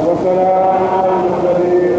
وسلام على المرسلين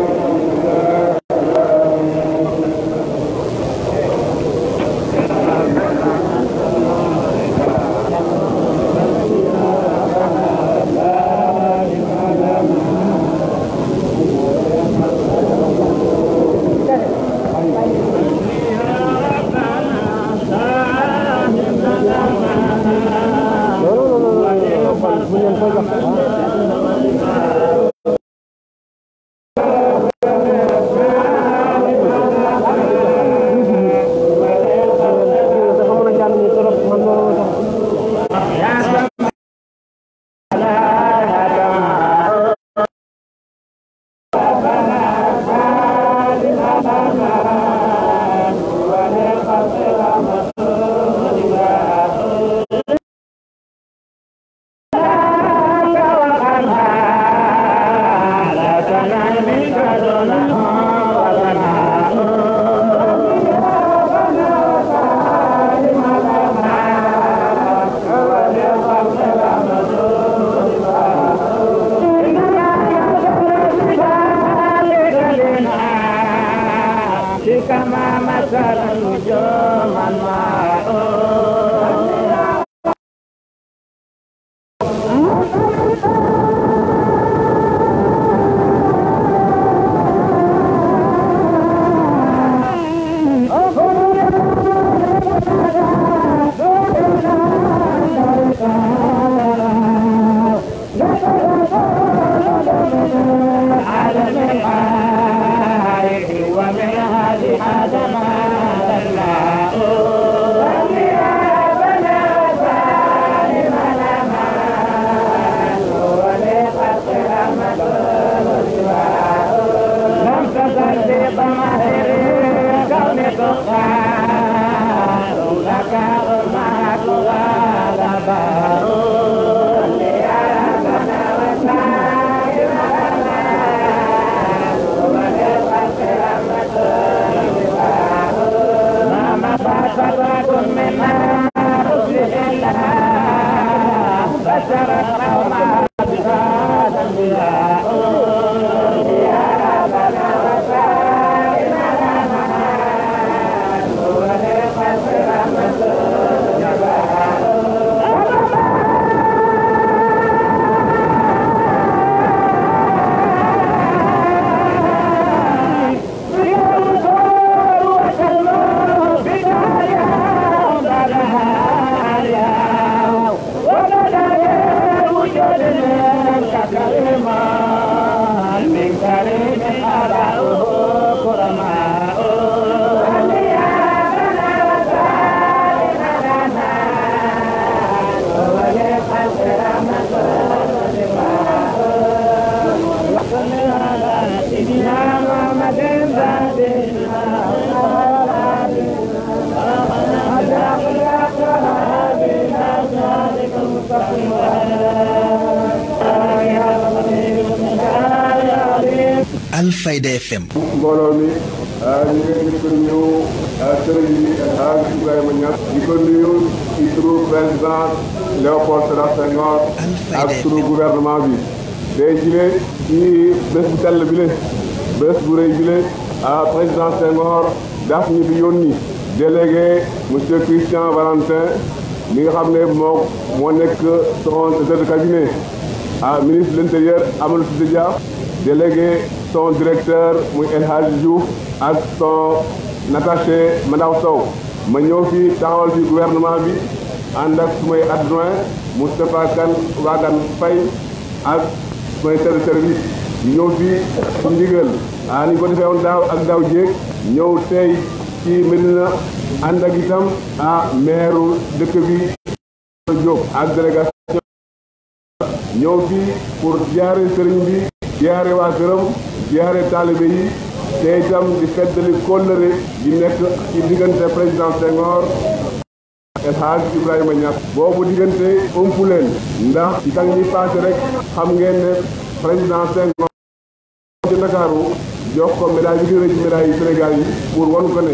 Dia délégué son directeur muy El ak son attaché Madaw Sow ma ñëw fi taxawal fi gouvernement bi ànd ak su may adjoint Moustapha Kane Wagan Faye ak su may chef de service ñëw fi su a ah, ni defee woon daaw ak daaw jéeg ñëw tey ci Medina ànd itam a ah, maire dëkk bi Diop ak délégation ñëw fii pour jaare sëriñ bi jaare waa këram jaare taalibe yi te itam di feddali kóllëre yi nekk ci diggante président Senghor El Hadj Ibrahima Niass boobu diggante ëmpu leen ndax ci tàng yi paase rek xam ngeen ne président Senghor ci Ndakaaru jox ko médaille bi gën a ci médaille pour wan ko ne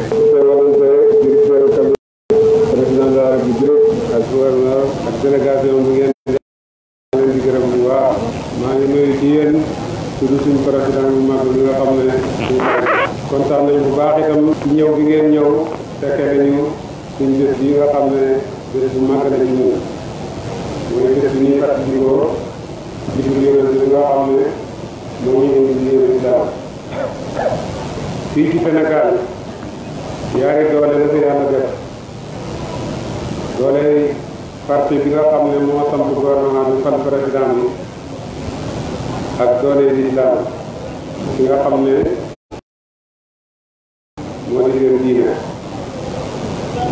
waaw maa ngi nuyu ci yéen tudd suñu président bu mag bi nga xam ne kontaan nañ bu baax itam ñëw bi ngeen ñëw fekke nañu suñu bés bi nga xam ne bés bu mag la ñu mooy bés bi ñuy fàttalikoo di di yonent bi nga xam ne moo ñu indi yéen daaw doole la parti bi nga xam ne moo samp gouvernement bi fal ak doole lislaam bi nga xam ne moo di leen diine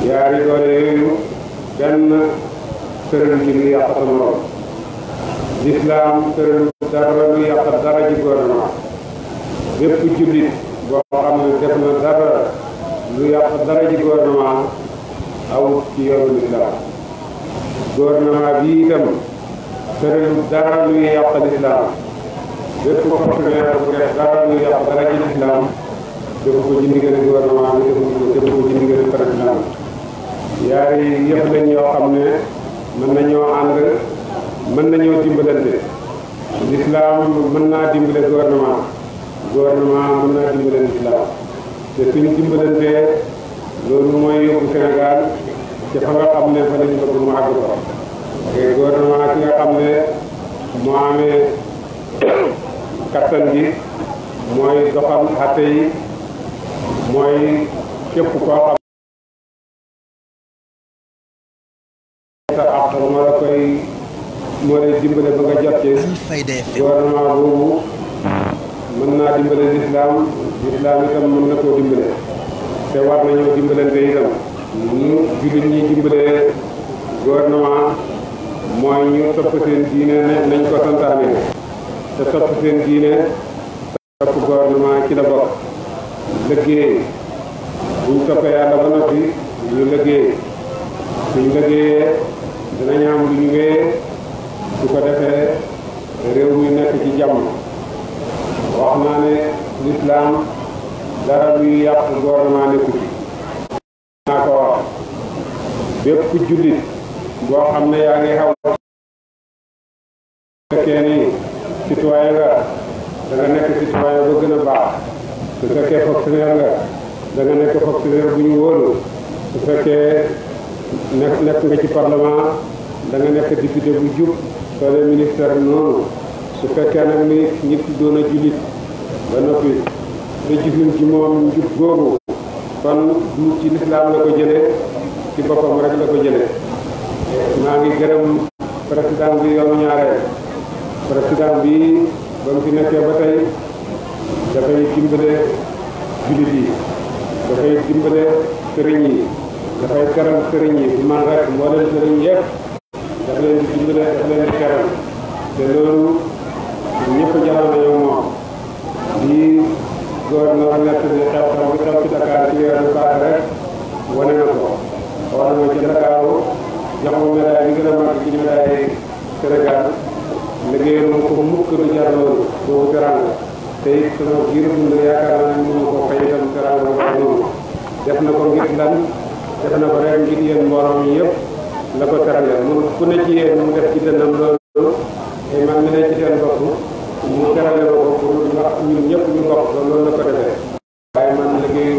yaari doole yooyu benn tëral ji lu yàq sa morom lislaam tëral dara lu yàq dara ji gouvernement bépp jullit boo xam ne def na dara lu yàq dara ji gouvernement awut ci yoonu lislaam gouvernement bi itam tëralul dara luy yàq lislaam bépp fonctionnaire bu def dara luy yàq dara ci lislaam ko ci ndigal gouvernement bi dafa ko ci ndigal président yaar yëpp lañ yoo xam ne mën nañoo ànd mën nañoo dimbalante lislaam mën naa dimbale gouvernement gouvernement mën naa dimbale lislaam te suñ dimbalante loolu mooy yóbbu Sénégal ci fa nga xam ne fa lañ bëgg mu àgg ko te ki nga xam ne moo amee kattan gi mooy doxal xatte yi mooy képp koo xam sa moo la koy moo lay dimbale ba nga jot ci gouvernement boobu mën naa dimbale lislaam lislaam itam mën na koo dimbale te war nañoo dimbalante itam ñu jullit ñi dimbalee gouvernement mooy ñu topp seen diine nañ ko santaane te topp seen diine topp gouvernement ci la bokk liggéey buñ toppee yàlla ba noppi ñu liggéey suñ liggéeyee dinañ am lu ñu wéyee ko defee réew mi nekk ci jàmm wax naa ne lislaam dara luy yàq gouvernement nekku naa ko bépp jullit boo xam ne yaa ngi xaw fekkee ni citoyen nga nekk citoyen ba gën a baax su fekkee fonctionnaire nga da nga nekk fonctionnaire bu ñu wóolu su fekkee nekk nekk nga ci parlement da nga nekk député bu jub soo dee ministère noonu su fekkee nag ni nit doon a jullit ba noppi lu gisul ci moom njub googu kon du ci lislaam la ko jële ci boppam rek la ko jële maa ngi gërëm président bi yoonu ñaareel président bi ba mu fi nekkee ba tey dafay dimbale jullit yi dafay dimbale sëriñ yi dafay teral sëriñ yi bu man rek moo leen sëriñ yëpp daf leen di dimbale daf leen di teral te loolu ñëpp jaral nañu moom gouverneur nekk ni xew-xew bi xew ci Dakar ci weeru paase rek wane na ko war na ci Dakaaru jox ma médaille gën a màgg ci médaille Sénégal liggéey na ko mukk du jar loolu boobu teranga te it sama giir dund yaakaar naa ne mënu ko fay itam teranga wax def na ko ngir lan def na ko rek ngir yéen mbooloo mi yëpp la ko terale mun ku ne ci yéen mu def ci dënnam loolu te man mi ci seen bopp mu terale ko liggéey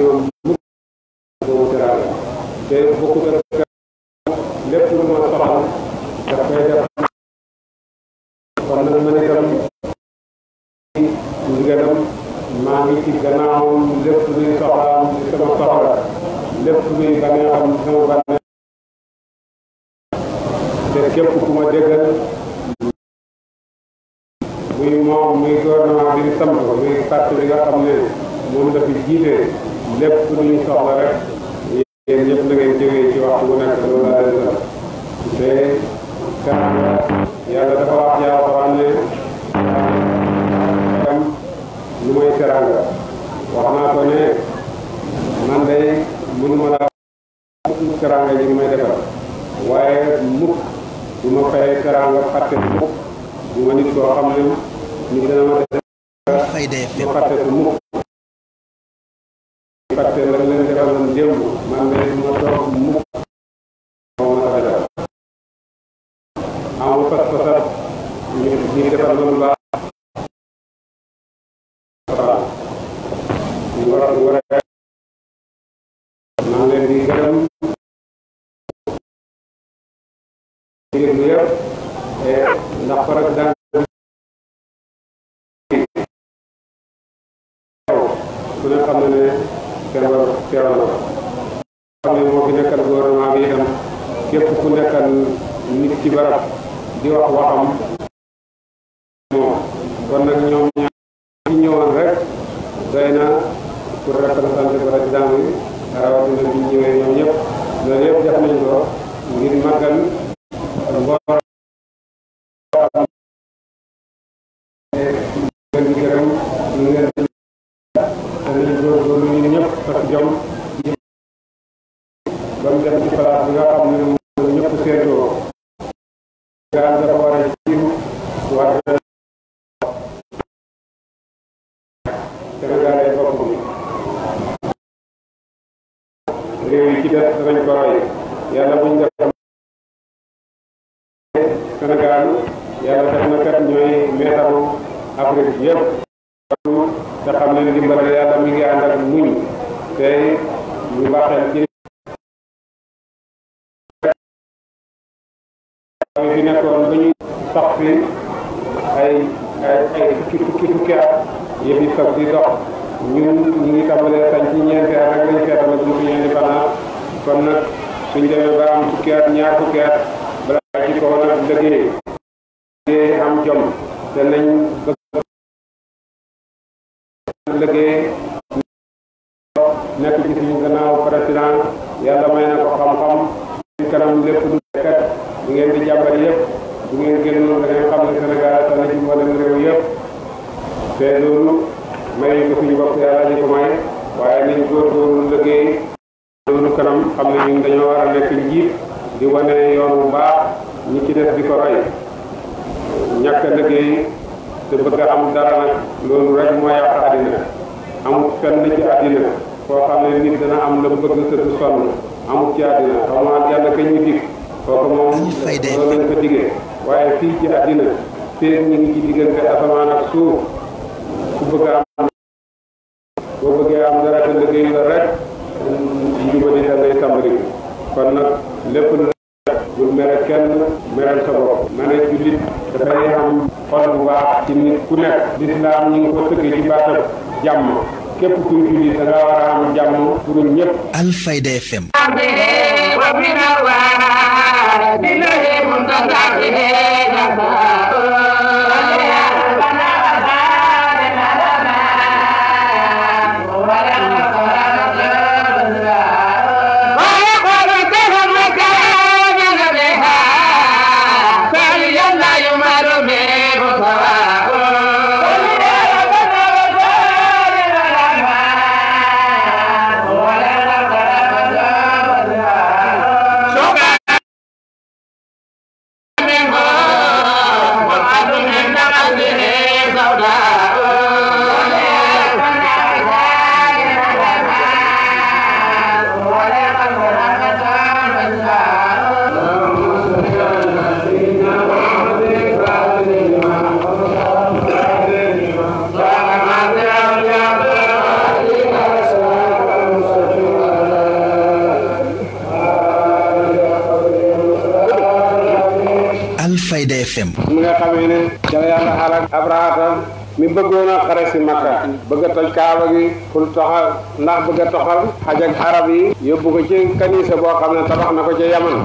ndax bëgg a toxal xaj arab yi yóbbu ko ci kanisa boo xam ne tabax na ko ca yaman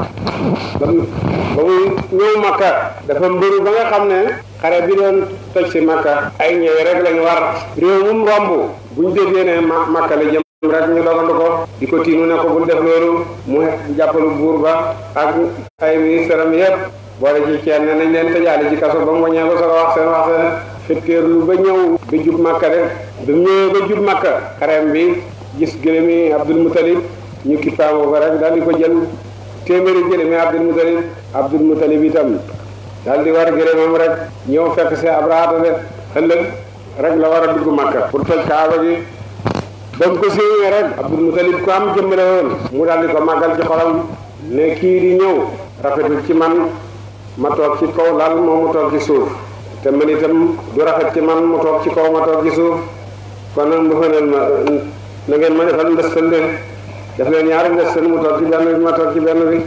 ba muy ñëw makka dafa mbëru ba nga xam ne xare bi doon toj si makka ay ñëw rek lañu war réew mum romb buñ defee ne makka la jëm rek ñu dogandu ko di ko tiinu ne ko bul def loolu mu jàppalu buur ba ak ay ministre am yépp boole ci ceen ne nañ leen tëjaale ci kaso ba mu wañee ko soo wax seen wax seen fetteerlu ba ñëw ba jub màkka de ba mu ñëwee ba jub màkka xareem bi gis gëlëmi abdul mutalib ñu kippaamu ba rek daal di ko jël téeméeri gëlëmi abdul mutalib abdul mutalib itam daal di war gëlëmam rek ñëw fekk si abraha de ëllëg rek la war a dugg màkka pour toj kaaba gi ba mu ko séenee rek abdul mutalib ku am jëmbale woon mu daal di ko màggal ci xolam ne kii di ñëw rafetul ci man ma toog ci kaw lal moo mu toog ci suuf te man itam du rafet ci man mu ci kaw ma toog ci suuf kon nag mu feneen ma na ngeen ma defal ndëstal leen def leen ñaari ndëstal mu toog ci benn bi ma toog ci benn bi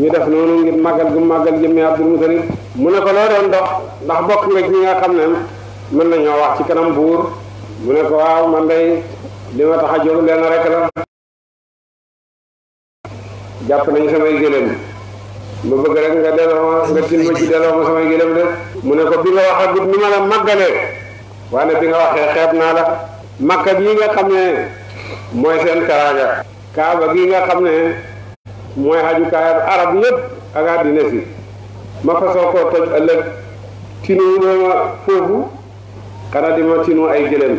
ñu def noonu ngir màggal gu màggal jëmmi Abdul Mutalib mu ne ko loo doon dox ndax bokk nga ñi nga xam ne mën nañoo wax ci kanam buur mu ne ko waaw man day li ma tax a jóg leen rek la jàpp nañu samay gëléem ma bëgg rek nga delloo nga til ma ci samay gëlëm de mu ne ko bi nga wax agut ni ma la màggalee waaye bi nga waxee xeeb naa la makka gi nga xam ne mooy seen karaaga kaaba gi nga xam ne mooy xajukaayam arab yëpp ma fasoo koo toj ëllëg tinu ma foofu xanaa di ma tinu ay gëlëm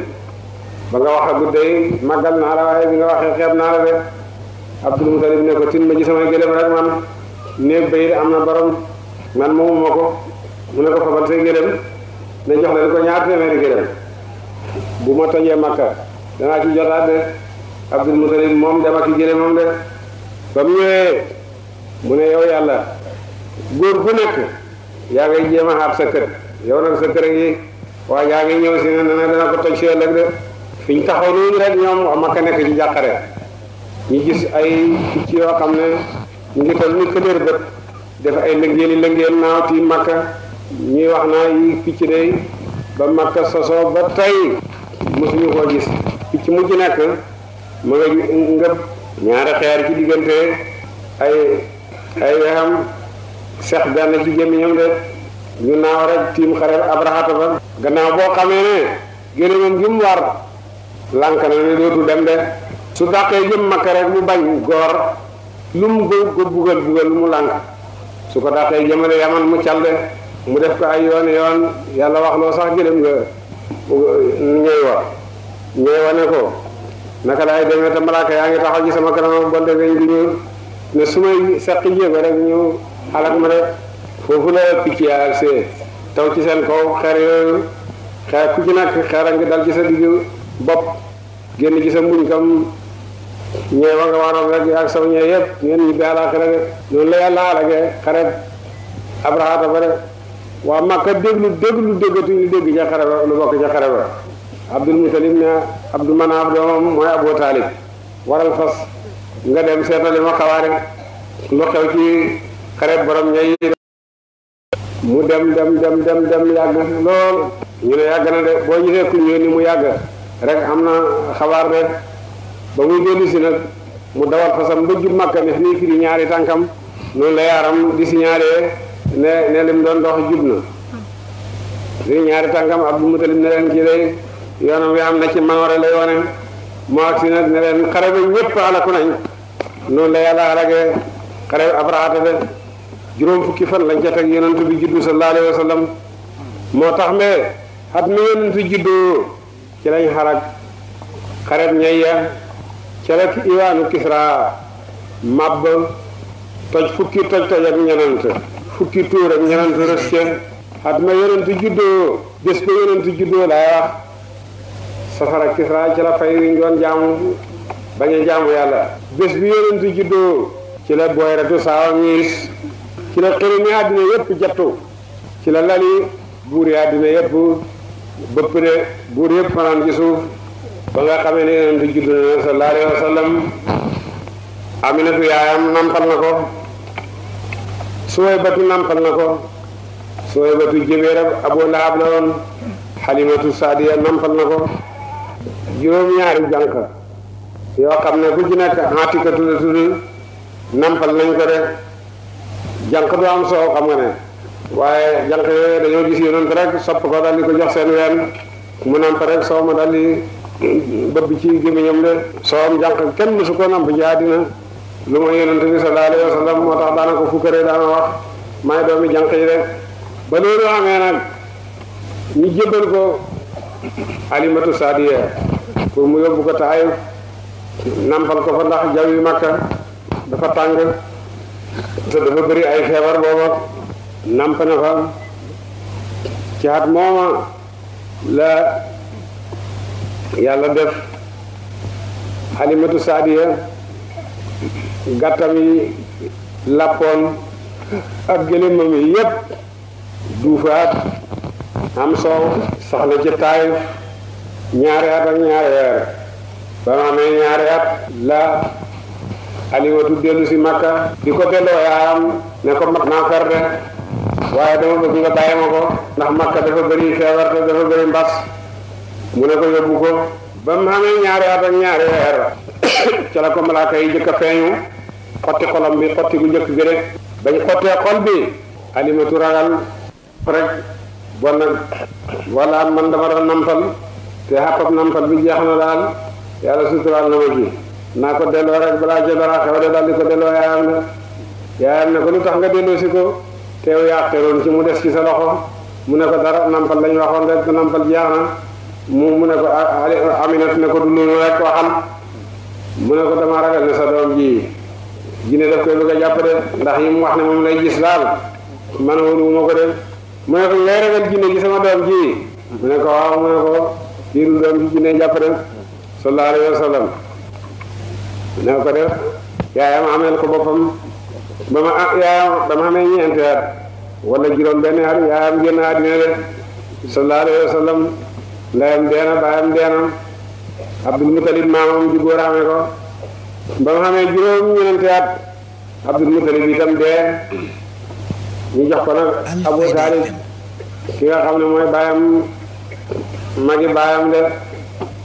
ba nga wax agut day màggal naa la waaye bi nga waxee xeeb naa la rek man néeg ba am na borom man moomuma ko mu ne ko fabal say gëlëm ne jox leen ko ñaar téeméeri gëlëm bu ma tojee makka danaa ci jotaat de abdul mutalib moom dem ak gëlëm moom de ba mu ñëwee mu ne yow yàlla góor gu nekk yaa ngay jéem a xaar sa kër yow nag sa kër yi waaye yaa ngi ñëw si ne ne dana ko toj si ëllëg de fi ñu taxaw noonu rek ñoom wax makka nekk ci jàqare ñu gis ay picc yoo xam ne ñu ngi toll ni këdër bët def ay lëngeeli lëngeel naaw ci makka ñuy wax naa yi picc day ba makka sosoo ba tey mosuñu ko gis picc mu ci nekk ma nga ngëb ñaari xeer ci diggante ay ay wexam sex benn ci gémmiñam de ñu naaw rek tiim xareel abrahata ba gannaaw boo xamee ne génneemam jum war lànk na ne dootu dem de su dàqee jëm makka rek mu bañ goor lu mu ko bugal bugal lu mu làng su ko daaxee jëmale yaman mu cal mu def ko ay yoon yoon yàlla wax loo sax gëlëm nga ñëy wa ñëy wa ne ko naka laay demee te yaa ngi taxaw ci sama kanam bonte weñ gu ñuul ne su may seq jéego rek ñu xalaat ma rek foofu la picc yaa see taw ci seen kaw xer yooyu xeer ku ci nekk xeer a ngi dal ci sa digg bopp génn ci sa mbuñ kam ñeewa nga waram rek ak saw ñee yëpp ngeen ñibbi àllaaxira rek noonu la yàlla alagee xareb abrahata ba de waa makka déglu déglu déggatuñu dégg ca xare ba lu bokk ca xare ba abdul mutalib ne abdou manaaf doomam mooy abou taalib waral fas nga dem seetali ma lu xew ci xareb borom ñay mu dem dem dem dem dem yàgg lool ñu ne yàgg na de boo gisee ku ñëw ni mu yàgg rek am na xabaar de ba muy dellu si nag mu dawal xasam ba jub Makka def nii firi ñaari tànkam noonu la yaaram di si ñaaree ne ne lim doon dox jub na firi ñaari tànkam Abdul Mutalib ne leen ci day yoonam wi am na ci manoore lay wone mu agsi nag ne leen xare ba ñëpp la yàlla alagee xare abraata be juróom fukki fan lañ ca teg yonent bi juddu sallallahu alayhi wa moo tax me xat mi yonent juddu ci lañ xarak xaret ñay ya ca la iwaanu Kisra màbb toj fukki toj toj ak ñanant fukki tuur ak ñanant rës ca at ma yonent juddoo bés ba yonent juddoo laay wax safara Kisra ci la fay wi ñu doon jaamu bañ yàlla bés bi yonent juddoo ci la booy retu saawa ñiis ci la xërëmi àddina yépp jattu ci la lali buur yi àddina yépp bëpp de buur yépp fanaan ci suuf ba nga xamee ne yonent bi judd na sallallahu alayhi wa sallam aminatu yaayam nampal na ko suwaybatu nampal na ko suwaybatu jëbeeram abu lahab la woon xalimatu saadiya nampal na ko juróom-ñaari jànq yoo xam ne ku ci nekk xaatikatu la tudd nampal nañ ko de jànq du am soow xam nga ne waaye jànq yooyu dañoo gis yonent rek sopp ko daal ko jox seen ween mu nampa rek soow bopp bi ci gémmiñam de soowam njànq kenn mësu ko namp ci àddina lu ma yonent bi sallallahu alayhi wa sallam tax daana ko fukkaree daana wax maay doomi jànq yi de ba loolu amee nag ñu jébbal ko alimatu saadiya pour mu yóbbu ko taayif nampal ko fa ndax makka dafa tàng te dafa bëri ay feebar booba namp na fa ci at mooma la yàlla def xalimatu saadiya gàttam yi làppoon ak gëléemam yi yépp duufaat am soow saxla ci taayif ñaari at ak ñaari weer ba ma amee ñaari at la aliwatu dellu si makka di ko delloo yaayam ne ko mag naa fer de waaye dama bëgg nga bàyyi ma ko ndax makka dafa bëri feebar te dafa bëri mbas mu ne ko yóbbu ko ba mu xamee ñaari at ak ñaari weer ca la ko malaaka yi jëkk a feeñu xotti xolam bi xotti gu njëkk gi rek bañ xottee xol bi alimatu ragal rek bon nag wala man dama doon namtal te xàppab namtal bi jeex na daal yàlla suturaal na ma ji naa ko delloo rek balaa jël dara xew de daal di ko delloo yaayam la yaayam ne ko lu tax nga delloo si ko teew yaa xeroon ci mu des ci sa loxo mu ne ko dara nampal lañ waxoon rek nampal jeex na mu mu ne ko ah, ah, ah, Aminata ne ko du noonu rek mu ne ko dama ragal ne sa doom ji jinne daf koy bëgg a jàpp de ndax yi mu wax ne moom lay gis daal man wóoruwuma ko de mu ne ko ngay ragal jinne gi sama doom ji mu ne ko waaw mu ne ko kii du doom ji jinne jàpp de sallallahu alayhi wa sallam mu ne ko de yaayam ameel ko ba ma yaayam dama amee ñeenti at wala juróom benn yaayam génn àddina de sallallahu alayhi wa sallam ndeyam deena baayam deena Abdul Mutalib maamam ju góor amee ko ba mu xamee juróom ñeenti at Abdul Mutalib itam dee ñu jox ko nag Abu Taalib ki nga ne mooy baayam magi baayam de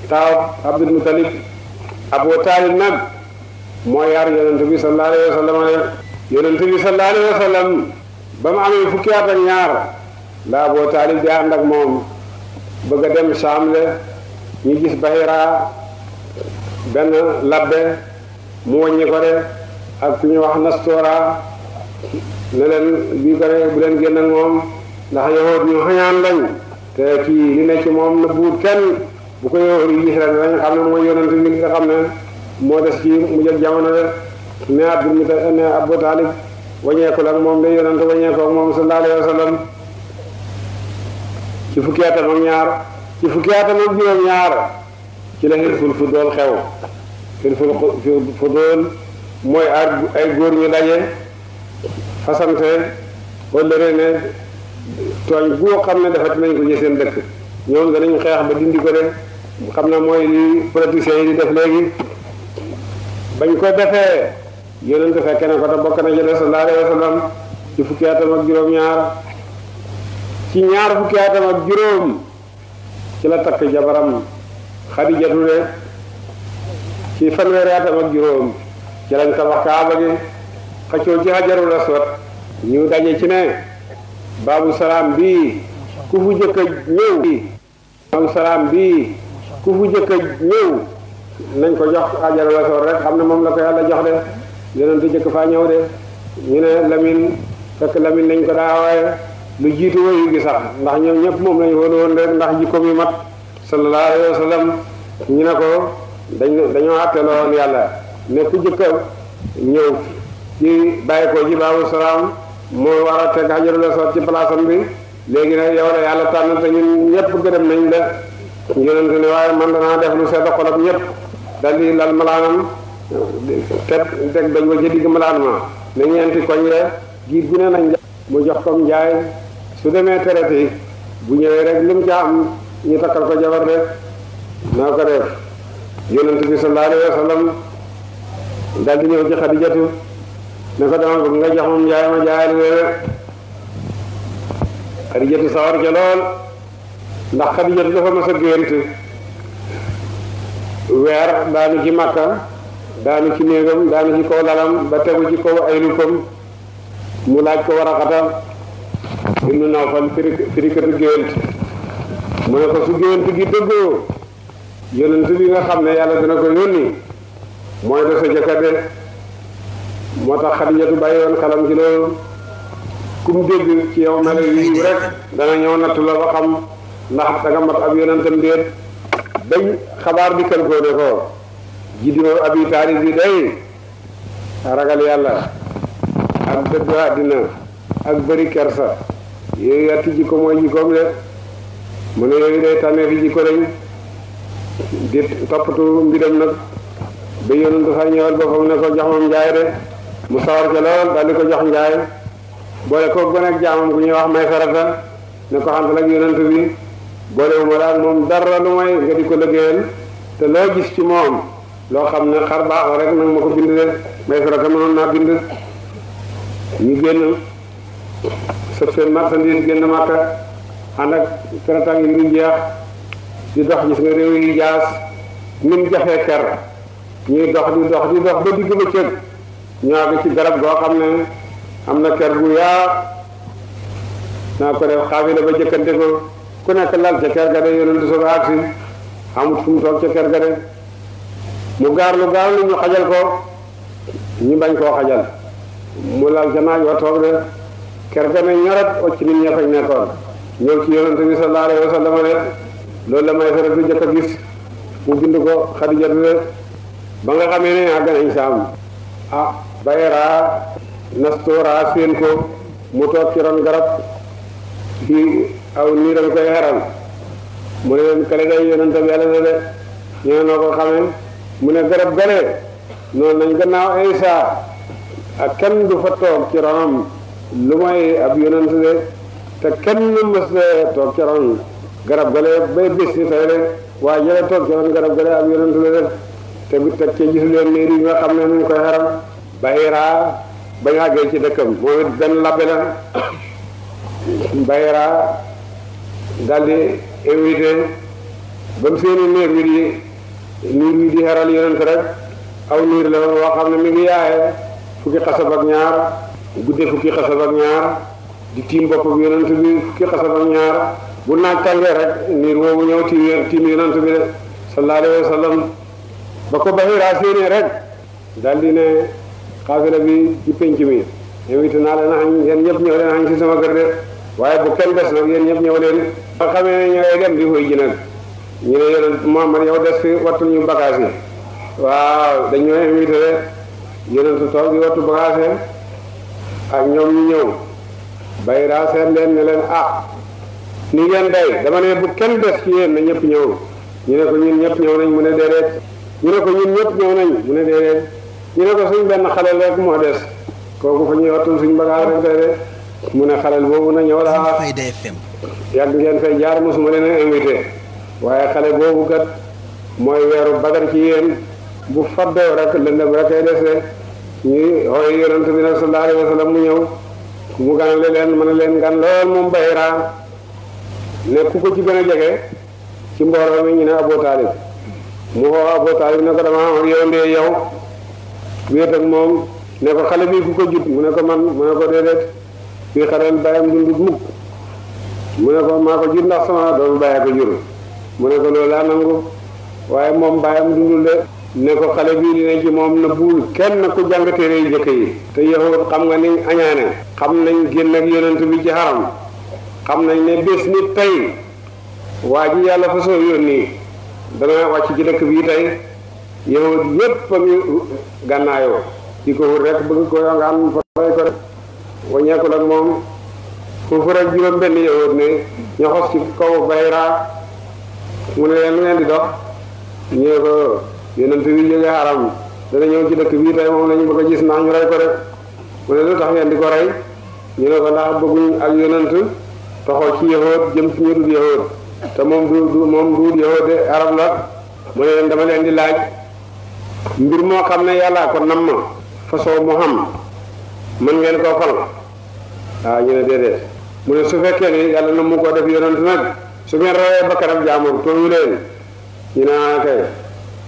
taaw Abu Taalib nag moo yar yonent bi sallallahu alayhi wa wa sallam ba mu amee fukki at ak ñaar la Abu Taalib di ànd ak moom bëgg a dem Saam la ñu gis Bahira benn labbe mu wàññi ko de ak ku ñu wax Nastora ne leen bii ko de bu leen génn ak moom ndax yahood ñu xañaan lañ te kii li ne ci moom na buut kenn bu ko yahood yi gis rek dañ xam ne mooy yonent bi nga xam ne moo des ci mu jël jamono de ne Abdul ne Abu Talib wàññeeku la moom day yonent wàññeeku ak moom sallallahu alayhi wa sallam ci fukki atam ñaar ci fukki atam juróom-ñaar ci la xilful fu dool xew xilful ay góor ñu daje fasante wala xam ne dafa nañ ko ñi xeex ba dindi ko xam ne mooy li yi di def léegi bañ ko defee yonent fekke bokk na ci sallallahu alayhi wa fukki atam juróom-ñaar ci ñaar fukki atam ak juróom ci la takk jabaram xadijatu de ci fanweeri atam ak juróom ci lañ tabax kaaba gi xëccoo ci hajarul aswad ñu daje ci ne baabu salaam bii ku fu jëkk a jëkk a nañ ko jox hajarul aswad rek xam ne moom la ko yàlla jox de yonentu jëkk faa ñëw de ñu ne ko daa waaye lu jiitu wayu gi sax ndax ñoom ñëpp moom lañu woon woon rek ndax jikko mi mat sallallahu alayhi wa ñu ne ko dañ dañoo àtteloo woon yàlla ne ku jëkka ñëw ci bàyyi ko ji baabu salaam moo war a teg xajarul aswad ci palaasam bi léegi nag yow la yàlla tànn te ñun ñëpp gërëm nañ la yonente ne waaye man danaa def lu seeta xolab ñëpp dal di lal malaanam teg teg dañ wa jëddig malaan ma ne ñeenti koñ la giir gu ne nañ mu jox kom njaay su demee traité bu ñëwee rek lu mu ca am ñu takkal ko jabar de noo ko def yonent bi sallallahu alayhi wa sallam di ñëw ci xadijatu ne ko dama bëgg nga jox moom njaay ma jaayal wéere xadijatu sawar ca lool ndax xadijatu dafa mas a gént weer daanu ci makka daanu ci néegam daanu ci kaw lalam ba tegu ci kaw ay luppam mu laaj ko war a xatam ibnu nawfal firi firikatu géwént mu ne ko su géwént gi dëggoo yonent bi nga xam ne yàlla dina ko yónni mooy da sa jëkkër moo tax xadijatu bàyyi woon xelam ci loolu kum dégg ci yow mel yi rek dana ñëw nattu la ba xam ndax danga mat ab yonentam déet bañ xabaar bi kër koo ne ko jiddima abi taalib bi day ragal yàlla ak dëggu àddina ak bëri kersa yooyu yàtt ko mooy jikkoom de mu ne yooyu day tànnee fi jikko lañ di toppatu mbiram nag ba yonantu fa ñëwal boppam ne ko jox moom njaay de mu sawar ca lool daal di ko jox njaay boole ko gone ak jaamam gu ñuy wax may farata ne ko xantal ak yonantu bi boole bu ma daal dara lu may nga di ko liggéeyal te loo gis ci moom loo xam ne xar baaxoo rek nag ma ko bind de may farata mënoon naa bind ñu génn sëf seen marchandise génn màkka ànd ak traitang yi ñu jeex di dox gis nga réew yi jaas nim jafee ker ñuy dox di dox di dox ba digg ba cëg ñu àgg ci garab goo xam ne am na ker gu yaa naa ko def xaafila ba jëkkante ko ku ne lal ca ker ga de yonentu soo ba agsi amut fu mu toog ca ker ga mu gaar lu gaar lu ñu xajal ko ñu bañ koo xajal mu lal ca naaj wa kerte mi ñorat occ nit ña faj nekkoon ñëw ci yonente bi sallallahu alayhi wa sallam ne loolu la may sara du jëkk a gis mu bind ko xadijatu de ba nga xamee ne àgg nañ saam ah mu toog ci ron garab ci aw niiram mu ne leen kale day yonente bi mu ne garab gale noonu lañ ak ah, kenn du fa toog ci ronam lu mooy ab yonent de te kenn mës la garab gale bay bis ni tey rek waaye jële toog garab gale ab yonent la def te teg ca gis leen niir yi nga xam ne ñu koy xaram bayra bañ àggee ci dëkkam moom it benn labbe la bayra daal di invité ba mu seeni niir niir wi di xaral yonent aw niir la woon woo xam ne mi ngi fukki xasab ñaar guddee fukki xasab ak ñaar di tiim bopp bi yonent bi fukki xasab ak ñaar bu naaj tàngee rek niir woowu ñëw tiim tiim yonent bi de sallallahu alayhi wa sallam ba ko Bahira séenee rek daal di ne bi ci penc mi invité naa leen añ yéen ñëpp ñëw leen añ ci sama kër de waaye bu kenn des nag yéen ñëpp ñëw leen ba xamee ne dem di hoy ji nag ñu ne yonent yow des fi wattul ñu bagage yi waaw dañ ñoo invité de yonent toog di wattu bagage ak ñoom ñu ñëw bay raaseer leen ne leen ah ni ngeen day dama ne bu kenn des ci yéen na ñëpp ñëw ñu ne ko ñun ñëpp ñëw nañ mu ne déedéet ñu ko ñëpp ñëw mu ne déedéet ñu ne ko suñ benn xalel rek moo des kooku fa ñuy ba suñ bagaas rek déedéet mu ne xalel boobu na ñëw laa yàgg ngeen fay jaar mosuma ne ne invité waaye xale boobu kat mooy weeru bagar ci yéen bu faddoo rek lëndëm rek ay des ñuy xooy yonent bi nag mu ñëw mu ganale leen mën a leen gan lool moom bayra ne ku ko ci gën a jege ci mbooloo mi ñu ne Abu mu xoo Abu Talib ne ko dama am yowndee yow wéet ak moom ne ko xale bi ku ko jut mu ne ko man mu ne ko déedéet fii xaleel bàyyam dundut mukk mu ne ko maa ko jur ndax sama doomu bàyyi jur mu ne ko loolu laa nangu waaye moom bàyyam dundul ne ko xale bii dina ci moom na buul kenn ku jàng téere jëkk yi te yahut xam nga ni añaane xam nañ génn ak yonent bi ci xaram xam nañ ne bés ni tey waa ji yàlla fa soo yónni dana wàcc ci dëkk bii tey yahut yépp a ngi ci ko wut rek bëgg ko yongaan fa rey ko rek moom foofu rek juróom benn yahut ne ñoxos ci kaw bayraa mu ne leen lu ngeen di dox ñu ko yonent bi jógee xaram dana ñëw ci dëkk bii tey moom lañu bëgg a gis ndax ñu rey ko rek mu ne lu tax leen di ko rey ñu ne ko ndax bëgguñ ak yonent toxoo ci yahood jëm ci ñu dul yahood te moom du du moom duul yahood de arab la mu ne dama leen di laaj mbir moo xam ne yàllaa ko nam ma façon mu xam mën ngeen koo fal waaw ah, ñu ne déedéet mu ne su fekkee ni yàlla na mu ko def yonent nag su ngeen rawee bakkanam jaamur tooñu ñu ne ah, kay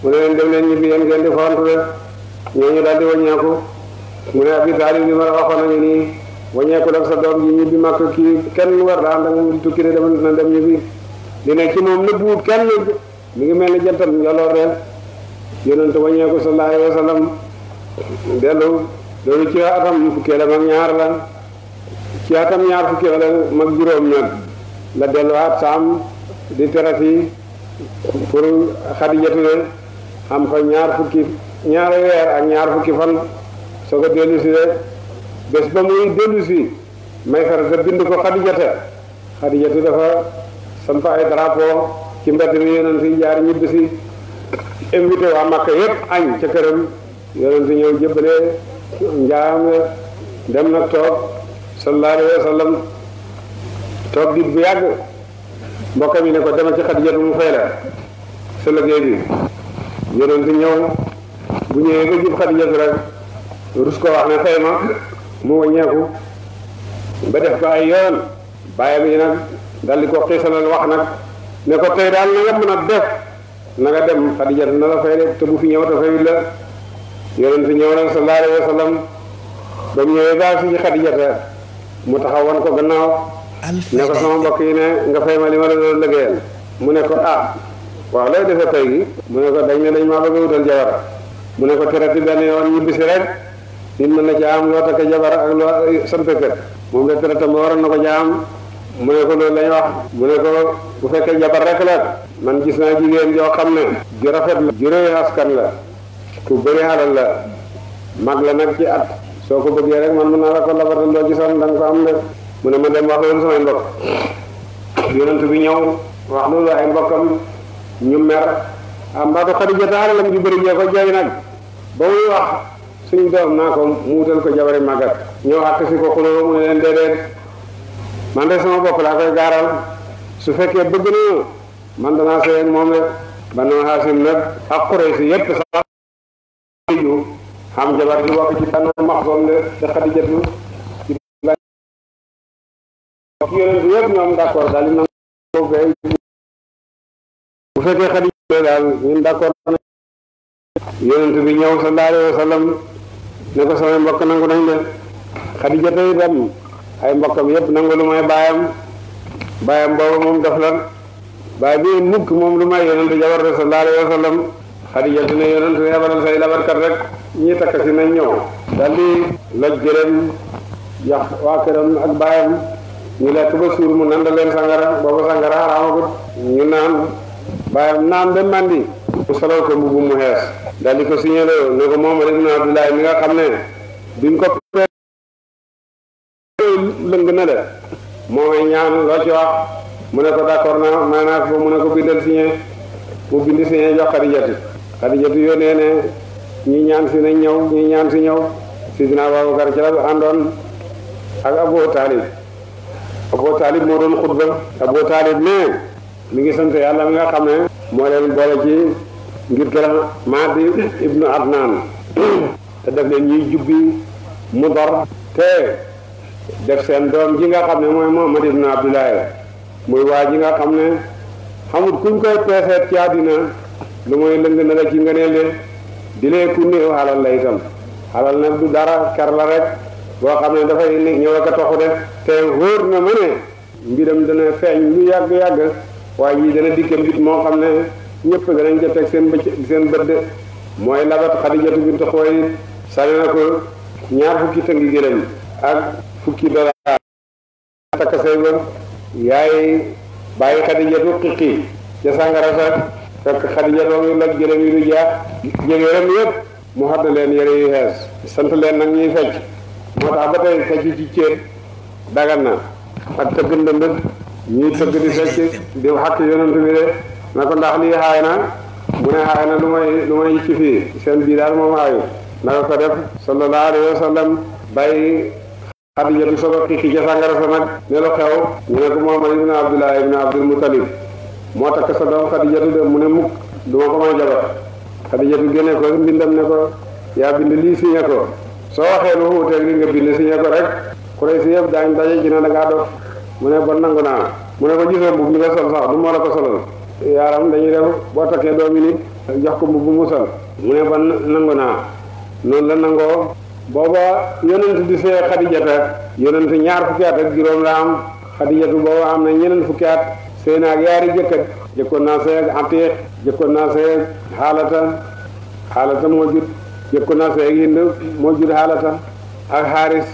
mu ne leen dem leen ñibbi yéen ngeen di forantu rek ñooñu daal di wàññeeku mu ne Abi Taalib li ma la waxoon nañu nii wàññeeku nag sa doom ji ñibbi makk kii kenn war daan da nga tukki ne dama dem ñibbi li nekk ci moom nëbbuwut kenn mi ngi mel ni jantam njoloor rek yonente wàññeeku sallallahu alayhi wa sallam dellu loolu ci atam ñaar la ci atam ñaar fukkeelam mag juróom nag la delluwaat saam di terati pour xadijatu ne am fa ñaar fukki ñaar weer ak ñaar fukki fan soo ko dellu si de bés ba muy dellu si may farata bind ko xadijata xadijata dafa samp ay drapeau ci mbedd mi yonent yi jaar ñibbi si invité waa Makka yépp añ ca këram yonent ñëw jëbbale njaam dem nag toog sallallahu alayhi toog dit bu yàgg mbokkam yi ne ko demal ci xadijata mu fay la bi yonent ñëw na bu ñëwee ba jub xadijatu rek rus ko wax ne fay mu wàññeeku ba def ko ay yoon bàyyam yi nag dal di ko xiisalal wax nag ne ko tey daal na nga def na nga dem xadijatu na la fay de te bu fi ñëw te fayul la yonent ñëw nag sallallahu alayhi ba mu ñëwee daal ci xadijata mu taxaw wan ko gannaaw ne ko sama mbokk yi ne nga fay ma li ma la doon liggéeyal mu ne ko ah waaw looy defe tey mu ne ko dañ ne dañ maa bëgg a wutal jabar mu ne ko terati benn yoon ñibbi si rek nit mën na ca am loo takk jabar ak loo sampe kër moom la terata ma na ko ca mu ne ko loolu lañ wax mu ne ko bu fekkee jabar rek man gis naa jigéen joo xam ne ju rafet la ju réy askan la ku bëri alal la mag la nag ci at soo ko bëggee rek man mën naa la ko labatal loo gisoon da nga ko am mu ne ma dem wax loolu samay mbokk yonent bi ñëw wax loolu ay mbokkam ñu mer ah mbaatu Xadija daal la mu ju bëri jee ko nag ba muy wax suñ doom naa ko mu wutal ko jabari màggat ñëw àtt si ko xuloo mu ne leen déedéet man de sama bopp gaaral su fekkee bëgg na man danaa sëy ak moom la Banu Haasim nag ak Quraysh yépp sax ju xam jabar ji bokk ci Banu Maxsum de de Xadijatu bu fekkee xadis yooyu daal yonent bi ñëw sallallahu alayhi wa ne ko samay mbokk nangu nañ de xadija tey itam ay mbokkam yépp nangu lu may baayam baayam boobu moom def lan baay bi mukk moom lu may yonent jabar de sallallahu alayhi wa sallam xadija dina yonent yabaral say labarkat rek ñi takk si nañ ñëw daal loj jëleen yax waa këram ak baayam ñu lekk ba suur mu nanda leen sangara boobu sangara xaraamagut ñu naan baayam naan ba mandi mu solal ko mbubu mu xees daal di ko ne Abdullahi mi nga xam ne biñ ko pe lëng na la moo ñaan loo ci wax mu ne ko d'accord na may naa mu ne ko bindal signé mu bind signé jox Xadijatu Xadijatu yónnee ne ñi ñaan si ñëw ñi ñaan si ñëw Sidina Abubakar ci la àndoon ak Abu Talib Abu Talib moo doon xutba Abu Talib ne mi ngi sant yàlla mi nga xam ne moo leen boole ci ngir gërëm Mahdi ibnu Adnan te def leen ñuy jubbi mu te def seen doom ji nga xam ne mooy Muhammad ibnu Abdullahi muy waa ji nga xam ne xamut kuñ koy peeseet ci àddina lu mooy lëng na la ci ngëneel ne di lee ku néew xalal la itam xalal nag du dara ker la rek boo xam ne dafay ñëw ak a toxu def te wóor na ma ne mbiram dana feeñ lu yàgg-yàgg waaye yii dana dikkam bit moo xam ne ñëpp danañ ca seen bëcc seen bët de mooy labat xadijatu bint xuwaylid sale na ko ñaar fukki tëngi gëlëm ak fukki dollar takk say ba yaay bàyyi xadijatu xiqi ca sàngara sax fekk xadijatu ngi laj gëlëm yi du jaax jëgéeram yépp mu xadd leen yére yu xees sant leen nag ñuy fecc moo tax ba tey fecc ci céet dagan na ak tëgg ndëndëg ñuy tëgg di fecc di xàtt yonent bi de na ko ndax lii xaay na mu ne xaay na lu may lu may ci fii seen bii daal moom xaayu na ko def sallallahu alayhi wa sallam bàyyi xadijatu sogo xiki ca sàngara sa nag ne lu xew ñu ne ko Muhammad ibn Abdullah ibn Abdul Muttalib moo takk sa doom xadijatu de mu ne mukk du ma ko may jabar xadijatu génne ko mbindam ne ko yaa bind lii signé ko soo waxee lu wuuteeg li nga bind signé ko rek ku lay si yëpp daañ daje ci ne da ngaa dof mu ne bon nangu naa mu ne ko gisoo mbubb mi nga sol sax du moo la ko solal yaaram dañuy def boo takkee doomi nit jox ko mbubb mu sol mun ne bon nangu naa noonu la nangoo booba yonent di see xadijata yonent ñaar fukki at ak juróom la am xadijatu booba am na ñeneen fukki at sëy naa ak yaari jëkkat jëkkoon naa see ak atiq jëkkoon naa sëy ak xaalata xaalata moo jur jëkkoon naa sëy ak hind moo jur xaalata ak xaaris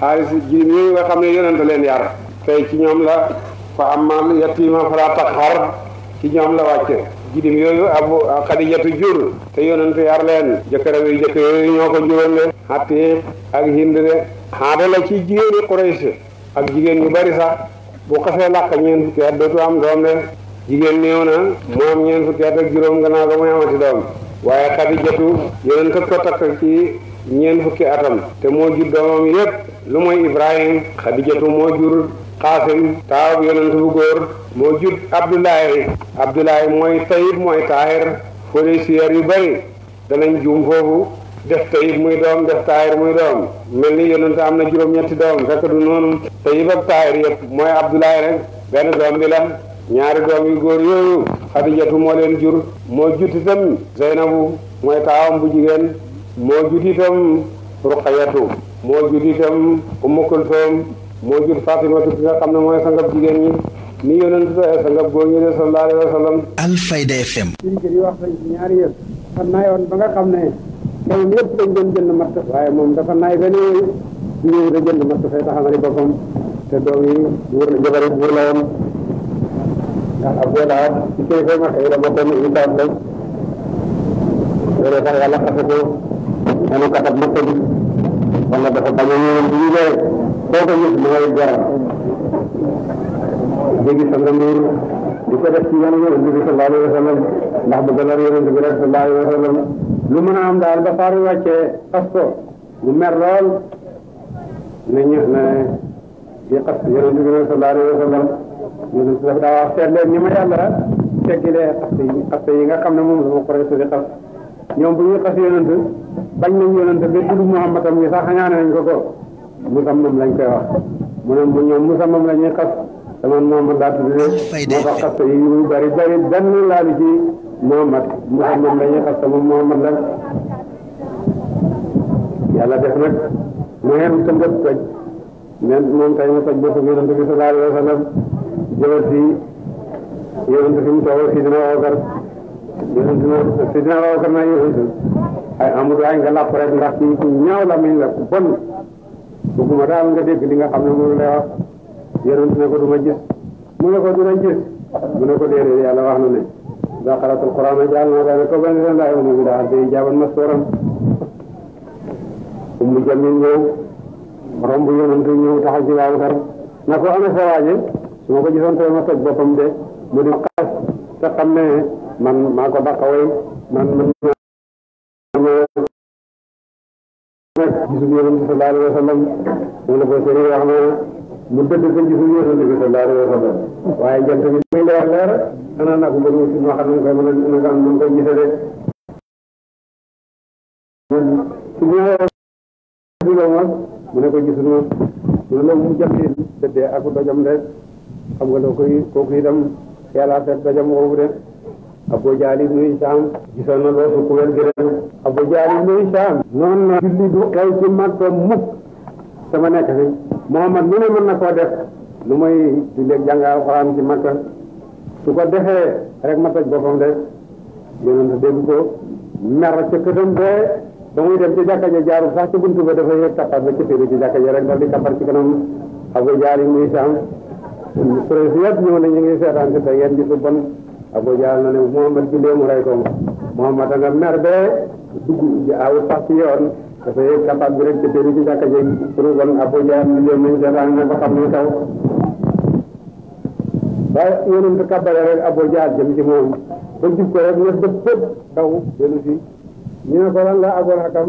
xaaris jirim yooyu nga xam ne yonent leen yar tey ci ñoom la fa amal yatima fala taqhar ci ñoom la wàcce gidim yooyu abu xadijatu jur te yonentu yar leen jëkkëram yu jëkk yooyu ñoo ko juróon de ak hind de xaada la ci jigéeni Quraysh ak jigéen ñu bari sax bu xasee làq ñeen fukki at dootu am doom de jigéen néew na mu am ñeen fukki at ak juróom gannaaw ba muy amati doom waaye xadijatu yonent ko takk ci ñeen fukki atam te moo jur doomam yépp lu mooy Ibrahim xadijatu moo jur xaasim taaw yonent bu góor moo jud abdoulahi abdoulahi mooy tayib mooy taahir fole siyeer yu bari danañ juum foofu def tayib muy doom def taahir muy doom mel ni yonent am na juróom-ñetti doom fekk du noonu tayib ak taahir yëpp mooy abdoulahi rek benn doom bi ñaari doom yu góor yooyu xadijatu moo jur moo jut itam zeynabu mooy taawam bu jigéen moo jut itam ruqayatu moo jut itam ummu kulthum moo jur Faatimatu ki nga xam ne mooy sangab jigéen ñi ni yonent doyee sangab góor ñi de sallallahu alayhi wa sallam Alfayda FM jigéen yi wax nañ ci ñaari yëpp xam naa yoon ba nga xam ne moom yëpp dañ doon jënd matt waaye moom dafa naay benn ñëw da jënd matt fay taxamali boppam te doom yi wóor na jabarit wóor la woon ndax ab dolaat ci kay fay ma xëy la bokkoon itam lañ loolu tax yàlla xase ko nanu katab matt bi wala dafa bañ a ñëwoon bi ñu boo ko yëg mooy garam jéggi sama mbuur di ko def ci yoonu yonent bi sallallahu alayhi wa sallam ndax bu gënoon yonent bi sallallahu alayhi wa sallam lu mën a am daal ba faaru wàccee xas ko mu mer lool ne ñu ne di xas yonent bi sallallahu alayhi wa sallam yonent bi daa wax seet leen yi nga xam ne moom sama Quraysh di xas ñoom bu ñuy xas yonent bañ nañ yonent bi tudd Muhammadam yi sax xañaane ko Moussa moom lañ koy wax mu ne mu ñoom Moussa moom la ñuy xas dama moom laa tuddee moo tax xas yu bari bari benn laalu ci Mouhamad Moussa moom la ñuy xas sama Mouhamad la yàlla def nag mu tëmbët toj mais moom tey ma toj boppam yonent bi sallallahu alayhi wa sallam jëwal si yonent fi mu toogal si dina Abubakar yonent na si dina Abubakar na yonent ay amul ay nga làpp rek ndax ci ku ñaaw la miñ la ku bon bëgguma daal nga dégg li nga xam ne moom lay wax yonent ko du ma mu ne ko du la mu ne ko déedéet yàlla wax na ne da xaratul quraan jaal na daal ko benn laay umu bi daal day jaaban mastuuran umu jamin ñëw romb yonent ñëw taxaw ci Baabakar na ko ana sa su ma ko gisoon tey ma toj boppam de mu di xas te xam ne man maa ko dàqa way man man gisul yonent bi sallallahu alayhi wa sallam mu ne ko sëriñ wax na mu dëdd ko gisul yonent bi sallallahu ko bëri si a naka mu ne ko gisul moom mu ne loolu mu jant yi dëddee dojam de xam nga loo koy kooku itam yàlla seet dojam boobu de Abu Jahl ibnu Hishaam so na loosu kuréel gi ren Abu Jahl ibnu Hishaam noonu na julli du xew ci Makka mukk sama nekk fi Muhammad lu ne mën na koo def lu mooy julleeg jàng alxuraan ci Makka su ko defee rek ma toj boppam de yonent dégg ko mer ca këtam bee ba muy dem ci jàkka ja jaarul buntu ba dafa yëg tappat ba ci féeri ci jàkka ja rek dal di kappar ci kanam Abu Jahl ibnu Hishaam presi yëpp ñëw ne ñu ngi seetaan si di su Abu Jahl na ne Muhammad jëlee mu ko Muhammad nga mer bee dugg ci aw sax ci yoon dafa yëg kapat bi rek te tëri ci jàkka ji ruugoon Abu ne kaw ba kabare rek Abu Jahl jëm ci moom ba jub ko rek nga dëpp ne ko lan la Abul Hakam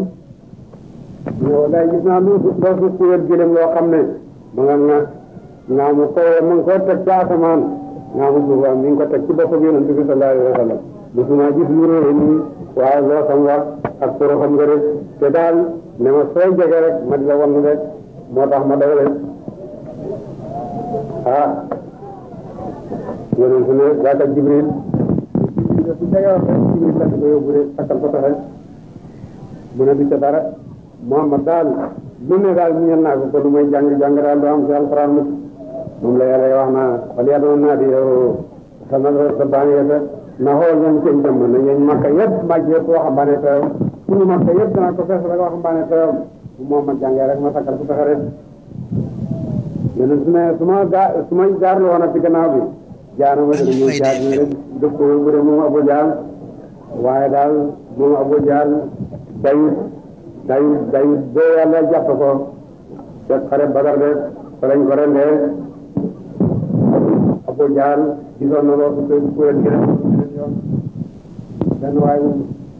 ñoo day gis naa lu doo gis ci loo xam ne nga nga naa mu koy ma nga koy teg ci ñaaxul lu baax mi ngi ko teg ci boppam yonent bi sallallahu alayhi wa sallam musuma gis lu rëy nii waaye loo xam nga ak pour rek te daal ne ma soo jege rek ma di la wan rek moo tax ma daw rek ah yonent ne daaka Jibril su jege wax rek mu ne du ca daal lu ne naa ko ko lu jàng jàng daal du am ci alxuraan moom la yàlla wax naa wala yàlla naa di yow sama sa bànneex na xool ñoom seen jëmm na ñooñ makka yëpp màcc yëpp waxambaane teew suñu makka yëpp dana ko fees rek waxambaane teew moom ma jàngee rek ma sakkal su fexe rek yéen su ma su ma gaa su ma jaarlu woon a ci gannaaw bi jaana ma dëgg ñu jaar ñu rek dëkk bu dee moom Abu Jaal waaye daal moom Abu Jaal dayut dayut dayut boo yàlla jàpp ko te xare Badar de fa lañ ko rendee ko jaar gisoon na loolu su kuréel gi rek yoon benn waay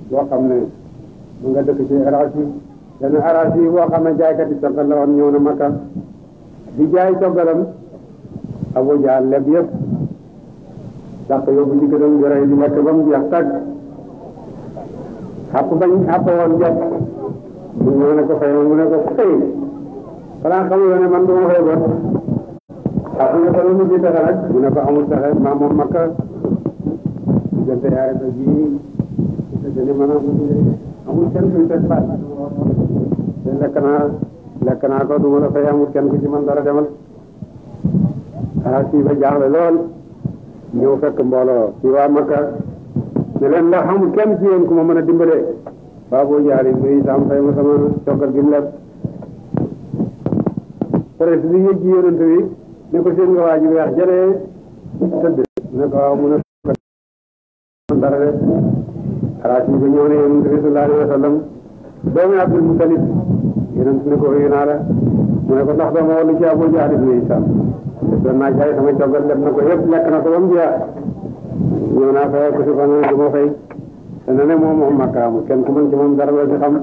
boo xam ne mu nga dëkk ci araas yi benn araas yi boo xam ne jaaykati coggal la woon ñëw na di jaay coggalam Abu Jahl leb yëpp dàq yóbbu ci gëdëm di rey di lekk ba mu jeex tag xàpp bañ xàpp woon jot mu ñëw ne ko fay mu ne ko fay xanaa xamuloo ne man du ma fay bon ah bu ñu ko doon mujj pexe rek ñu ne ko amul pexe maa moom makka diggante yaare ko ji te ne maanaam amul kenn kuy teg baat te lekk naa lekk naa ko du ma la fay amul kenn ku ci man dara demal ah si ba jaaxle lool ñëw fekk mbooloo si waa makka ne leen ndax amul kenn ci yéen ku ma mën a dimbalee baaboo jaari muy sam fay ma sama cokal gi mu leb peut-être li yëg ci yonent bi ne ko seen nga waa ji weex jëlee tëdd ko waaw mun a dara de xalaat yi ba ko wéy naa la mu ne ko ndax dooma wala ci Abu Jahl ibn Hisam doon naa jaay sama coggal def na ko yëpp lekk na ko ba mu jeex ñëw naa si fan du ma fay te ne ne kenn ku mën ci moom dara la xam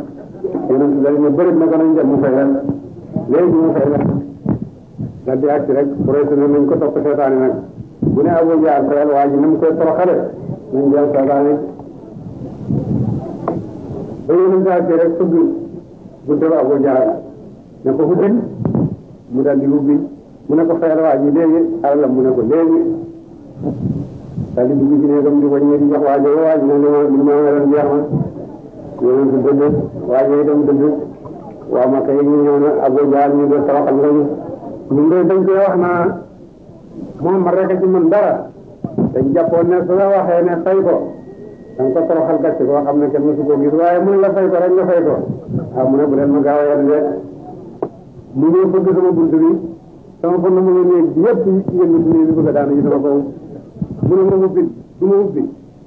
yonent dal ne bërit ko nañ dem mu fay la léegi mu fay la la di àgg rek projet bi nañ ko topp seetaan yi nag bu ne Abu Jahl teel waa ji ni mu koy toroxale nañ jël seetaan yi ba yéen a àgg rek fëgg buntu ba Abu Jahl ne ko ubbil mu daal di ubbi mu ne ko fayal waa ji léegi mu ne ko léegi daal di dugg ci néegam di wàññi di jox waa ji waa ji ne li ma li na yéen a dëgg waa ma kay ñu ñëw na Abu Jahl ñu ñun de dañ wax naa moom ma rek ci mën dara dañ jàppoon ne su la waxee ne fay ko danga ko toroxal gàcce koo xam ne kenn mësu koo gis mu ne la fay ko rek nga fay ah, mu ne bu leen ma gaaw a yar de mu ñëw bëgg sama bunt bi sama fond mu ngi néeg yëpp yëngatu néeg bi bëgg a daanu ñu dama ko mu ne ma ubbi du ma ubbi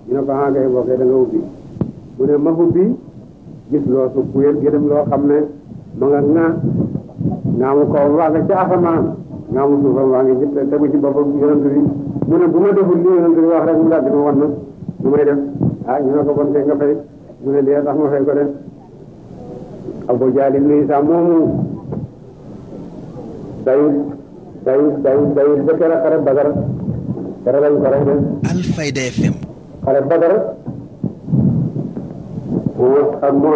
ñu ne ko ah kay bokkee da nga ubbi mu ne ma ubbi gis loo su kuyel gërëm ne ma nga ŋaa naamu kaw waa nga ci asamaan naamu suufam waa ngi ci tegu ci boppam yonent bi mu ne bu ma deful li yonent bi wax rek mu daal di ma wan na lu may def ah ñu ne ko mu ne lii Abu Jahl ibn Hishaam moomu dayut dayut dayut dayut ba keroog xare Badar dara lañ ko rey de. Alfayda FM. xare Badar moom ak moom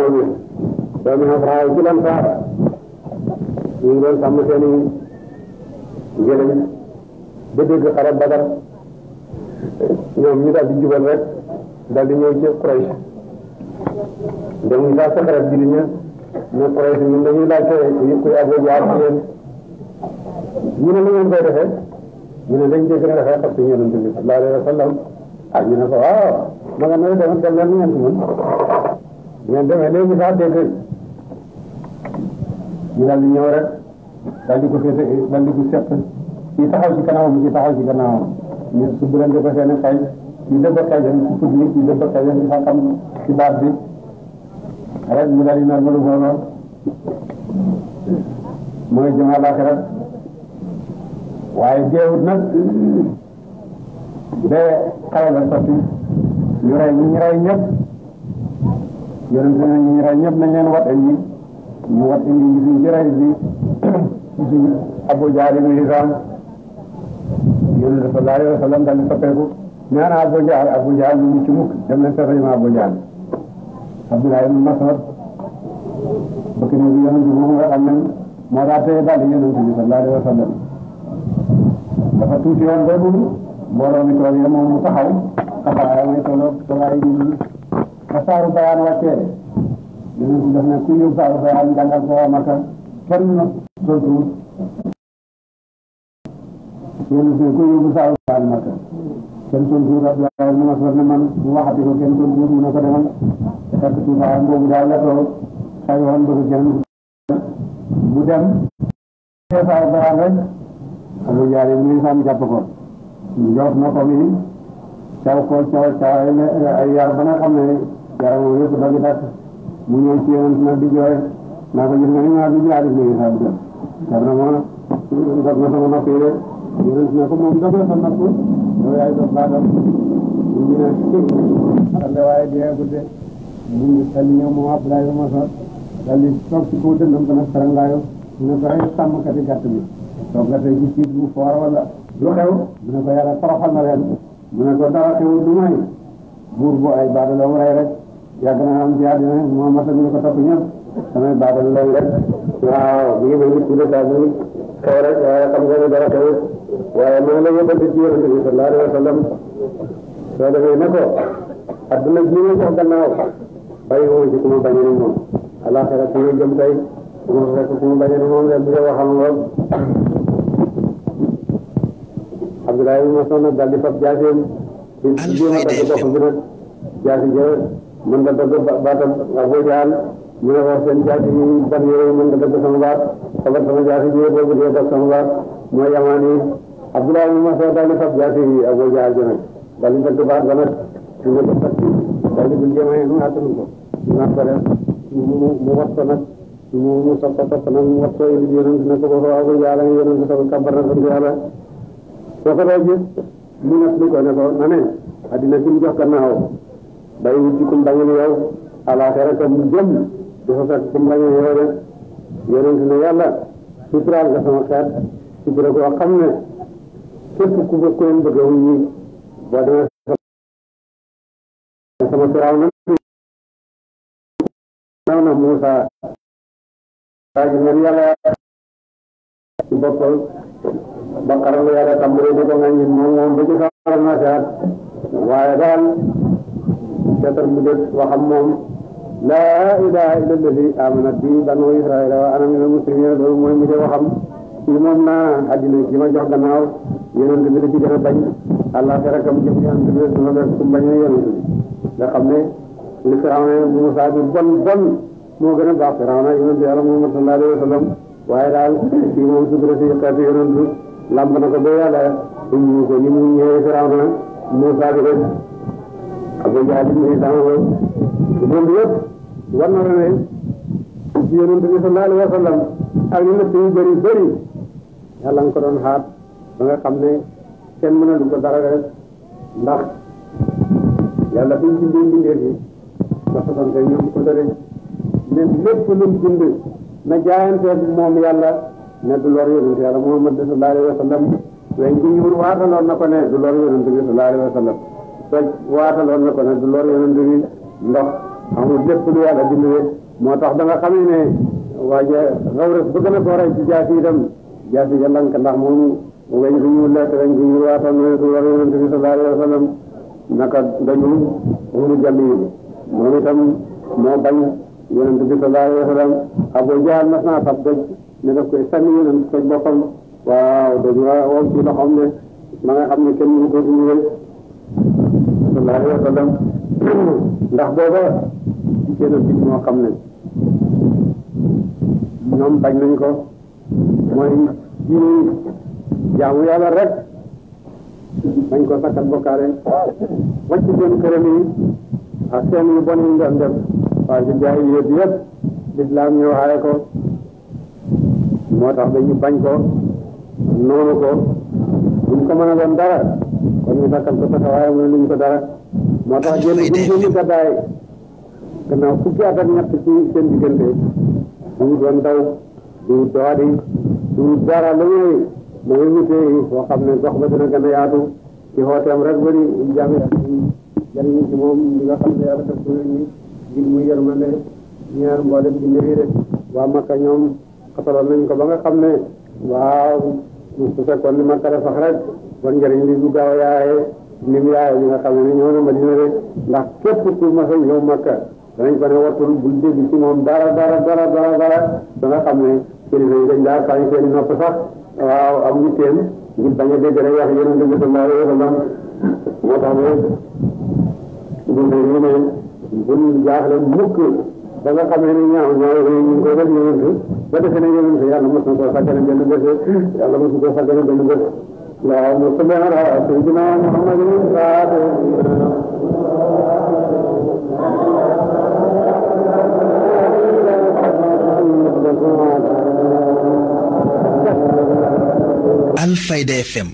doomi Abraha ci lan faar ñu ngi doon sàmm seen i gëlëm ba dégg xare Badar ñoom ñu daal di jubal rek daal di ñëw ci Quraysh donc ñu daal sa xarit bi ne Quraysh ñun dañuy laajte yëpp kuy Abu Jahl leen ñu ne lu ngeen koy defee ñu ne dañ dégg ne dafay xas ci Yonent bi sallallahu alayhi wa sallam ah ñu ne ko waaw ma nga ne demoon dem leen ngeen ci mën ngeen demee léegi sax dégg ñu daal di ñëw rek daal di ko féete daal di ko seq kii taxaw ci kanamam kii taxaw ci kanamam ñu su bu leen defee seen xel ñu def ba xelam ci put mi ñu ba xelam ci xam-xam ci baat bi rek mu daal di naan malu booloo mooy jëm àllaaxira waaye deewut nag bee xale la sotti ñu rey ñi ñu rey ñëpp yonent nañ ñu rey ñëpp nañ leen wat ak ñi ñu wattindi gisuñ ci ray bi gisuñ Abu Jahl ibn Hisam Yonent sallallahu alayhi wa sallam daal di soppeeku nee na Abu Jahl Abu Jahl mu mucc mukk dem leen seetlu ma Abu Jahl Abdullah ibn Mas'ud bëgg na bi Yonent moom nga xam ne moo daa teye daal di Yonent bi sallallahu alayhi wa sallam dafa tuuti woon ba bu mbooloo mi toog moom mu taxaw taxawaay mooy tolloog tolluwaay yi ba saaru bayaan wàccee yéen ñu def ne ku ñëw saa yoo xam ne jàngal ko waa Maka kenn nag dootul yéen ñu ku ñëw saa yoo xam ne Maka kenn tontu rab laa mun a sonn man mu waxati ko kenn tontu mun a ko demal fekk tuuba boobu daal la toog ay yoon bëgg kenn mu dem saa yoo rek abu jaare muy sam jàpp ko njoof na ko mi caw ko caw caw ay yar ba nga xam ne yaram yëpp dagi dakk mu ñëw ci yonent nag di jooy naa ko gis nga ni ñaar bi jaaree léegi saa bi jot. vraiment dog na sama nopp yi de yonent ne ko moom dogee sa nopp yow yaay dog baatam ñu ngi ne xale waaye deeagul de mu ngi xel ñëw moom Abdoulaye ma sax dal di toog ci kaw dëndam dana sarangaayo mu ne ko rek sàmmkati gàtt bi toog la tey ci siit bu foor wala lu xew mu ne ko yàlla toroxal na leen mu ne ko dara xewul lu may buur bu ay baadala wu yàgg naa am ci àddina moo mas a ñu ko topp ñëpp damay baatal loolu rek waaw bi nga gis ci message bi kaw rek waaye xam nga ne dara kaw waaye maa ngi la yóbbante ci yonente bi sallallahu wa sallam ko adduna ji nga jox gannaaw bàyyi wu ci ku mu bañ a moom alaxira ku mu jëm tey ku ku mu bañ a moom rek bu man na dëgg baatam Abu Jahl ñu ne ko seen jaasi yi ban yooyu mën na dëgg sama baat sabar sama jaasi yi boobu dee dëgg sama baat mooy yamaan yi Abdullah ibn Mas'ud daal di fab jaasi yi Abu Jahl ji nag daal di dëgg baat ba nag ñu ne ko fas daal di bindee may nu attanu ko dinaa ko def mu mu wax ko nag mu mu sopp sopp nag mu wax ko yonent ne ko boobu Abu Jahl ak yonent sa kàmbar na sant yàlla soo ko doo gis mu nekk ko ne ko na ne addina si mu jox day wut ci kum bañul yow alaxira ka mu jëm di fa fekk kum bañul yow de yonent ne yàlla suturaal nga sama xeet sutura koo xam ne képp ku ko koy bëgg a wuññi boo demee sama firaaw na naw na Muusa raji ngeen yàlla ci boppam ba xaral yàlla tàmbalee di ko ŋaññi moom moom ba ci xaral na seet waaye daal seetal mu def waxam moom laa ilaha illa alladi amana bi banu israila wa ana minal muslimina loolu mooy mu def waxam kii moom naa addina ji ma jox gannaaw yonent bi la ci gën a bañ allah ferakam jëm yonent bi la def su bañ na yonent bi nga xam ne li firawna Musaa bi bon bon moo gën a baax firawna yonent yàlla Muhammad sallallahu alayhi wa sallam waaye daal kii moom su dara si xeetu yonent lamb na ko ba yàlla ñu ko ni mu ñëwee firawna Musaa bi rek Abu Jahl muy daanaka moom yëpp war na la ne ci yonent bi sallallahu alayhi wa sallam ak ñu nekk yu bëri bëri yàlla nga ko doon xaar ba nga xam ne kenn mën ko dara rek ndax yàlla fi ñu bindee bindee fi dafa doon te ñoom ko dëre ne lépp lu mu bind na jaayanteeg moom yàlla ne du lor yonent yàlla Muhammad sallallahu alayhi wa sallam weñ ci ñuur waataloon na ko du lor yonent bi sallallahu alayhi te waataloon na ko ne du lor yonent bi ndox amul lépp lu yàlla bind rek moo tax da nga xam ne waaje Xawras bëgg na koo rey ci jaasi itam jaasi ja lank ndax moom weñ fi ñuul lekk weñ fi ñuul waatoon na du lor yonent bi sallallahu alayhi wa sallam naka dañu wuru jamiil moom itam moo bañ yonent bi sallallahu alayhi wa sallam Abu Jahl mas naa fab doj ne daf koy sànni yonent toj boppam waaw dañu waa wow ci loxoom ne ma nga xam ne kenn mënu ko sallallahu alayhi wa sallam ndax booba seen bis moo xam ne ñoom bañ nañ ko mooy diine jaamu yàlla rek dañ ko sakkat bokkaale wàcc seen këram yi ak seen yu bon yi doon def waaye si jaay yëpp yëpp lislaam ñëw xaare ko moo tax dañu bañ ko noonu ko buñ ko mën a doon dara kon ñu sakkat ko taxawaay mu ne luñ ko dara moo tax jéem bu jéem a gàddaay gannaaw fukki at ak ñett ci seen diggante duñu doon daw duñu doori duñu dara lu ñuy lu ñuy wute boo xam ne gox ba dina gën a yaatu ci xooteem rek bëri jaamu jariñu ci moom li nga xam ne yàlla def ko ñu ngir muy waa Makka ñoom xataloon nañ ko ba nga xam ne waaw su fekkoon ni li du gaaw a yaayee lim yaayoo ñi nga xam ne ñoo na Madina rek ndax képp ku mas a ñëw Makka danañ ko ne wattul bul dégg ci moom dara dara dara dara dara da nga xam ne kilifa yi dañ daa sañ seen nopp sax waaw am ñu teen ngir bañ a dégg rek wax yonent bi sallallahu alayhi wa sallam moo tax ne ñu ne ñu ne buñ jaaxle mukk ba nga xam ne ni ñaaw ñaaw ñu ngi koy def yonent ba defe ne yonent yàlla mos na koo sàggane benn bés yàlla mos na koo sàggane benn bés اللهم صل على سيدنا محمد الفاتح Alfayda FM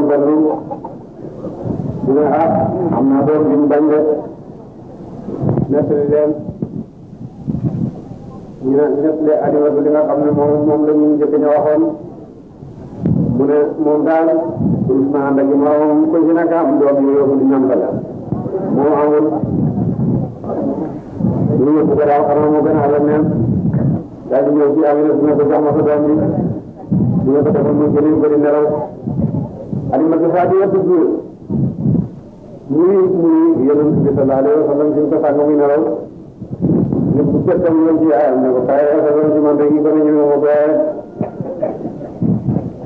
ko borlu ñu ne ah am naa doom bi ñu bañ de nettali leen ñu ne nettali Alioune bi li nga xam ne moom moom la ñu njëkk ñu waxoon mu ne moom daal Ousmane ànd ak yi ma moom ko ci nag am doom yi yóbbu di nambal moo amul lu yëpp ko daaw xanaa moo gën a àll neen daal di ñëw ci Alioune bi ne ko jox ma sa doom bi ñu ne ko dafa mu gën a bëri nelaw alimatu Sadio di jiw muy muy yonent bi sallallahu alayhi wa sallam fi mu ko sànq muy nelaw ñëpp bu jot tam ñëw ci ayam ne ko kaay sa doon ci man rek ñu gën a ñëwee ma bee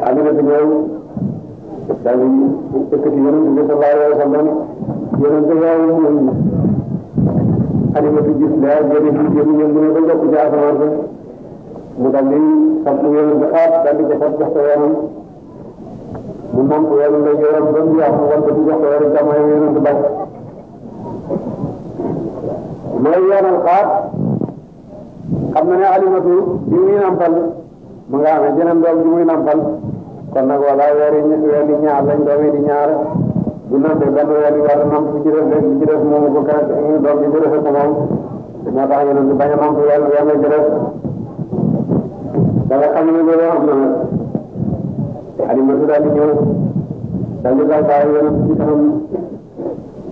alimatu ñëw daal di ëkkati yonent bi sallallahu alayhi wa sallam yonent yow muy alimatu gis leer gën a gis yëngu yëngu ne ba jokk ci asamaan mu daal di xam yonent xaat daal di ko fat jox ko yoonam mu moom ku weeru ndey jooram ba mu yàqu wante jox ko weeru yoonal xaar xam na ne alimatu bi muy nampal mu nga amee jeneen doom bi muy nampal kon nag wala weer yi weer yi ñaar lañ doom di ñaar bu nampee benn weer yi war a namp bu ci def léegi bu ci def moomu ko kenn ñu doom moom dañoo tax yonent bañ a namp weer weer nga ci def da nga xam ne loolu alimatu daal di ñëw daal di laaj yoon ci kanam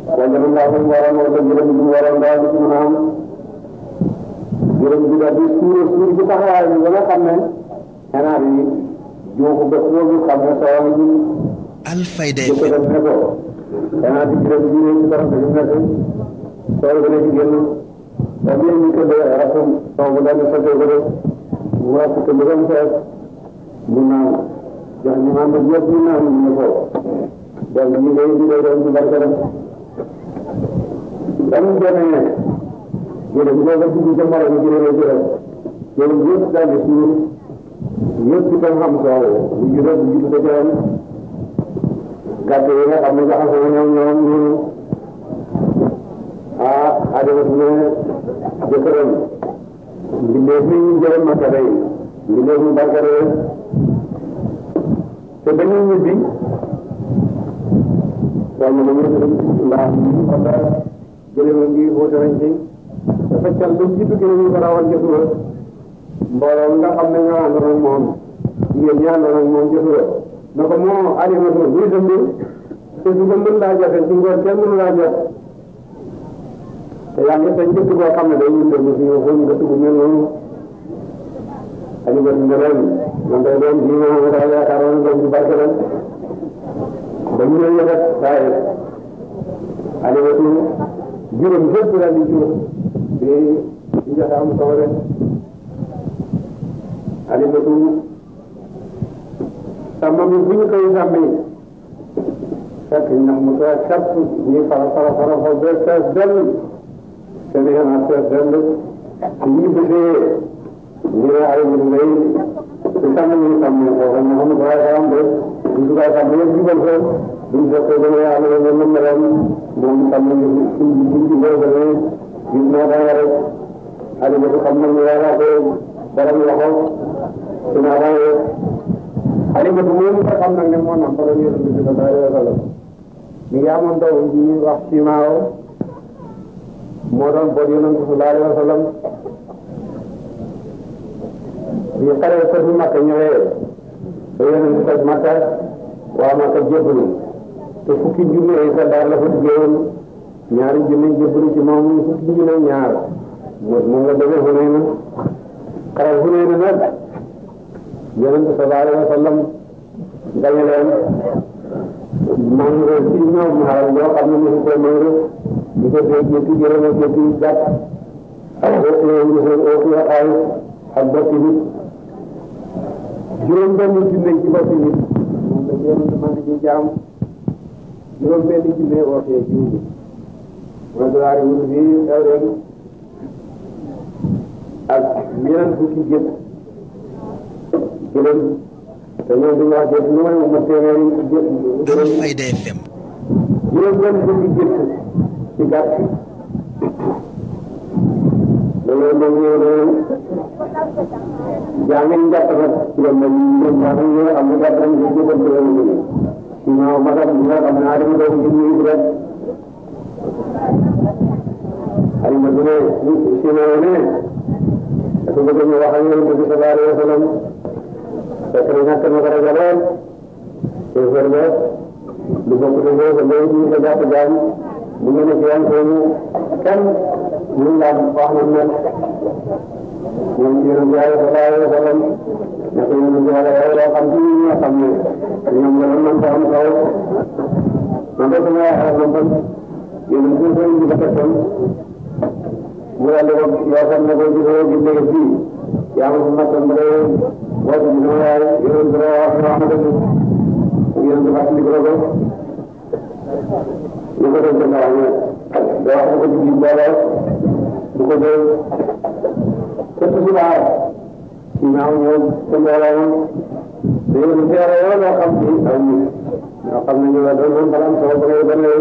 daal di laaj yoon waroon wala juróom bi waroon daal di mën a am juróom bi daal di suur suur bi taxawaay bi ba nga xam ne xanaa bi jiw ko bés boobu xam ne soo am ji. Alfayda FM jëkkëram ne ko xanaa bi juróom bi ñu nekk si nekk soo ko nekk génn ba bien ñu ko dee rafetlu soo ko daal di sotee ko de mu rafetlu ba mu fees mu naan jox ñu ànd ak yëpp ñu naan ñu ko donc ñu ngi lay dugal doon ci barke la. dañu demee jërëm boo ko tudd sa morom jërëm jërëm jërëm yëpp daal di suur yëpp ci kaw xam soow bu juróom bu judd ko jërëm gàtt yi nga xam ne jaxasoo ñoom ñoom ñu ah adama su ne jëkkëram mbindeef yi ñu jërëm ma sa rey mbindeef ñu barke te ba ñuy ñibbi waaye ñu ngi ndax gëlëm ngi wóote nañ ci te fekkan ba jiitu gëlëm yi barawal jëfura mbooloo nga xam ne ñoo àndoon ak moom jigéen ñi àndoon ak moom jëfura na ko moo animateur buy dënd te su ko mën laa joxe ci ngoon kenn mënu laa jot te yaa ngi sañ dëkk boo xam ne day ñu dënd si yow foofu nga dugg mel noonu Aliou Diop Ndeye moom day doon ji moom daal yaakaaroon doon ji barke doon ba ñu doon yëkkat waaye Aliou Diop juróom yëpp daal di jiw di di joxe am solo rek Aliou Diop sàmm bi bu ñu koy sàmmee fekk ñax mu tooy sàpp ñuy fara fara fara fara ba fees dell seen i xanaa fees dell ñu bëggee ये आए मिल गई इसका नहीं सामने होगा हम बड़ा काम दे दूसरा काम ये भी बन रहे दूसरा को बोले आने वाले में मैडम बोल सामने जिंदगी बोल रहे जितना रहा है आज मुझे सामने मिला रहा है बड़ा मिला हो सुना रहा है अरे मैं तुम्हें का काम करने में नंबर नहीं रखने का बताया था नियामंत होगी वास्तिमा हो मोरम परियों को सुधारे वसलम bi xare fas Makka ñëwee ba yéen a fas Makka waa Makka jébbalu te fukki junne yi soldaar la fa duggee ñaari junne jébbalu ci moom ñu fukki junne ñaar moom la demee Xuneyn xare Xuneyn nag yonent bi sallallahu alayhi wa sallam gañe leen màngo ci ñoom xaram yoo xam ne mosu ko màngo di ko dégg ñetti juróom ak ñetti jàpp ak ak boppi nit juróom benn junne ci boppi nit moom la yonent man di jaam juróom benn junne ootee ci nit mooy dollar yi wut fii xew ren ak ñeneen fukki gétt juróom te ñoom duñu wax gétt lu may ma téeméeri gétt Fayda FM juróom benn fukki gétt ci gàtt loolu la ñuy doon jaamé njàpp rek loolu la ñuy doon jaamé ñu am lu jàpp rek ñu ci ko doon ñu sinon ma tam ñu am naa dem doon ci ñu rek ay ma dina ci na ne ko bëgg ñu wax ak yow bi sallallahu alayhi wa sallam fekk na ñàkk na ko rek lool te fer ba du bokk na ko ko ñu ko jàpp jaam bu ñu ne ci am ko ñu kenn ñun daal wax nañu ne ñoom Yonent bi sallallahu alayhi wa sallam ne ko Yonent bi loo xam ci ñi nga xam ne ñoom la doon mën a am kaw man de sama waxee moom tam Yonent bi sëriñ bi dafa tam mu yàlla ko yoo xam ne ko gisoo gi léegi fii yaa ngi ma tam ba day woote bi sama yaay Yonent bi wax na ma dëgg Yonent bi fàttali ko ko ñu ko def wax ko ci booloo du ko dee te tisbaar imaaw ñëw te mbooloo moom dañu teere yoo loo xam ci aw nit ñoo xam ne ñoo doon man balam soo ko lay demee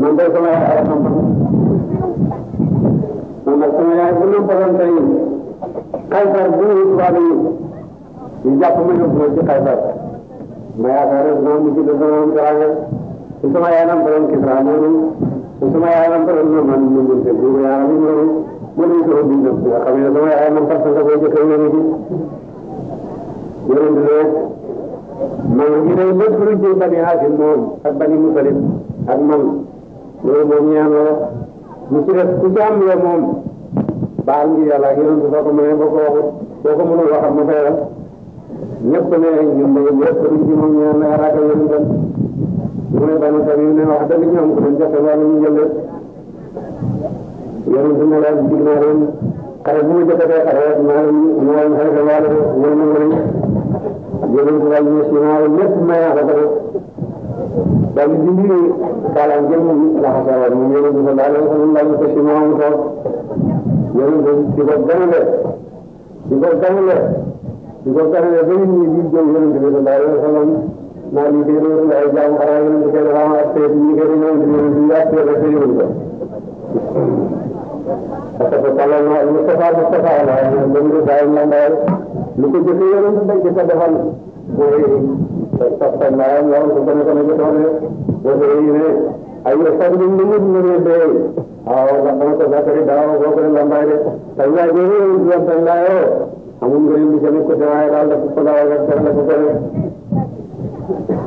man day sama yaay ala xam man nag sama yaay bu nam balam tey kaysar bu ñu tubaab yi ñu jàpp ma yóbbu ma ci kaysar ma yaakaar ne sama mu ci sama yaay nam balam kisra noonu te sama yaay ma faral ma man ma ñu def ma yaay ma loolu ma ñu ko bind nga xam ne sama yaay ma faral nga koy jëkkër yéen ci yéen man ngi day lépp lu Musalim ak man loolu moom ñaanoo ñu ci def moom baal ngi yàlla ak yéen boo ko mënee boo ko waxut boo ko mënul waxal ma fayal ñëpp ne ñun de lépp lu ci moom ñaan na yàlla ak yéen mu ne banu tamim ne wax dëgg ñoom ku leen joxe wàllu ñu jël yéen su ma laaj dig naa leen xare bu ma jëkkatee xare maa leen maa leen xare wàll ñoom ñu ngi yéen su wàllu ñu si maa leen lépp ma yaa ko def daal di dindi kaalaan jël mu laxasee woon mu yéen su ma laaj leen xam laaj ko si maa mu toog yéen su di ko ganale di ko ganale di ko ganale ba ñu ñu di jël yéen su ma laaj leen xam நான் இடையிலும் ஐந்தாம் கராயம் நிகழ்வாக மிகவும் செய்திருந்தோம் அப்போ பல நாள் முஸ்தபா முஸ்தபா முன்பு பயந்தால் மிக திசையிலிருந்து கிட்டத்தவன் ஒரு சட்ட நாயம் சுத்தம் சமைக்கிறோம் ஒரு ஐயோ சர்வீஸ் முடியுது அவங்களுக்கு சக்கரை டாவோ கோபுரம் நம்பாரு தல்லா தல்லாயோ அவங்க சமைக்கிறாங்க குப்பதாக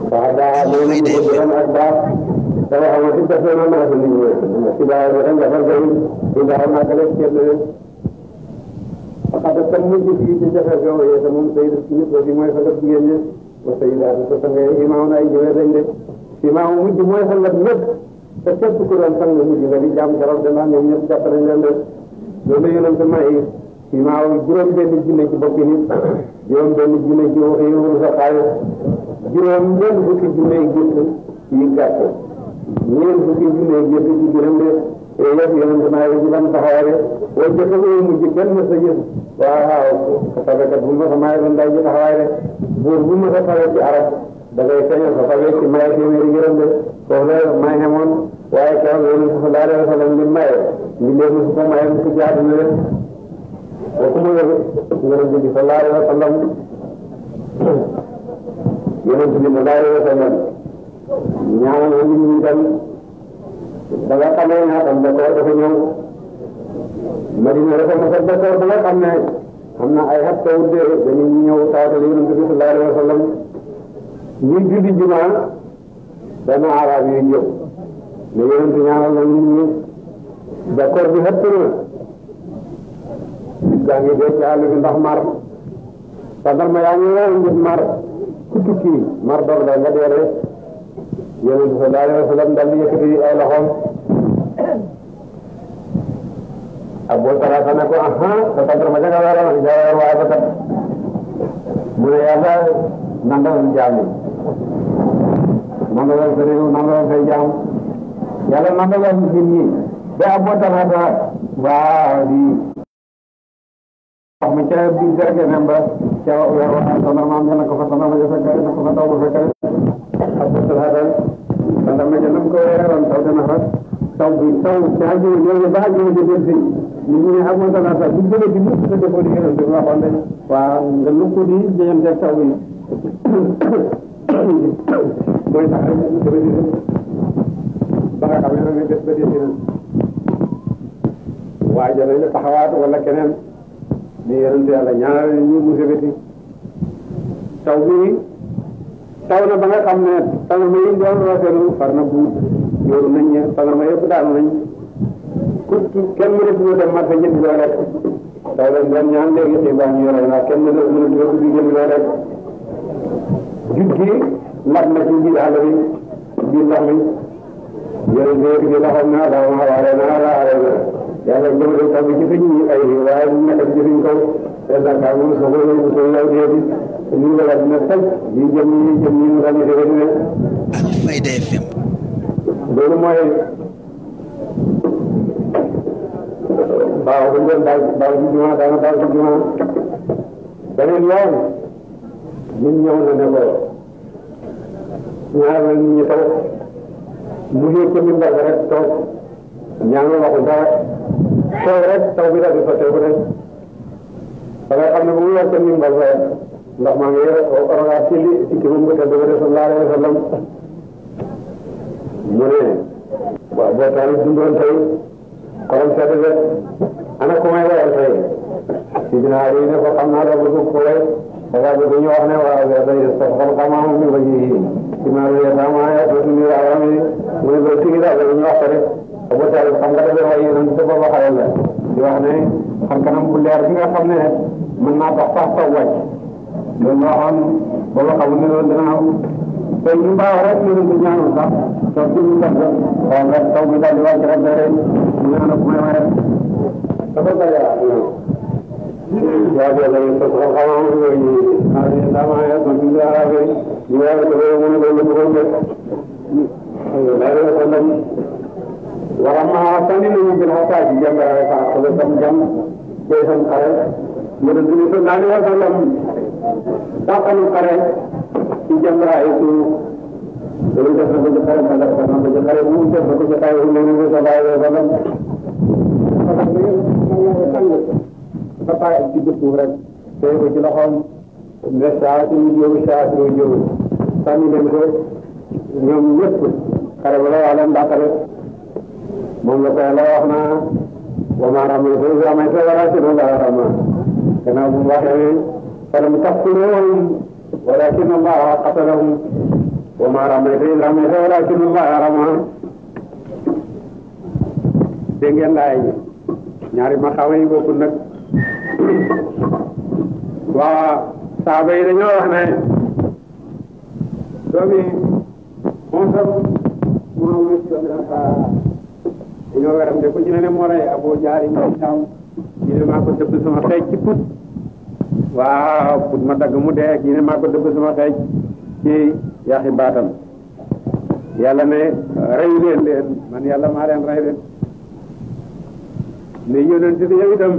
fayda fm waxata tam mujj fii ci jafe feew yee te moom sayid si nit bi mooy sangat jigéen ñi wa sayidaatu sa sang yi imaaw na ay jëwee dañ de imaaw mujj mooy sangat ñëpp te képp ku doon sang mujj nga di jaam keroog danaa ñoom ñëpp jàpp nañ leen de loolu yonente may imaaw juróom benn jinne ci boppi nit juróom benn jinne ci waxi wuru sa xaalis juróom ñeent fukki junne gétt yi gàtt ñeent fukki junne gétt ci gërëm de yëf yonent naa yi ci ban taxawaare waaye jëfe ko mujj kenn mës a jëf waaw sabekat bu mës a maay doon day ji taxawaare buur bu mës a tawee ci arab da ngay feeñal sa tabe ci maye téeméeri gërëm de foofu la may xemoon waaye keroog yonent sallallahu alayhi wa sallam li maye li leen su ko maye su jaadu na leen wa kuma yëg yonent bi sallallahu alayhi wa sallam yonent bi sallallahu alayhi wa sallam ñaanal na nit ñi tam ba nga xamee naa tam ba ñëw Madina dafa mos a ba koor ba nga xam ne xam na ay xat tawut de dañuy ñëw taatal yonent bi sallallahu alayhi wa sallam jumaa dana arab yi ñëw ne yonent ñaanal na nit ñi ba bi xëpp na gaa ngi dee ci àll bi ndax mar tàndarma yaa ngi woo ngir mar ku mar dog la nga dee rek yonent bi sallallahu alayhi wa sallam daal di yëkkati Abu Tarafa ne ko aha sa tàggat ma ca nga a wax jaa war waaye ba kat mu ne yàlla nangaloon jaam yi nangaloon sa réew nangaloon say jaam yàlla nangaloon nit ñi ba Abu Tarafa waaw di xam nga ca biir jarage même ba ca weer waxtaan sandarmaam yàlla na ko fa sandarma ja fekkale na ko fa taw ba fekkale ak sa salaatal sandarma ja nam ko weeroon taw dana fa taw bi taw ca ji ñëw ba ji ji dem fi ñu ñu ak mo dana sa bu jëlee bi mu ko defo di yëral bi ma xon de waa nga lu ko di jëm te taw yi mooy tax rek ñu ko di ba nga xam ne def ba di waaja lay taxawaat wala keneen di yonent mu sébéti taw bi taw na ba nga xam ne tàngoor yi doon rafetlu far na buut yóbbu nañ ñe tàngoor yëpp daanu nañ ku kenn mënatu ñu dem marché jënd loo rek taw lañ kenn mënatu ñu dem bi jënd loo rek jub gi mat na ci biir àll bi biir ndox ma waale laa aaree yàlla jëmale taw bi ci suñu ay waaye ñu nekk ci suñ kaw président Kaolack moom soo ko yëngu soo yaw dee bi ñu la laaj na tëj ñu jëm ñu jëm ñu ñu ràññee rek ne. Alfayda FM. loolu mooy baax bu ñu doon baax baax ci jumaa daana baax ci jumaa beneen yoon nit ñëw na ne ko ñaar nit ñi toog mu jóg ci ñaanu waxul dara taw rek di sotteeku rek da ngay xam ne bu mu yor sa ndimbal rek ndax maa ngi yor rogaat ci li ci kii bu tedd ba sallallahu alayhi wa sallam mu ana ku may wayal tey si dinaa yi ne ko xam naa dama bëgg ko way dafa bëgg ñu wax ne waaw yow day sox xol xamaamu mi ba ji ci maa ngi yor sama yaa ko suñu yaa mu ne ba tigi daal ñu wax ko rek Abu Talib xam nga dafay wax yéen a ngi sa bopp xale la di wax ne xar kanam bu leer bi nga xam ne mën naa tax sax taw wàcc loolu moo xam booba xamu ne loolu dana am te ñu baax rek ñu ngi ñaanal sax taw bi ñu tax waaw nga taw bi di wàcc rek ba rek ñu ñaanal bu may ma rek dafa bëri ah waaw yow dañuy fekk xam xam nga yooyu ah yéen daal maa ngi rek ma fi mu daal ñu ngi ولما سمعوا بالحساس جنب فأخذتهم جنب بيتهم قرر يرسل صلى الله عليه وسلم دخلوا قرر في جنب رأيته ولم تفرق بخير ما تفرق بخير ولم تفرق بخير ولم تفرق بخير فقال جد سورة سيد لهم الشاعر يجيو الشاعر يجيو ثاني لم يكن يوم يسكت قرر ولا يعلم ذا قرر moom la ko yàlla wax naa wa maa ramayta iz ramayta walaakinna Allaaha ramaa gannaaw bu mu waxee falam taqtuluuhum walaakinna Allaaha qatalahum wa maa ramayta iz ramayta walaakinna Allaaha ramaa dégg ngeen laay ñaari maqaama yi bokkul nag waaw saaba yi dañoo wax ne doomi moom sax moom dañoo werante ku ci ne ne moo rey Abu Jahl ñu ne maa ko dëbb sama xeej ci put waaw put ma dagg mu dee ñu ne maa ko dëbb sama yàlla ne rey leen leen man yàlla maa leen rey leen ne yonent bi yow itam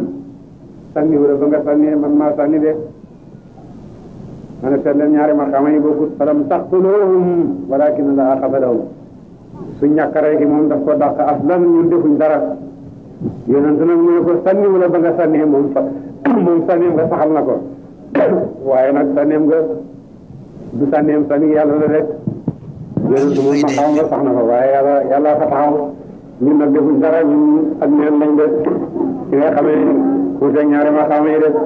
sànni wu ba nga sànni man maa sànni de ma ne leen ñaari ma xama yi bokkut falam taqtuluhum walakin la axabadahum su ñàkkaree gi moom daf aslan ñun defuñ dara yonent nag mu ne ko sànniwu la ba nga sànnee moom fa moom sànneem nga saxal na ko waaye nag sànneem nga du sànneem sànni yàlla la sax na ko waaye yàlla yàlla fa taxaw ñun nag defuñ dara ñun ak neen lañ def ci nga xamee wuute ñaari ma xamee def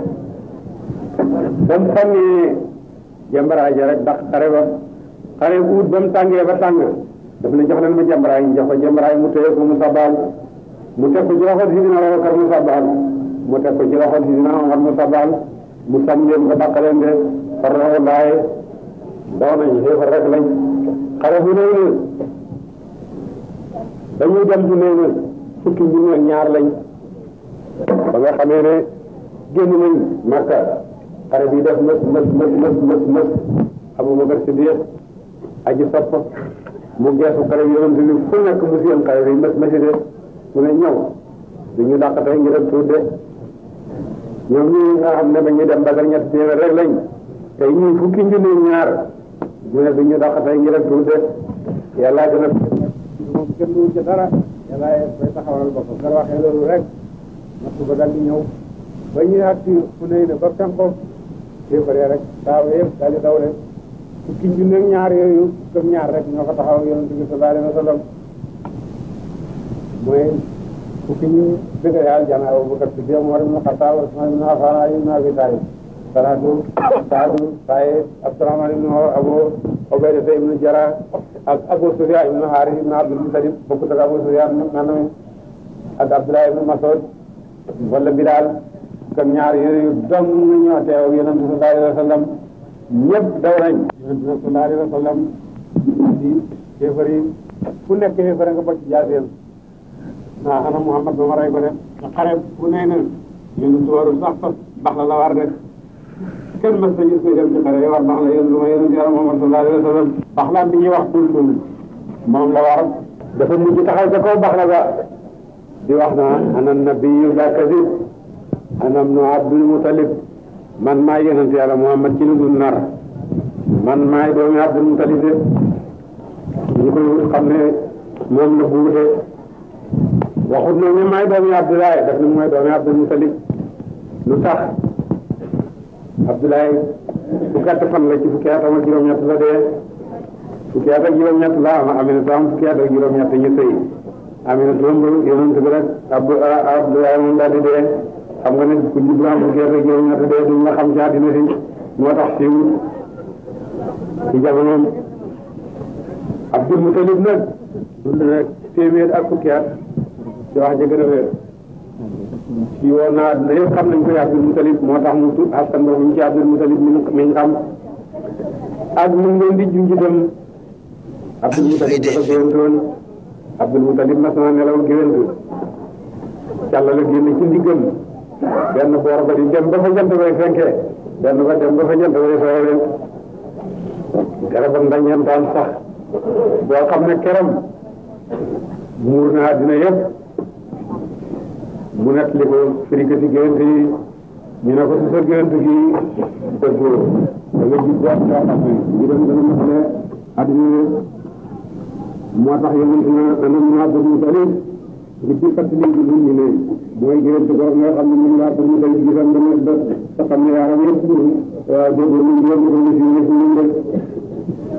ba mu sànnee rek ndax xare ba xare uut ba mu tàngee ba tàng daf ne jox leen ma jambaraay ñu jox ko mu téye ko mu sabbaal mu teg ko ci loxo sidina Abubakar mu sabbaal mu teg ko ci loxo sidina Umar mu sabbaal mu sàmm leen ko dàq leen de far na laaye daw nañ xéefar rek lañ xare bu néew la dañuy dem bu néew la ñaar lañ ba nga xamee ne génn nañ Makka xare bi def mës mës mës mës mës Abubakar Siddiq aji sopp mu geesu kare yonent bi fu nekk mu seen kare yi mas masi de mu ne ñëw du ñu dàq tey tuude ñoom ñi nga ne ba ñu dem Badar ñetti téeméer rek lañ tey ñuy fukki junni ñaar mu ne du ñu dàq tey tuude yàlla gën a moom kenn du ci dara yàlla koy taxawal boppam nga waxee loolu di ñu àtt fu ne ba fenkoog téeméer rek saawa yëpp daal di daw fukki junni ak ñaar yooyu gëm ñaar rek ñoo ko taxaw yonent bi sallallahu alayhi wa sallam mooy fukki ñu dëgg yàlla jana Abubakar Siddiq Umar ibn Xattaab Usmaan ibn Affaan Ali ibn Abi Taalib Salaatu Saadu Saïd Abdurahmaan ibn Abu Ubayda ibn Jarrah ak Abu Sufyaan ibn Haaris ibn Abdul Muttalib bokkut ak Abu Sufyaan nanami ak Abdullah ibn Mas'ud wala Bilaal gëm ñaar yooyu dong ñoo teew yonent bi sallallahu alayhi wa sallam ñëpp daw nañ yonent bi sallallahu alayhi wa sallam di xéefar yi ku nekk xéefar nga bocc jaaseem naa xana Muhammad ma rey ko de nga xare ku nee na yonent warul sax fas la la war de kenn mës na gis koy dem ci xare yi war bax la yonent ma yonent yàlla Muhammad sallallahu alayhi wa sallam bax la bi ñuy wax tuul moom la war dafa mujj taxaw ca kaw bax la ba di wax naa ana nabiyu la kadib ana ibnu Abdul Mutalib man maay yonent yàlla Muhammad ci lu dul nar man maay doomi Abdul Mutalib ñu koy xam ne moom la buute waxut nag ne maay doomi Abdoulaye daf ne mooy doomi Abdul Mutalib lu tax Abdoulaye bu gàtt fan la ci fukki at ak juróom-ñett la dee fukki at ak juróom-ñett la am Aminata am fukki at ak juróom-ñett ñu sëy Aminata moom yonent bi rek Abdoulaye moom daal di dee xam nga ne ku jublu am bu gerte gi ñett dee duñ la xam ci àddina si moo tax siiwul ci jamonoom Abdul Mutalib nag dund na téeméer ak fukki ci wax ji gën a wér ci woon naa àddina yëpp xam nañ ko Abdul Mutalib moo tax mu tudd askan boobu ci Abdul Mutalib mi ñu xam mu ngi leen di junj dem Abdul Mutalib dafa géntoon Abdul Mutalib mas naa nelaw géwél bi càlla la génn ci ndiggam benn boor ba di dem ba fa jant bay fenkee benn ba dem ba fa jant bay soowee garabam dañeen daan sax boo xam ne keram muur na àddina mu nekk li ko firika si gént yi ñu ne ko si sa gént gi dëggoo da nga ji boot kaa xam ne ñu dem dana mas tax mu naa dëgg mu talib di di fàttali ñu ne mooy jërëjëf borom nga xam ne ñun laa pour ñu koy gisal nga nekk ba nga xam ne yaaram yëpp waaw déggoo ñu ñëw ñu koy gis ñu ñu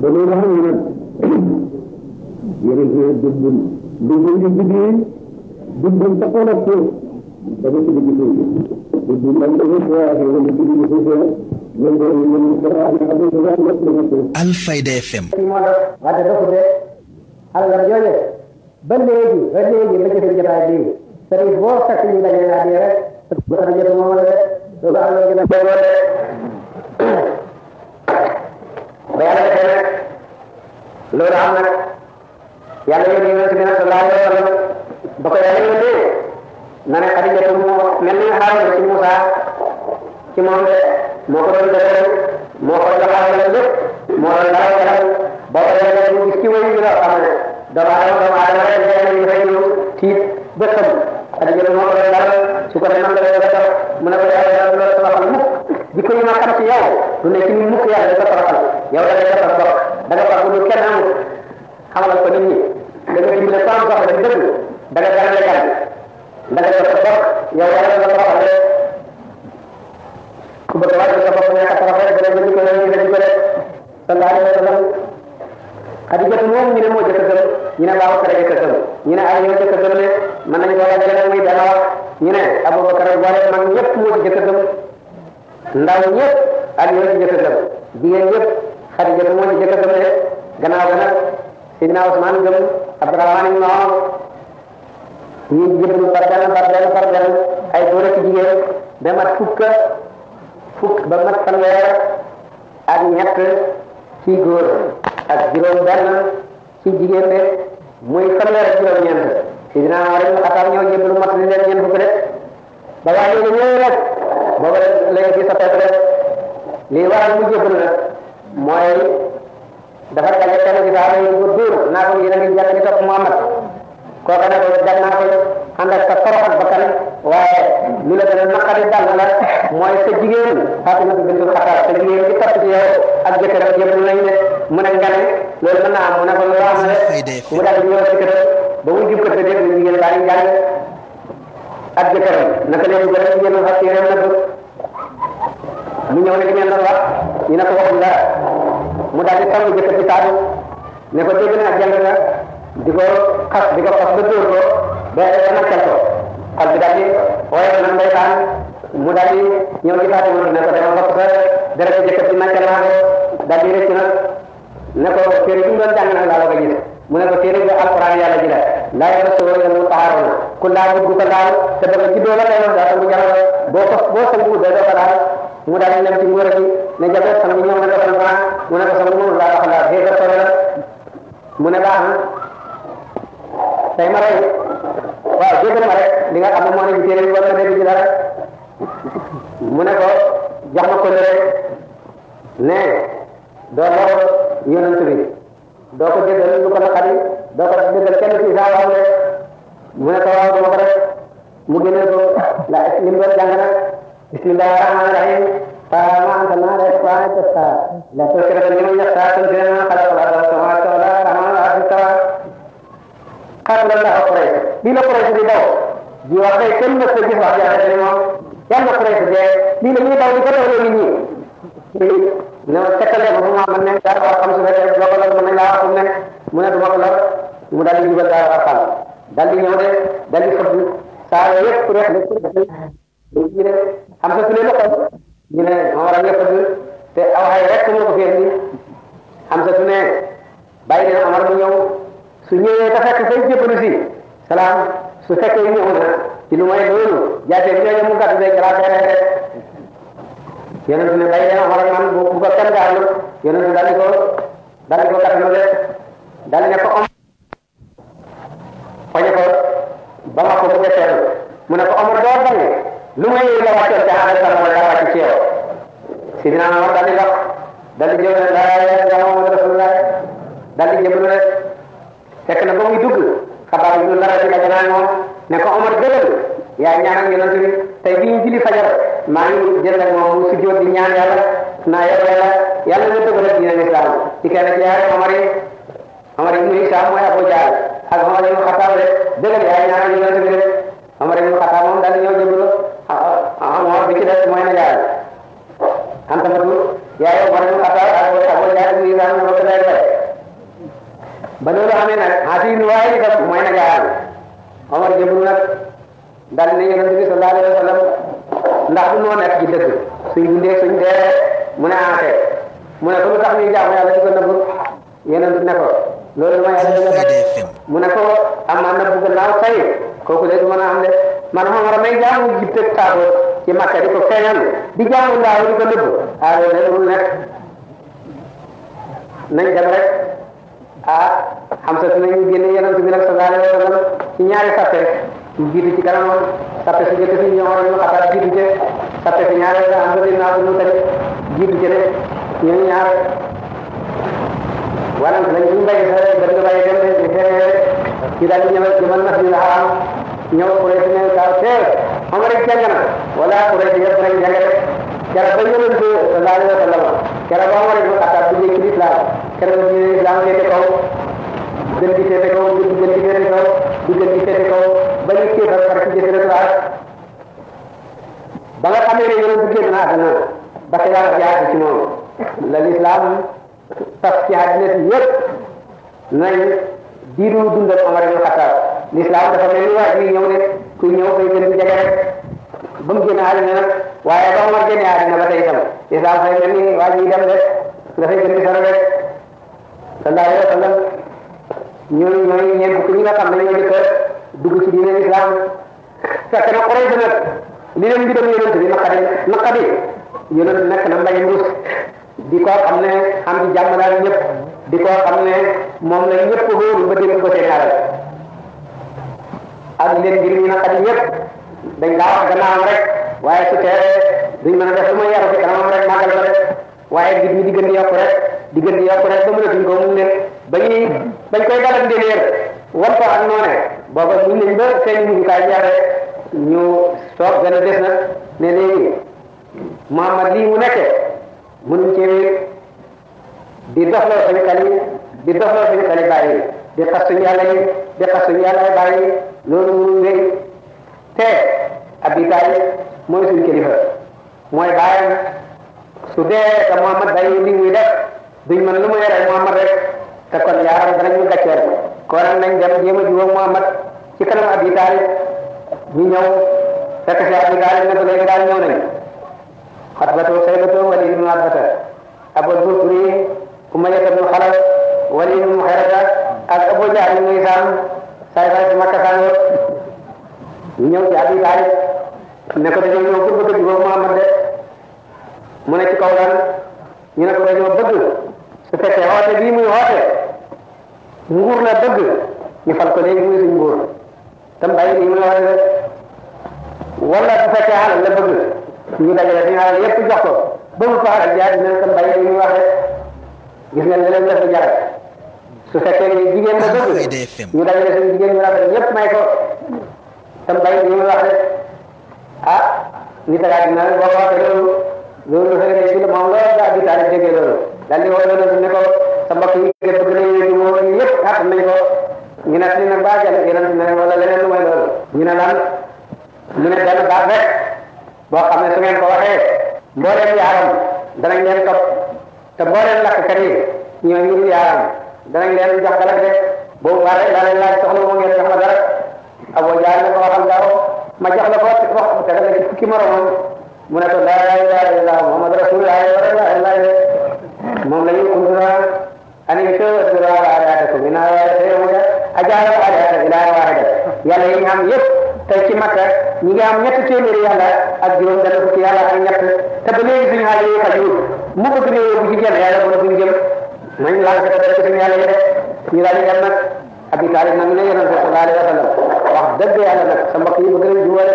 def ba loolu xam nga nag jërëjëf dundul dundul gi guddi dundul taxoon ak suuf dafa ci dugg suuf dundul ak dafa ci waatee wala ci dugg suuf loolu ko ñu ñu ko wax ne xam nga dafa am lépp dafa suuf. Alfayda FM. moo tax wax dëgg dafa de alal jooje ba léegi ba léegi ba ci seen jotaay bii sëriñ boo fekk ñu daje laa dee rek bu tax jot moom la de loolu am na gën a béy loolu de ba yàlla defee nag loolu am na nag yàlla yónni yonent bi nag sallallahu alayhi wa sallam ba ko yàlla yónnee na ne Xadijatu moo mel ni xaaral ci Moussa ci moom de moo ko doon defee moo ko joxal la lépp moo doon dara jaral ba ko yàlla ñu gis ci wéy bi la xam ne doomu aadama doomu aadama rek dañu fay ñu tiit bëtam rajo bi moo ko doon dara su ko defee man la doon dara mu ne ko yaay yàlla la toroxal mukk jikko yi ma xam ci yow du ne ci ñun mukk yàlla da ko toroxal yow da ngay defar kenn amul xamalal ko nit ñi da nga dimbale sans bopp rek dëgg da nga garale gàll da nga jox sa bopp yow yàlla da nga toroxal rek ku bëgg a wàcc sa bopp ñàkk a torox rek Xadijatu moom ñu ne moo jëkk a gëm ñu ne waaw kare jëkk a gëm ñu ne ay ñoo jëkk a gëm ne mën nañu ko dajale muy dana wax ñu ne Abubakar boole mag ñëpp moo jëkk a gëm ndaw ñëpp ak ñoo ci jëkk a gëm jigéen ñëpp moo ci jëkk a gëm ne gannaaw ga nag Sidina Usmaan gëm Abdurahmaan ibn Awf ñu jëblu par ay góor ak jigéen ba mat fukk fukk ba mat fanweer ak ñett ak juróom benn ci jigéen de muy fanweer ak juróom ñeent sidina Umar ibn Xattaab ñëw jébbalu mat li leen ñeent fukki rek ba waa jooju ñëwee rek boobu rek léegi ci soppeeku rek lii waral mu jébbalu nag mooy dafa daje kenn ci saaba yi ko dóor naa ko yéen a ngi jàng di topp Muhammad kooka ne ko jag naa ko ànd ak sa torox ak bakkan waaye lu la gën a naqari dal la mooy sa jigéen Faatimatu bintul Xattaab sa jigéen ci topp ci yow ak jëkkëram jébbalu nañu ne mu ne nga ne loolu mën naa am mu ne ko loolu am na rek mu daal di ñëw ci këram ba mu jub kër ga dégg ñu jigéen baa ngi jàng ak jëkkëram naka leen gën a jigéen wax ci réew na bëgg mu ñëw ne di ngeen doon wax ñu ne ko waxul dara mu daal di tàmm jëkkër ci taatu ne ko dégg naa jàng na di ko xas di ko xas ba dóor ko ba nakkel ko xal bi daal di waaye na ndeysaan mu daal di ñëw ci taatu mu ne ko dama ko sa dara jëkkër ci nakkel naa ko daal di rëcc nag ne ko téere bi mu doon jàng nag mu ne ko téere bi alquran yàlla ji la laa yamassuhu illal mutahharuun ku laal bu ko laal te dafa juddoo la day daa sangu jaral boo ko boo sangu day doo ko laal mu daal di dem ci mu ne ko sangu moom sore la mu ne baax na tey ma rey waaw jégal nga xam ne moo ne ci téere bi war mu ne ko jox ko doo lor yonent bi doo ko jégal lu ko naqari doo ko jégal kenn ci saa wax ne mu ne ko waaw dama ko rek mu génne ko la li mu doon jàng nag bismillahi rahmani rahim فما أنت ما لا يسمع تسعى لا تذكر من يسعى تنزل ما خلق الأرض والسماوات ولا الرحمن العرش استوى قبل الله قريش بلا قريش بدو دي وقت كم نستجيب وقت على الجنة كم قريش بدو بلا يدعو بكتب الأمين ne ma tekkale ba mu ma mën nañ daal wax xam su fekkee doo ko lor mën nañ laa wax fu mu nekk mu ne du ma ko lor mu daal di jubal daal wax xam daal di ñëw de daal di xëpp saa yëpp rek la ci def ñu ne xam sa su ne loxo ñu ne ma war a ñëpp te aw xay rek moo ko fi indi xam sa su ne bàyyi leen amar mu ñëw su ñëwee te fekk fay jëppalu si salaam su fekkee ñëw na ci lu may loolu jaatee bi ñooñu mu gàtt de grâce yonent ne bay leen xoolal man bu bu ko kenn daal yonent ko daal ko gàttalu rek daal ne ko om xoñe ko ba ma ko bëgg a seetlu ko omar doo bañ lu may la wàccoon ca ànd sama la wàcc ci si dina ma daal di dox daal di jëw ne laa ilaha muhammad rasulullah daal di jëblu rek fekk na ba muy ne ko omar gëlal yaa ñaanal yonent bi tey bi ñu julli fajar maa ngi jënd ak moom mu sujjóot di ñaan yàlla naa yow yàlla yàlla nga dëgg rek dina lislaam ci kenn ci yaay Omar yi Omar ibnu Hisaam mooy Abu Jahl ak Omar ibnu Xataab rek dëgg la yaa ñaanal yonent bi rek Omar ibnu Xataab moom daal ñëw jëblu ah, ah, ah, Omar bi ci des mooy na jaal xam tamatu yaay Omar ibnu Xataab ak Abu Jahl ibnu Hisaam ñoo ko day ba loolu xamee nag xaasi nu waaye li def mooy na jaal Omar jëblu nag daal ne yonent bi sallallahu alayhi wa sallam ndax du noo nekk ci dëgg suñ dundee suñ mu ne en mu ne ko lu tax ñuy jaamu yàlla di ko nëbb yonent ko loolu dama yàlla dina def mu ne ko am na nëbb gannaaw tey kooku de du mën a am de man ma war a may di ko feeñal di jaamu ndaaw di ko nëbb ah loolu de dul nekk rek ah xam sa dinañu génne yonent bi nag sallallahu alayhi wa sallam ci ñaari sappe ñu jiitu ci kanamam sappe si jëkk si ñoo war ñu xataa jiitu ci si ñaareel la am na naa ñu tamit jiitu ci de ñoom ñaar wala lañ ñu bàyyi sa rek dañ ko bàyyi man nas bi la xaram ñëw ka tee xam rek jàng wala kuréel yëpp rek jàng rek kera ba yonent wa sallam kera ba gën di féete kaw gën di féete kaw di gën di féete kaw ba ñu kéefal far ci jëfandikoo ak ba nga xamee ne yonent bi génn na àdduna ba te yàlla jaaree ci moom la lislaam tas ci àddina si yëpp nañ diiru dundal Omar ibn Xattaab lislaam dafa mel ni waa ji ñëw ne kuy ñëw koy gën di jege rek ba mu génn àddina nag waaye ba Omar génnee àddina ba tey itam lislaam fay mel ni waa ji dem rek nga fay gën di sori rek sallallahu alayhi wa sallam ñooñu ñooy ñeent fukk ñi nga xam ne ñoo njëkk a dugg ci diine islam fekk na Quraysh nag li leen di dem yonent bi naqari naqari yonent nekk na mbay mbuus di ko xam ne am ci jàmm daal ñëpp di ko xam ne moom la ñëpp wóolu ba dégg ko seen alal ak leen mbir ñu naqari ñëpp dañ daa wax gannaawam rek waaye su teeree duñ mën a def lu ma yaru fi kanamam rek màggal ko rek waaye nit ñi di gën di yokku rek di gën di yokku rek ba mënatuñ ko mu leen bañuy bañ koy dalal ngëneer wan ko ak noone booba ba seen mujjukaay ñaare ñu des nag ne léegi Muhammad lii mu nekke mënuñ ci di doxloo sañ xel yi di doxloo sañ xel yi bàyyi di xas suñu yàlla yi di xas suñu yàlla yi bàyyi loolu mënuñ wéy te Abi Taalib mooy suñ kilifa mooy bàyyam su dee te Muhammad bàyyi li muy def duñ mën lu Muhammad rek te kon ñaar danañu gàcceel ko waral nañ dem jéem a jiwoo Muhammad ci kanam Abi Taalib ñu ñëw fekk si Abi Taalib ne ko léegi daal ñëw nañu xatbatoo saybatoo wali ibnu xatbata abul busri umayya ibnu xalaf wali ibnu xerata ak abu jahl muy saam saay saay si makka saan yëpp ñu ñëw ci Abi Taalib ne ko dañoo ñëw pour bëgg jiwoo Muhammad de mu ne ci kaw lan ñu ne ko dañoo bëgg su fekkee woote bii muy woote nguur la bëgg ñu fal ko léegi muy suñ nguur tam bàyyi lii muy woote rek wala su fekkee alal la bëgg ñu dajale suñu alal yépp jox ko bëgg ko alal jaar dina tam bàyyi lii muy wax rek gis ngeen ne leen def jaral su fekkee ne jigéen la bëgg ñu dajale suñu jigéen ñu rafet ñépp may ko tam bàyyi lii muy wax rek ah nit a dina boo ko waxee loolu loolu lu fekk ne ci la moom loolu daal di taal déggee loolu daal di woo yonent ne ko sa mbokk yi nga bëgg nañ leen di woo ñu yëpp xaat nañ ko ñu ne li nag baax jàll yonent ne wala leneen lu may loolu ñu ne lan ñu ne benn baat rek boo xam ne su ngeen ko waxee mbooleem yaaram danañ leen topp te mbooleem lakkat yi ñooy ñun yaaram danañ leen jox dara daa leen laaj soxla la ko wax te dana ci fukki moromam mu ne ko laa ilaaha illallaah moom la ñuy unduraa an yusoo duraa wa araadakum min awaadatayawuda ajaara wa araadata ilaa waaradat yàlla yi ñu am yëpp tey ci makka ñi ngi am ñett téeméeri yàlla ak juróom benn fukki yàlla ak ñett te ba léegi suñu xaal yi xajul mu bëgg ne yóbbu ci jëm yàlla bu ne buñu jëm nañ laal ko dara suñu yàlla yi def ñu daal di dem nag Abi Taalib nag ne yonent bi sallallahu alayhi wa sallam wax dëgg yàlla nag sa mbokk yi bëgg nañ juwale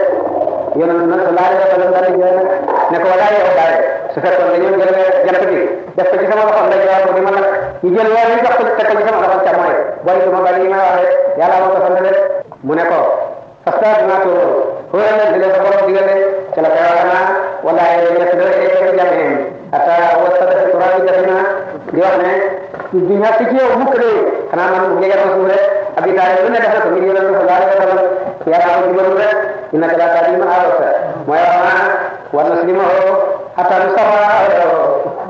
yonent bi nag sallallahu alayhi wa sallam daal di joxe nag ne ko walaay yow bàyyi su fekkoon dañoo jël jant bi def ko ci sama loxo ndaje waaw di ma nag ñu jël weer yi ci sama ma bari yi may wax rek yàlla moo ko sant rek mu ne ko parce que dinaa ko wóor di leen sa borom digal rek ci la koy wax naa walaay ñett dara ay kër jàmmeen ata wasa turaa bi defe ne du ñàkk ci yow mukk de man bu jege ko abi daal lu na ko ngir yonent ko laal ko yàlla ko jubalu rek innaka laa na si li atanu safa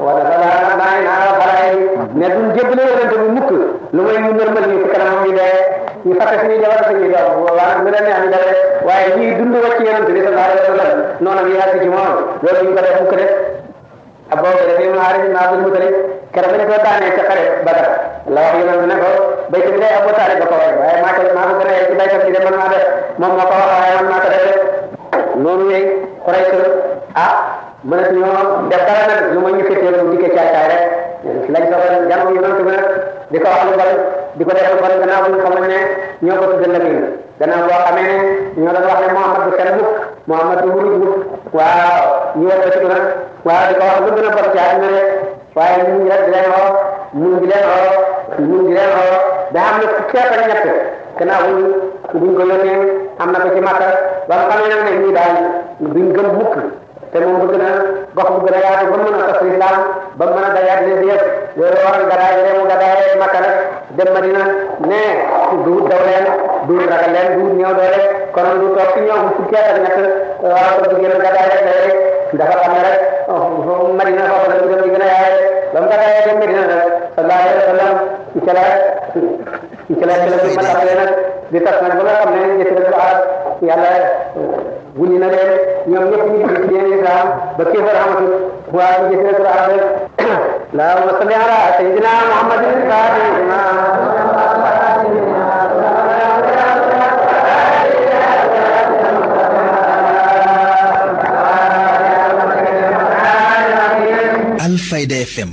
wala dala naay naa balaay ne duñ jébbale yonente bi mukk lu may ñu normal ñu ci kanamam ñu dee ñu fàtte suñu jabar suñu doom waaw ñu la neex ñu dee waaye ñuy dund wàcc yonente bi sallallahu alayhi wa sallam noonu am yaa ci moom loolu duñ ko def mukk de Abubakar ibn Haaris ibn Abdul Muttalib keroog bi ñu ko daanee ca xare Badar la wax yonent ne ko baykat bi day Abu Taalib ba ko waxee waaye maa ko maa ko gën a yegg ci baykat bi de man maa def moom moo ko wax waaye man maa ko def noonu yooyu Quraysh ah mënatuñoo def dara nag lu ma ñu fekkee lu dikkee caay caay rek lañ soxal jàmm yu doon nag di ko wax lu bari di ko defal bari gannaaw bu ñu xamal ne ñoo ko tuddal la nii gannaaw boo xamee ne ñoo doon wax ne Muhammad du kenn mukk Muhammad du wuruj mukk waaw ñu war ko ci nag waaw di ko wax lu gën a bon ci àdduna rek waaye ñu ngi rek di leen woo ñu ngi leen woo ñu ngi leen woo daa am na ku képp ak ñett gannaaw buñ ko yónnee am na ko ci Makka ba nga xamee nag ne ñii daal duñ gëm mukk te moom bëgg na gox bu gën a yaatu ba mën a tas lislaam ba mën a dayaat les yëpp loolu waral gadaay yi mu gadaay Makka nag dem Madina ne du daw leen du ragal leen du ñëw doole kon du toog ci ñoom fukki at ak ñett war a ko bëggee gadaay rek dafa xam ne rek oh, Madina foofu la gën a yaayee ba mu gàddaayee dem Medina nag sallallahu alayhi wa sallam ci la ci la ci la ma nag di tas nag ba nga xam ne jëfandikoo arab yàlla wuni na leen ñoom ñëpp ñu ngi ci diine islam ba kéefar amatul waa ci jëfandikoo arab rek la wa salli ala sayyidina muhammadin Alfayda FM.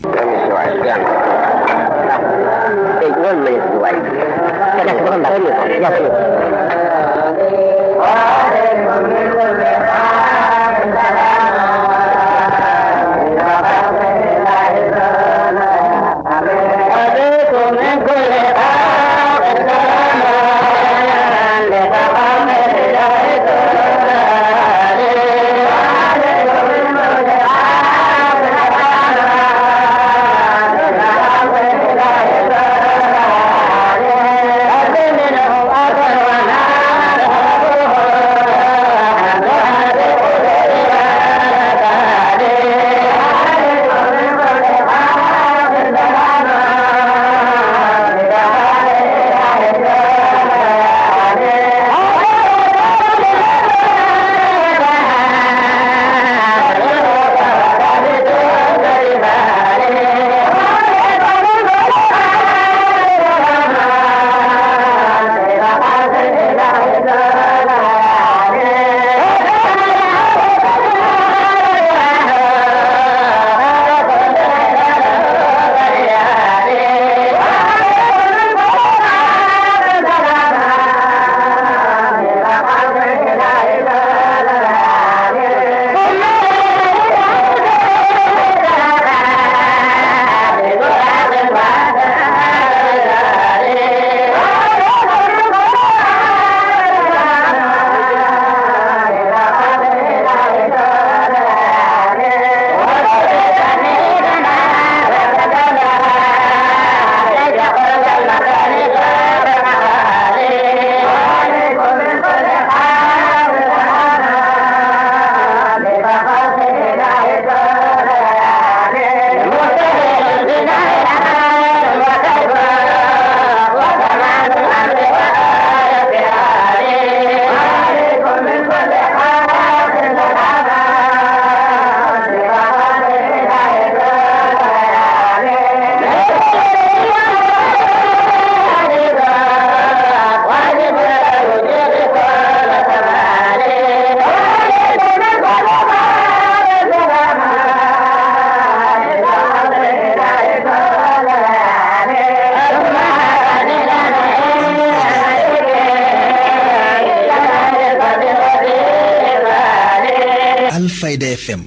Alfayda FM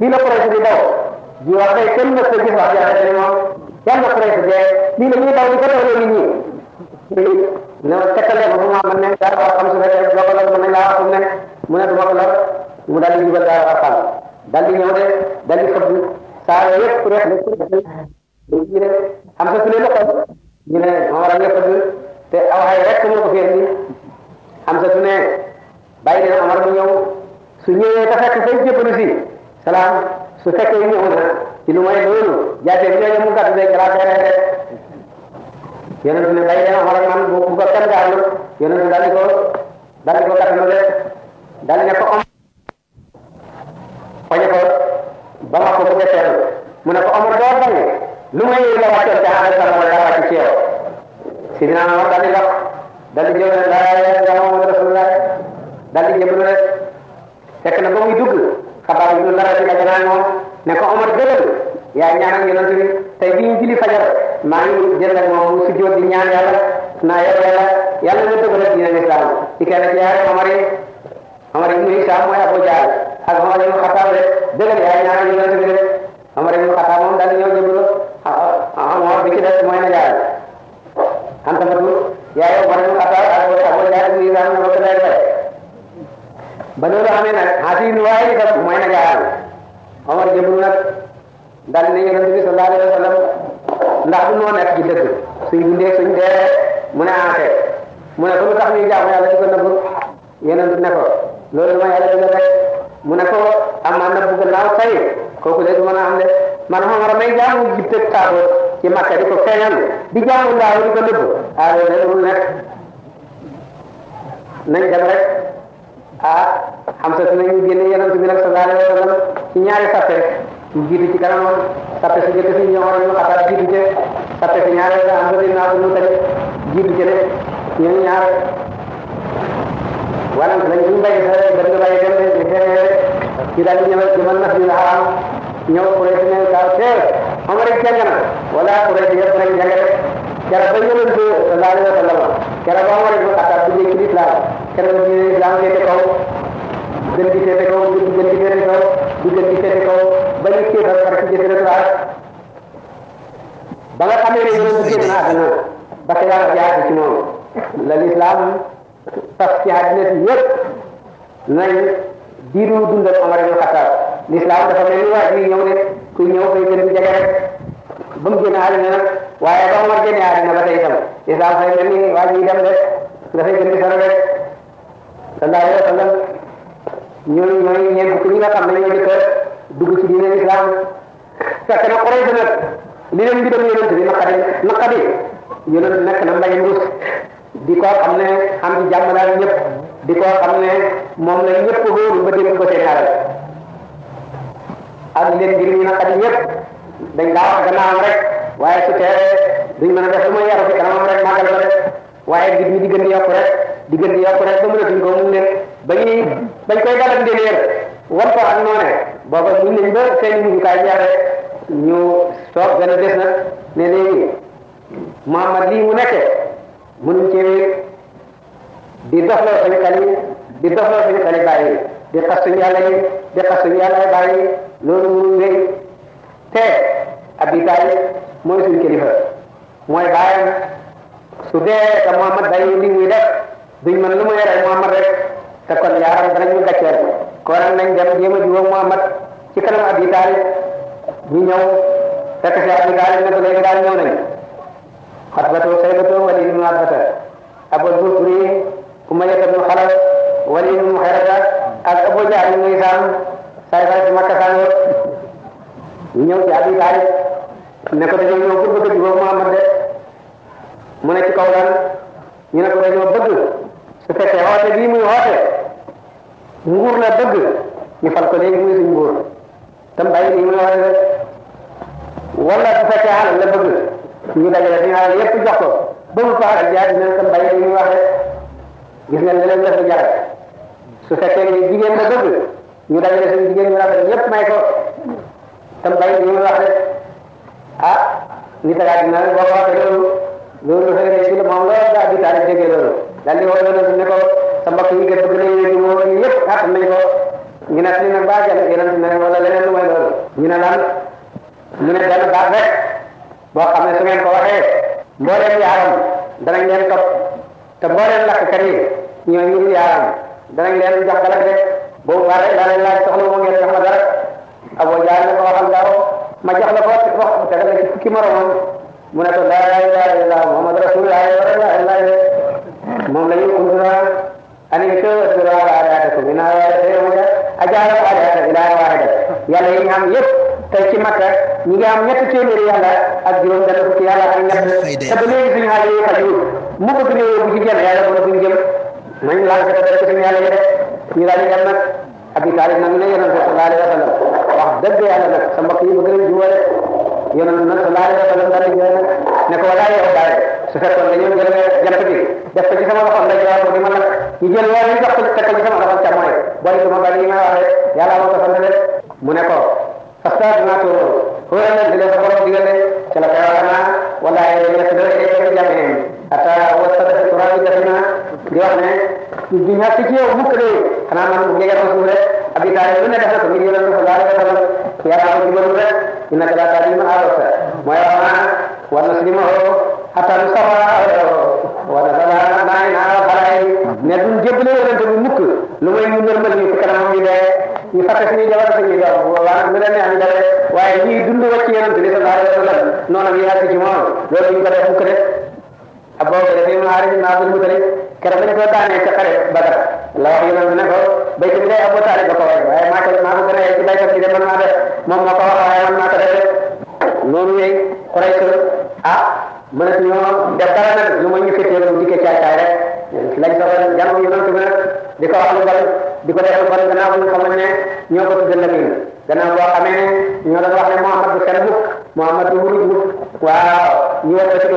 lii la presse bi daw di wax tey kenn mës a gis wax jaaree tey moom yan la presse bee lii la ñuy daw di ko tawloo nit ñi. non tekkale ba mu ma mën ne daal xam su fekkee doo ko lor mën nañ laa wax ne mu ne du ma ko lor mu di jubal daal wax xam daal di ñëw de daal di xëpp saa yëpp ku nekk ñu ne am sa tule loxo ne ma war a ñëpp te aw xay rek moo ko fii am sa tune bàyyi si salaam su fekkee ñëw na ci lu may loolu jafe mu gàtt de gala tere de yonent ne bay dana xoolal man bu bu ko kenn gaalu yonent daal ko daal ko gàttanu di ne ko om xoñe ko ba ma ko bëgg a teelu mu si dinaa ma daal di dox daal ne laa ilaha illallah muhammadu di jëblu rek fekk na ba muy dugg xabaar ibnu Nara bi daje naa moom ne ko Omar jëlal yaa ñaanal yonent bi tey bi ñu julli fajar maa ngi jël ak moom mu sujjóot di ñaan yàlla naa yor yàlla yàlla na dëgg la dina islam ci kenn ci yaay Omar yi Omar ibnu Hisaam mooy Abu Jahl ak Omar ibnu Xataab rek jëlal yaa ñaanal yonent bi rek Omar ibnu Xataab moom daal di ñëw jëblu Omar bi ci des mooy na jaal antamatu yaay Omar ibnu Xataab ak ba loolu amee nag xaati nu waay def mooy na jaaru Omar jëblu nag dal ne yonent bi sallallahu alayhi wa sallam ndax du noo nekk ci dëgg suñ gundee suñ dee mu ne ante mu ne ko lu tax ñuy jaamu yàlla di ko nëbb yonent ne ko loolu dama yàlla digal rek mu ne ko amaa nëbb gannaaw tey kooku de du mën a am de man Omar may jaamu jib tëg taabo ci Makka di ko feeñal di jaamu ndaaw di ko nëbb ah loolu de du nekk nañ dem rek ah xam sa si nañu génne yonent bi nag sallallahu alayhi wa sallam ci ñaari sappe mu jiitu ci kanam sappe si jëkk si ñoo war ñu xataat jiitu ci sappe si ñaare am sa dinaa ko ñu tamit jiitu ci de ñoom ñaare wala lañ suñu bay sa dañ ko bàyyi dem de ñu daal di ñëwal jëmal nas ñu la ñëw Quraysh ne daaw teel xam rek jàng na wala Quraysh yëpp rek jàng rek keroog ba yonent bi sallallahu alayhi wa sallam keroog ba Omar ibn Khattab duggee ci lislaam keroog ñu ne lislaam féete kaw gën di féete kaw gën gën di féete kaw du gën di féete kaw ba ñu kii far ci jëfandikoo ak ba nga xamee ne yonent bi génn àdduna ba xilaaf diiru dundal Omar ibn Khattab l'islam dafa mel ni waaj mi ñëw ne kuy ñëw fay gën a jege rek ba mu génn àddina nag waaye ba Omar génne àddina ba tey itam l'islam fay mel ni waaj mi dem rek dafay gën di sore rek sallallahu alayhi wa sallam ñooñu ñooñu ñeent fukk ñi nga xam ne ñoo di kër dugg ci diine l'islam fekk na Quraysh nag li leen di dem yonent bi naqadi naqadi yonent nekk di ko xam ne am ci jàmm daal ñëpp di ko xam ne moom la ñëpp wóoru ba dégg ko seen alal ak leen ngir ñu naqari ñëpp dañ daa wax gannaawam rek waaye su teewee duñ mën a def lu may yaru fi kanamam rek màggal ko rek waaye gis ñu di gën di yokku rek di gën di yokku rek ba mënatuñ ko mu ne ba ñuy bañ koy dalal ndéneer wan ko ak noone booba muñ nañ ba seen mujjukaay jeexe ñu soog benn des nag ne léegi Muhammad lii mu nekkee mënuñ ci di doxloo suñu xel yi di doxloo suñu xel yi bàyyi di xas suñu yàlla yi di xas suñu yàlla bàyyi loolu mënuñ wéy te Abi Taalib mooy suñu kilifa mooy bàyyam su dee te Muhammad bàyyi li ñuy def duñ mën lu muy rey Muhammad rek te kon yaaram danañu gàcceel ko kon nañ dem jéem a jiwoo Muhammad ci kanam Abi Taalib ñu ñëw fekk si Abi Taalib ne ko léegi daal ñëw nañ خطبته شيبته ولي بن عرفة أبو الزهري أمية بن خلف ولي بن محيرة ak Abu Jahl ñu ngi saam saay saay si Makka saam ñu ñëw ci Abi Taalib ne ko dañoo ñëw pour bëgg di boobu Muhammad de mu ne ci kaw lan ñu ne ko dañoo bëgg su fekkee woote bii muy woote nguur la bëgg ñu fal ko léegi muy suñ nguur tam bàyyi lii muy woote rek wala su fekkee la bëgg ñu dajale suñu alal yëpp jox ko ba mu faa ak jaar dinañ ko bàyyi li ñuy wax rek gis nga leneen la fi jaral su fekkee ni jigéen la bëgg ñu dajale suñu jigéen ñu rafet yëpp may ko te bàyyi li ñuy wax rek ah ñu tagaat dina la boo ko waxee loolu loolu lu fekk ne moom la daa di taal déggee loolu daal di woo loolu ne ko sa mbokk yi gëstu gën a yéeg ñu woo ñu yëpp xam nañ ko ñu ne suñu nag baax jàll yeneen ne wala leneen lu may loolu ñu ne lan ñu ne benn baax rek boo xam ne su ngeen ko waxee mbooleem yaaram danañ leen topp te mbooleem lakkat yi ñooy ñun yaaram danañ leen jox de boobu bare daa leen laaj soxla moo ngeen jox ma dara aboo jaar na ko waxal daaw ma jox la ko wax tegal la ci fukki moromam mu ne ko laa muhammad rasulullah wala ilaaha moom la ñu kunduna ani ko dura ala ayatakum inna wa ta'ala ajara ala ilaha wahida tey ci Makka ñi ngi am ñetti téeméeri yàlla ak juróom benn fukki yàlla ak ñett te ba mu ko gënee yóbbu ci jëm yàlla bu na buñu jëm nañ laal ko def suñu yàlla yi def ñu daal di dem nag Abi Taalib nag ne yonent sallallahu alayhi wa sallam wax dëgg yàlla nag sa mbokk yi bëgg nañ jubale yonent nag sallallahu alayhi wa sallam daal di joxe ne ko walaay yow baay su fekkoon dañoo jëlee jant bi def ko sama loxo ndax jëlaat ko di ma nag ñu jël weer yi jox ko teg ko ci sama loxo càmmoñ booy ko ma bari yi ma waxee yàlla moo ko sant mu ne ko فساد ما تقول هو الذي لا تقول في ذلك تلقانا ولا يجب أن تدرك جميعهم أتى وصلت التراب دفنا ديوانه الدنيا تجي ومكري أنا من بني رسول أبي تعالى من دخل من يلا من خلال دخل يا رب جبرنا إنك لا تعلم أرسل ما يرانا ونسلمه xataa du safara wala dana naa naa faraay ne duñ jébbale yonente bi mukk lu may ñu normal ñu ci kanamam ñu dee ñu fàtte suñuy jabar suñuy doom waaw ñu leen neex ñu dee waaye ñuy dund wàcc yonente bi sallallahu alayhi wa sallam noonu yi àgg ci moom loolu ñu ko def mukk def ab boobu dafay mu aari naa Abdul Mutalib keroog dañ ko daanee ca xare Badar la wax yonente ne ko baykat bi day Abu Taalib ba ko waaye maa ko maa ko gën a yegg ci baykat bi de man maa def moom moo ko wax waaye man noonu yooyu Quraysh ah mënatuñoo def dara nag lu ma ñu fekkee lu dikkee caay caay rek lañ soxal jàngu yu nant bi nag di ko wax lu bari di ko defal kon gannaaw bu ñu xamal ne ñoo ko tuddee Lamin gannaaw boo xamee ne ñoo doon wax ne Muhammad du fen mukk Muhammad du wuruj mukk waaw ñu war a tudd ko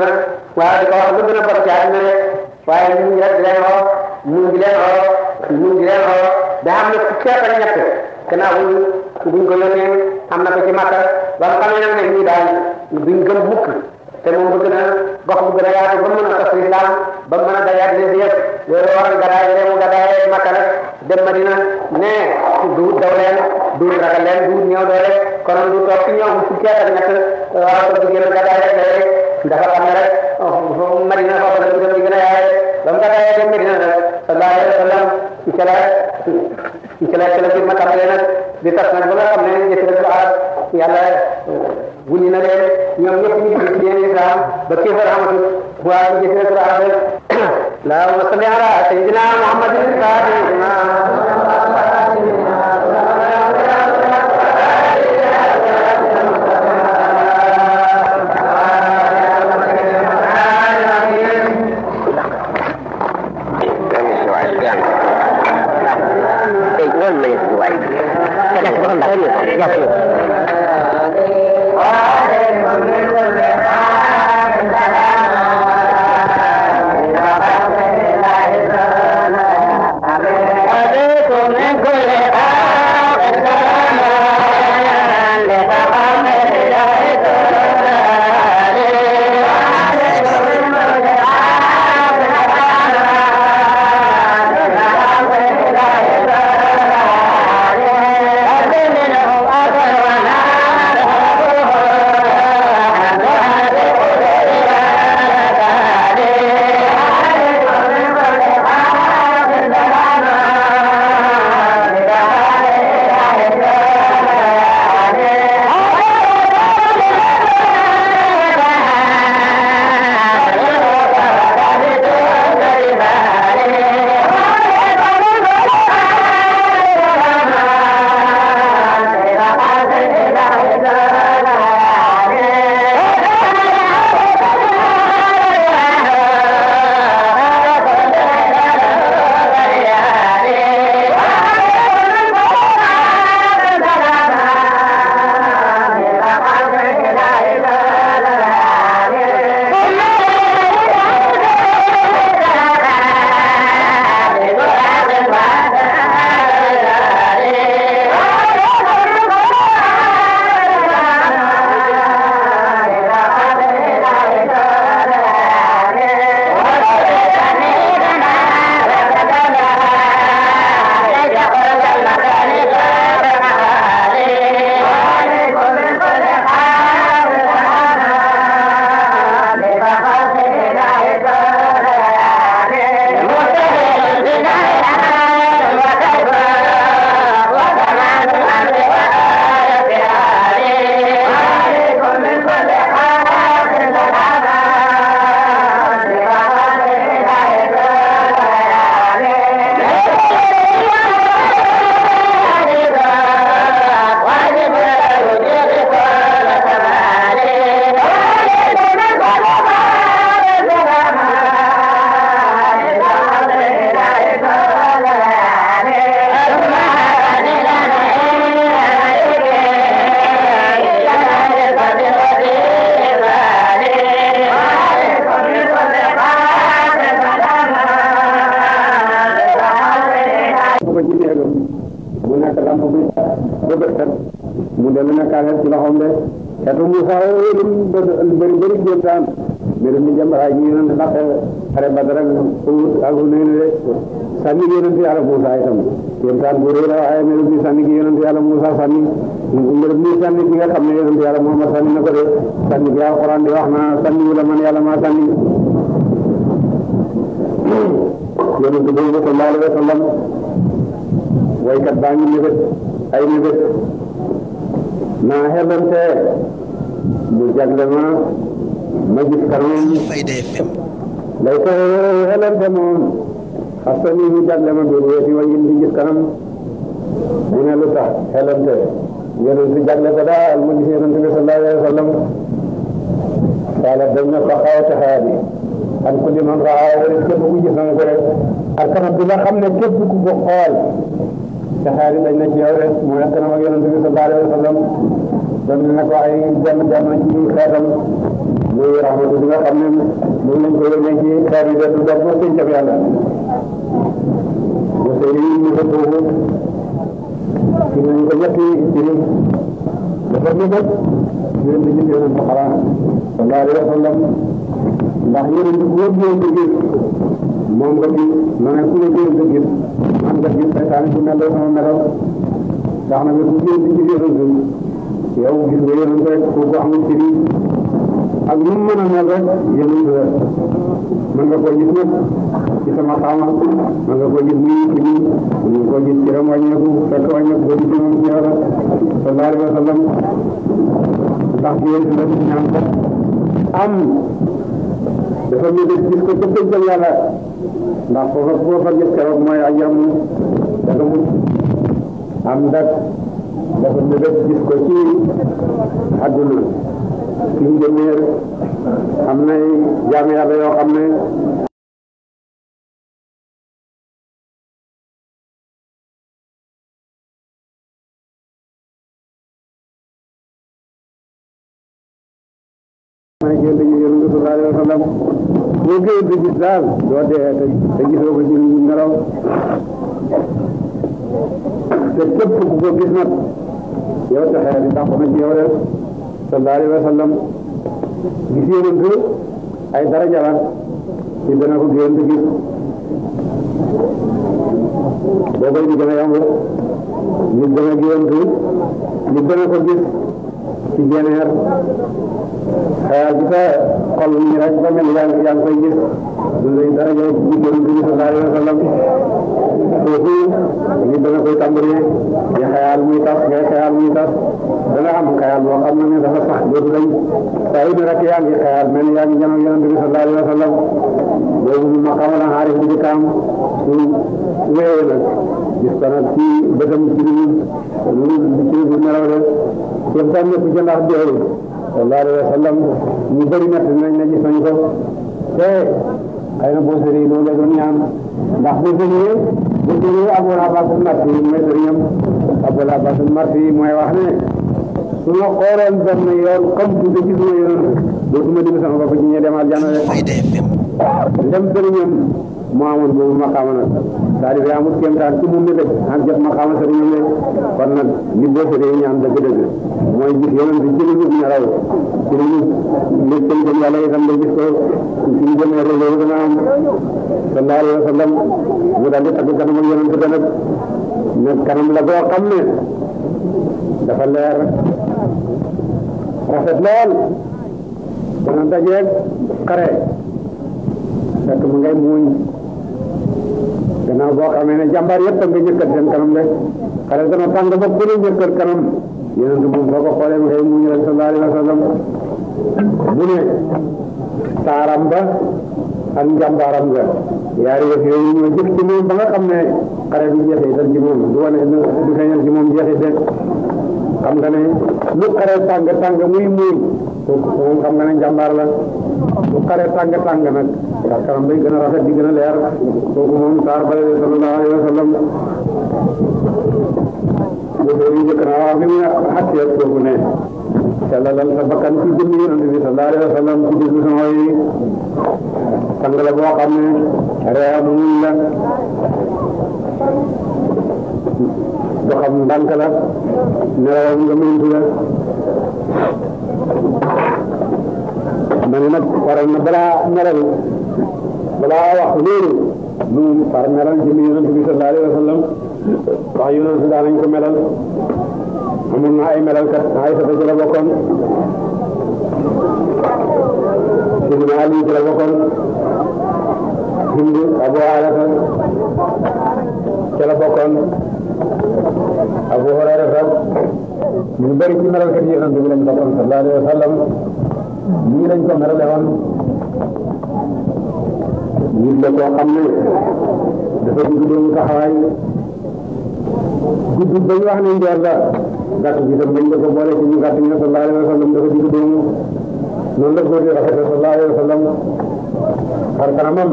wax lu gën a bon ci àdduna rek waaye ñu ngi rek di leen oo ñu ngi leen oo ñu ngi leen oo da am na fukki at ko te moom bëgg na gox bu gën yaatu ba mën a tas lislaam ba mën a dayaat nit yëpp loolu waral gadaay réew gadaay Makka nag dem Madina ne du daw du ragal leen du ñëw doole kon du toog ci ñoom fukki at ak ñett a ko bu gën a gadaay rek dafa xam ne rek oh, Madina foofu la gën a yaay ba mu gàddaayee dem Medina nag sallallahu alayhi wa sallam ci la ci la ci la mbir ma tàmbalee nag di tas nag ba nga xam ne jësiratul arab yàlla wuni na leen ñoom ñëpp ñu ngi ci diine islam ba kéefar amatul waa jësiratul arab rek allahumma salli ala sayyidina muhammadin daan góor la waaye melu bi sànni gi yonent yàlla Moussa sànni mbir bi sànni gi nga xam ne yonent yàlla Muhammad sànni na ko de sànni gi alxuraan di wax na sànni wu la man yàlla maa sànni yonent boobu sallallahu alayhi wa sallam waykat baa ngi mébét ay mébét naa xelante mu jagle ma ma gis kanam mu jagle ma biir kanam mu ne lu tax xelante yonent si jagle ko daal mu gis yonent bi sallallahu alayhi wa sallam daal dañ ne ko xaw a taxawaat yi am ku li man raaw rek képp ku gis na ko rek ak kanam bi nga xam ne képp ku ko xool taxawaat yi dañ ne ci yow rek mooy ak kanam ak yonent bi sallallahu alayhi wa sallam doon na ko ay jàmm jàmm ci xeetam muy rahmatu bi nga xam ne moom lañ ko yónnee ci xeer yi de du def ba pencam yàlla dañuy ñëw boobu dinañ ko ñetti firi dafa ñëw yéen di gis yéen Buxara sallallahu alayhi wa sallam ndax yéen di wóor yéen di gis moom nga gis ma ne ku la yéen di gis man nga gis seytaan bu mel sama melaw tax na bu yéen di gis yéen yow gis nga yéen rek kooku amul firi ak nu mu mën a mel rek yéen la mën nga ko gis nag sama xaama ma nga ko gis muy ci nii ma nga ko gis ciram wàññeeku fekk wàññeeku ba di jëmam ci yàlla sallallahu alayhi wa am dafa ñu gis ko ca pëjjal yàlla ndax foofa foofa gis keroog mooy ak yam dafa mu dafa ñu gis ko ci àdduna suñu jëmeer am nay jaam yàlla yoo xam ne diggante gi yonent bi sallallahu alayhi wa sallam boo gëwul di gis daal doo dee te te gisoo ko ci nelaw te képp ku ko gis nag yow taxee di tàq na ci yow rek sallallahu alayhi wa sallam gis yonent ay daraja la ci dana ko gëwante gis boo koy di gën a yomb nit dana gëwante nit dana ko gis ci jeneer gisa xol ni rek ba mel yaa ngi koy gis lay daraja jigéen bi sallallahu alayhi wa sallam kooku ñu dana koy tàmbalee di tas ngay xayaal muy tas dana am xayaal boo xam ne dafa sax dootu dañ saa yu ne rek yaa ngi xayaal mel yaa ngi jëm ak yonent bi sallallahu alayhi wa sallam ma xamal na xaarif bu jëkkaam su wéyee nag gis ko nag ci bëtam ci lu lu ci lu nelaw rek def daan nekk ci ndax dee sallallahu alayhi wa sallam ñu bëri nett nañ ne gis nañ ko te xëy na boo sëriñ loolu la doon ñaan ndax bu sëriñee bu sëriñee Abul Abbas al-Marsi mooy sëriñam Abul Abbas al-Marsi mooy wax ne su ma xooloon benn yoon comme tu te gis ma yoon dootuma dim sama bopp ci ñee dem aljanna dem sëriñam mu amoon boobu maqaama nag c'est-à-dire amul kéemtaan ci moom la dëkk am jot maqaama sax ñu ne kon nag li boo fekkee ñaan dëgg-dëgg mooy gis yeneen bi ci lu ñu raw ci lu ñu nekkoon jëm yàlla itam nga gis ko ci ñu jëmee réew loolu dana am sallallahu alayhi wa sallam mu daal di tagg kanam ak yeneen bi nag ne kanam la boo xam ne dafa leer rafet lool dana dajeeg xare fekk mu ngay muuñ gannaaw boo xamee ne jàmbaar yëpp a nga njëkkat seen kanam rek xare dana tàng ba ko ne njëkkat kanam yonent moom boo ko xoolee ngay muñ rek sallallahu alayhi wa sallam ak njàmbaaram nga yaari yëf yooyu ñoo jëf ci moom ba nga xam ne xare bi jeexital ci moom du wane du feeñal ci moom jeexital xam nga ne lu xare tàng tàng muy muuñ moom xam nga ne njàmbaar la lu xare tàng tàng nag xar kanam bay gën a rafet di gën a leer kooku moom taar ba sallallahu alayhi wa sallam bu doon jëkk na wax ni mu xàccee kooku ne sellalal sa bakkan ci jëmm yonent bi sallallahu alayhi wa sallam ci discussion yi doxam ndànk la nelawam nga muntu la man nag waral na balaa melal balaa wax loolu mu far melal jëmm yonent bi sallallahu alayhi wa sallam wax yonent daanañ ko melal amoon na ay melalkat ay sa ci la bokkoon ci la bokkoon Hind Abu Alafa ci Abu Hurayra sax ñu bëri ci melalkat yi yonent bi lañ bokkoon sallallahu alayhi wa sallam ñii lañ ko merale woon ñii la koo xam ne dafa gudd ba ñu wax ne njoor la gàtt bi tam bañ ko boole ci ñu gàtt ñu sallallahu alayhi wa sallam dafa digg doomu noonu la góor di rafete sallallahu alayhi wa sallam xar kanamam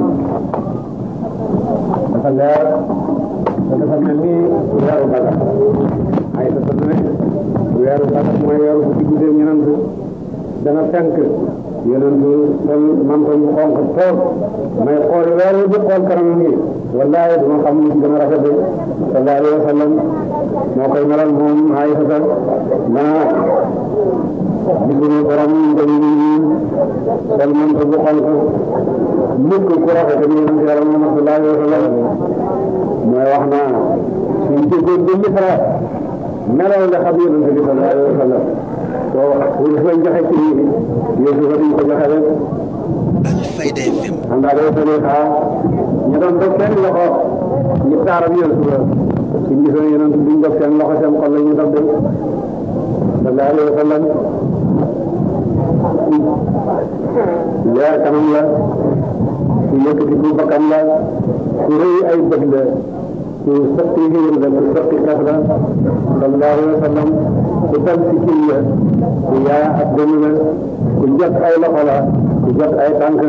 dafa leer te dafa mel ni weeru baga ay sa ne weeru baga mooy weeru bu ci guddee ñu naan dana fenk yonent bi sol mantoon bu xonq toog may xool weer wi di xool kanam gi wallahi dama xam ni gën a rafet de sallallahu alayhi wa sallam moo koy melal moom Aysata naa gisuñu borom dañ sol mantoon bu xonq mukk ku rafet ni yonent yàlla moom sallallahu alayhi wa sallam mooy wax naa suñ ci góor bi melaw nga xam yonent bi sallallahu alayhi wa boo wax bu ñu koy joxe ci lii yéen suuf duñ ko joxe rek. Alfayda FM. xam nga dafa doon xaar ñu doon dog seen loxo ñu taaram yéen suuf suñ gisoon yéen duñ dog seen loxo seen xol la ñu dog de sallallahu alayhi wa sallam leer kanam la ku yëkkati ku bakkan la ku rëy ay bët la ku sotti xëy na ku sotti kas la sallallahu alayhi wa sallam ku dal ci kii yaa ak dënn la ku jot ay loxo la ku jot ay tànk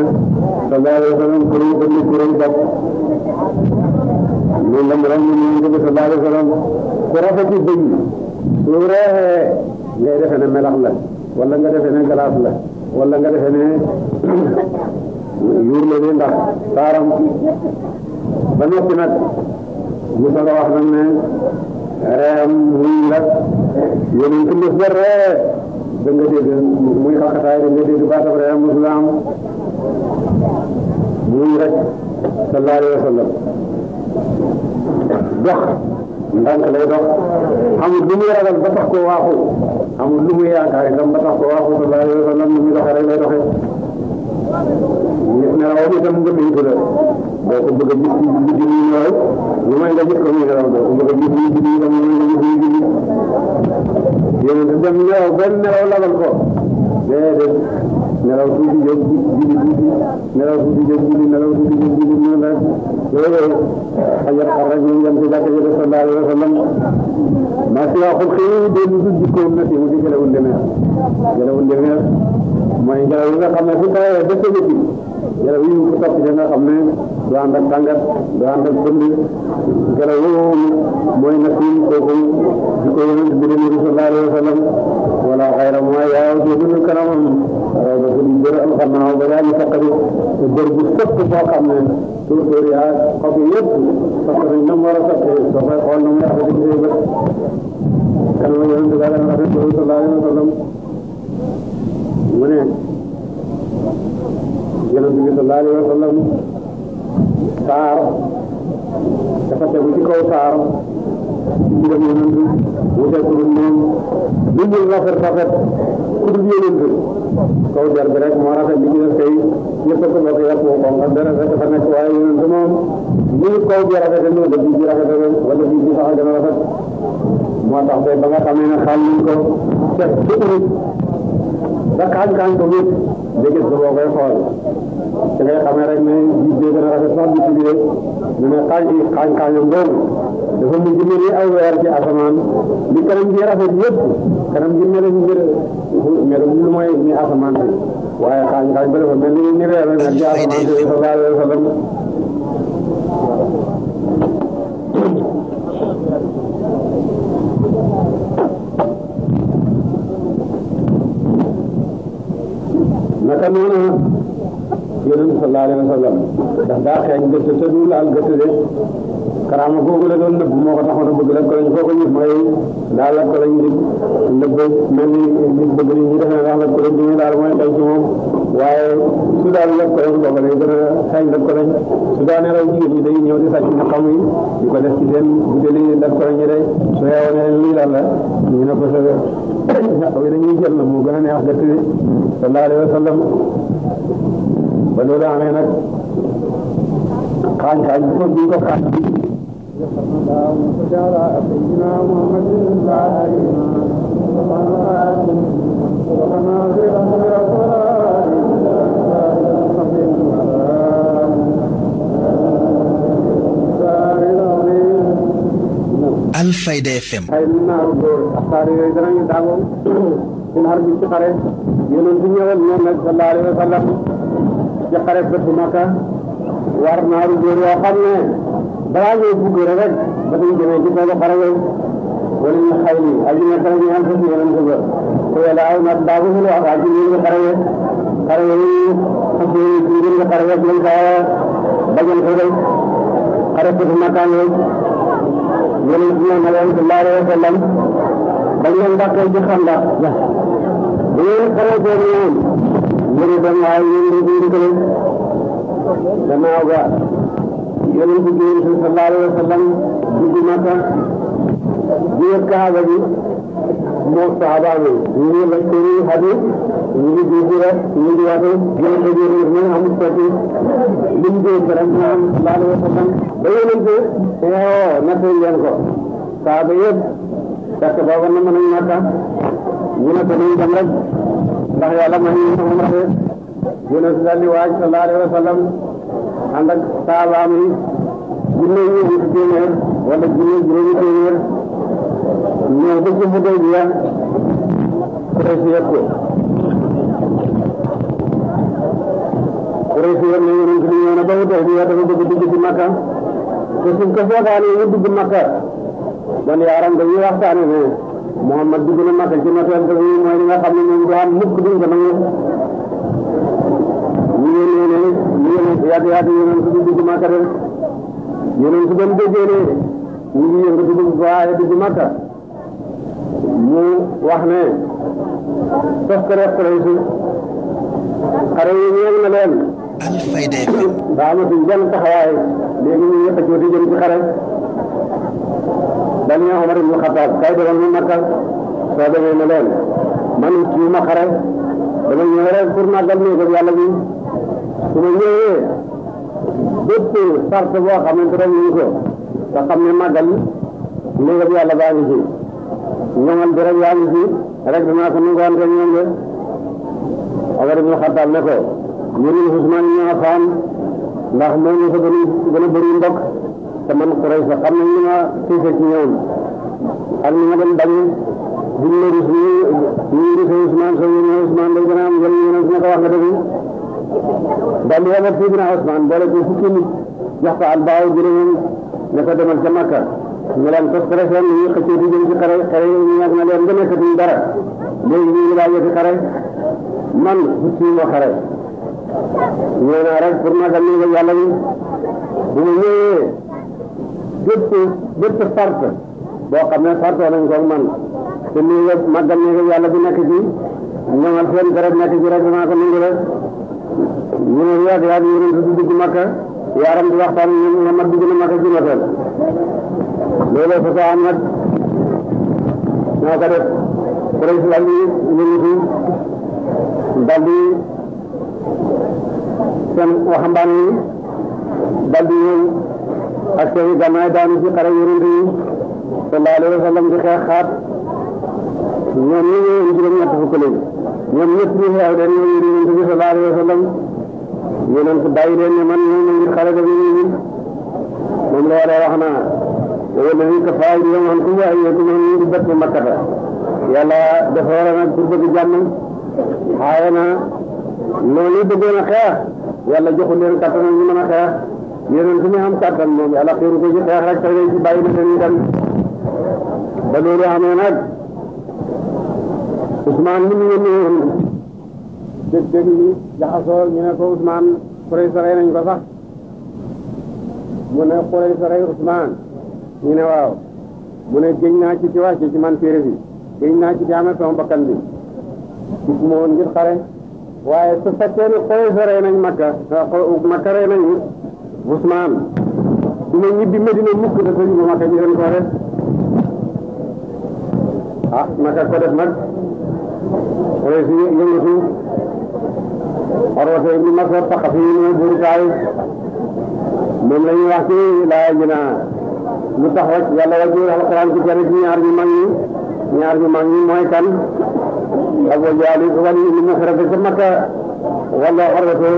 sallallahu alayhi wa sallam kuréel ba mu kuréel la mu ram ñu ngi bi sallallahu alayhi ku rafet ci bëñ su reexee ngay defe la wala nga defe ne la wala nga defe ne yuur la ne ndax taaram ba noppi nag mu sala wax nag ne muy nag yéen a ngi ba nga dégg muy xaqataay da nga dégg baatam reem musulaam muy rek sallallahu alayhi wa sallam dox ndànk dox amul lu muy ragal ba tax ko waaxu amul lu muy yaakaar itam ba tax ko waaxu sallallahu alayhi wa sallam nu muy doxee rek lay doxee nit ne raw itam nga doo ko bëgg a gis ñu guddi ñu ñëw lu may nga gis ko muy nelaw doo ko bëgg a gis ñu guddi ñu ñëw lu may nga gis ñu guddi yéen a dem nelaw benn nelaw labal ko déedéet nelaw tuuti jóg julli tuuti nelaw tuuti jóg julli nelaw tuuti jóg julli ñu ne loolu xajat xar rek ñu dem ci jàkka ji sallallahu alayhi wa sallam ma si waxul xëy de lu dul jikkoom na si mu di jëlewul demee jëlewul demee mooy ngelaw li nga xam ne su tawee ba sa ngelaw yi ko topp ci nga xam ne du ànd ak tàngat du ànd ak bënd ngelaw yooyu mooy nasim kooku di ko yonent bi dem sallallahu alayhi wa sallam wala xayra ma yaaw di dund kanamam raw da ko di bër am xam naa ba yaa ngi faqari te bër bu sëpp boo xam ne tuur tuur yaa xob yi yëpp faq nañ na mu war a sottee soo koy xool na mu yàq di gisee bët kanam yonent bi sallallahu alayhi wa sallam mu ne yonent bi sallallahu alayhi wa sallam saar dafa tegu ci kaw saar ci mbiram yonent wuteeg ku dul moom lu ñu rafet rafet ku dul yonent bi rek moo rafet li ñu def tey ñëpp a ko bokk yàpp wu ko xam dara rek dafa nekk waaye bi rafet na wala rafet na a gën a rafet moo tax tey ba nga xamee ne xam nañ ko teg ci nga kaaj kaaj ko wér dégg nga boo koy xool da ngay xamee rek ne ji bee gën a rafet sax bi tuddee mu ne xaañ xaañ xaañam boobu dafa mujj mel ni aw weer ci asamaan li kanam ji rafet yëpp kanam ji mel ni mel lu mooy ni asamaan waaye xaañ xaañ ba dafa mel ni ni weer rek ci asamaan bi sallallahu naka noonu yonent sallallahu alayhi wa sallam ndax daa xeeñ gëstu te du laal gëstu de karaama googu la doon nëbb moo ko taxoon a bëgg la ko lañ foo ko ñëf mooy daal la ko lañ di nëbb mel ni li bëgg ni ñu def na ndax la ko lañ di ñu daal mooy dañ ci moom waaye su daal la ko lañ boobu lay gën a xeeñ la ko lañ su daa ne raw jigéen ñi day ñëw di sàcc na xam yi di ko def ci seen butéeli la ko lañ ñi day su yeewoo ne lii daal la ñu ne ko sa ñaxaw yi dañuy jël na mu gën a neex gëtt bi sallallahu alayhi wa sallam ba loolu amee nag xaañ xaañ ko bi ko xaañ اللهم صل على سيدنا محمد وعلى ربنا في Alfayda FM. xëy na naa góor axtaar yooyu danañu daawoo suñu xar bi ci xare yonent bi ñëwal ñoom nag sallallahu alayhi wa sallam ci xare bëtu Makka war naaru góor yoo xam ne balaa ngay dugg rek ba dañu demee ci soog a faral wala ñu xay ni ay ñu tax ñu am fas yéene ko ko yàlla ay ma baabu ñu wax ak ñu ngi xarawe xarawe yi fas yéene ci ngi xarawe ak lañ ka bañal ko rek xare ko ma kan rek yéen ñu ñu na leen sallallahu alayhi wa sallam bañ leen dàqe ci xam ndax bu ñu xare ko ñu ñu dem ay ñu ngi ko gannaaw ga yonent bi sallallahu alayhi wa sallam dugg Makka biir Kaaba bi moo saaba bi ñu ngi la këri xadi ñu ngi dugg rek ñu ngi waxee yonent bi ñu amul sotti lim dee rek ñu am sallallahu alayhi wa sallam ba yonent bi xeewoo eh, nattee leen ko saaba yëpp parce que booba na mën a Makka ñu ne ko nañ dem rek ndax yàlla may ñu umra de yonent bi daal di waaj sallallahu alayhi wa sallam ànd ak saabaam yi junne ñeenti téeméer wala junne juróomi téeméer ñëw ba ci Hudaybiya Quraysh yëpp ko Quraysh yëpp ne yonent bi ñëw na ba Hudaybiya dafa bëgg dugg ci Makka te suñ ko seetaanee ñu dugg Makka man yaaram dañuy waxtaane ne Muhammad dugg na Makka ci noteel te mooy li nga xam ne moom du am mukk duñ ko nangu ñu yónnee ñu yónnee yaatu yaatu yónneen su dugg Makka de yónneen su doon déggee ne ñu ngi yëngatu dugg waaye dugg Makka mu wax ne tos ko def Quraysh xare yi ñëw na leen. Alfayda FM. daa amatuñ benn taxawaay léegi ñu ñëpp a jóoti jëm ci xare dañ ne Omar ibn Khattab kay demal mu Makka soo demee na leen ma xare dama ñëw rek pour màggal néegam yàlla bi su ma ñëwee bépp sart boo xam ne dara ñu ko te xam ne màggal ndegam yàlla baa ngi ci ñoŋal bi rek yaa ngi ci rek dinaa ko nangoonte ñoom de Omar ibn Khattab ne ko ñun Usmaan ñu nga faam ndax a a bëri mbokk te man Quraysh sax xam nañ li ma tiise ci ñoom ak ni ma doon bañ buñ la rus ñu ñu ngi Usmaan day gën a am jël ñu ne su ma daal di yebal Seydina Ousmane boole ko fukki nit jox ko albaaw juróom ne ko demal ca Makka ñu leen ko ngi xëccee di jëm ci xare xare ñu ñàkk na leen ngi laa yëfi xare man fukki moo xare ñëw naa rek pour ma demee ba yàlla bi bu ma ñëwee bépp bépp sart boo xam ne sartoo nañ man te nii nga màggal ne yàlla bi nekk ci ñoŋal seen garab nekk ci rek maa ko nangu ñu ne weer yaa ngi yonent di dugg di waxtaan ñu ne Muhammad dugg na Makka ci noteel looloo fa saa am nag ñoo ko def Quraysh daal di yëngatu daal di seen waxambaane yi daal di ñëw ak seen i gannaay daanu ci xare yonent yi sallallahu alayhi wa sallam di xeex xaat ñoom ñu ngi juróom-ñett fukk ñoom ñëpp ñu xeex leen ñoom yonent bi sallallahu alayhi wa sallam yonent bàyyi leen ne man ñoom ngir xale ko ñu ngi moom la war a wax naa wala ñu ko faay di yoon ku yaay yooyu ñoom ñu ngi bët bu makkata yàlla dafa war a nag pour bëgg jàmm xaaye na loolu bëggoon a xeex yàlla joxu leen kattan ñu mën a xeex yonent mi am kattan moom yàlla xiiru ko ci xeex rek tey ci bàyyi na leen ñu dem ba loolu amee nag Ousmane mu ngi yónnee woon dég-dég yi jaxasoo ñu ne ko Ousmane Quraysh rey nañ ko sax mu ne Quraysh rey Ousmane ñu ne waaw mu ne géñ naa ci ci wàcce ci man téere bi géñ naa ci ci amee sama bakkan bi dugg nañ Makka ah, Makka rey nañ Ousmane du ma ñibbi Medina mukk da tëj ba Makka ñu leen ko def ah Makka ko def nag Quraysh yëngatu Urwata ibn Mas'ud Saqafi mooy buuru Taayif moom la ñuy wax ci laaya ji naa lu tax rek yàlla wàcce alquran ci kenn ci ñaar ñu mag ñi ñaar ñu mag ñi mooy kan Abu Jahl wali ibn Mughira ca Makka wala Urwata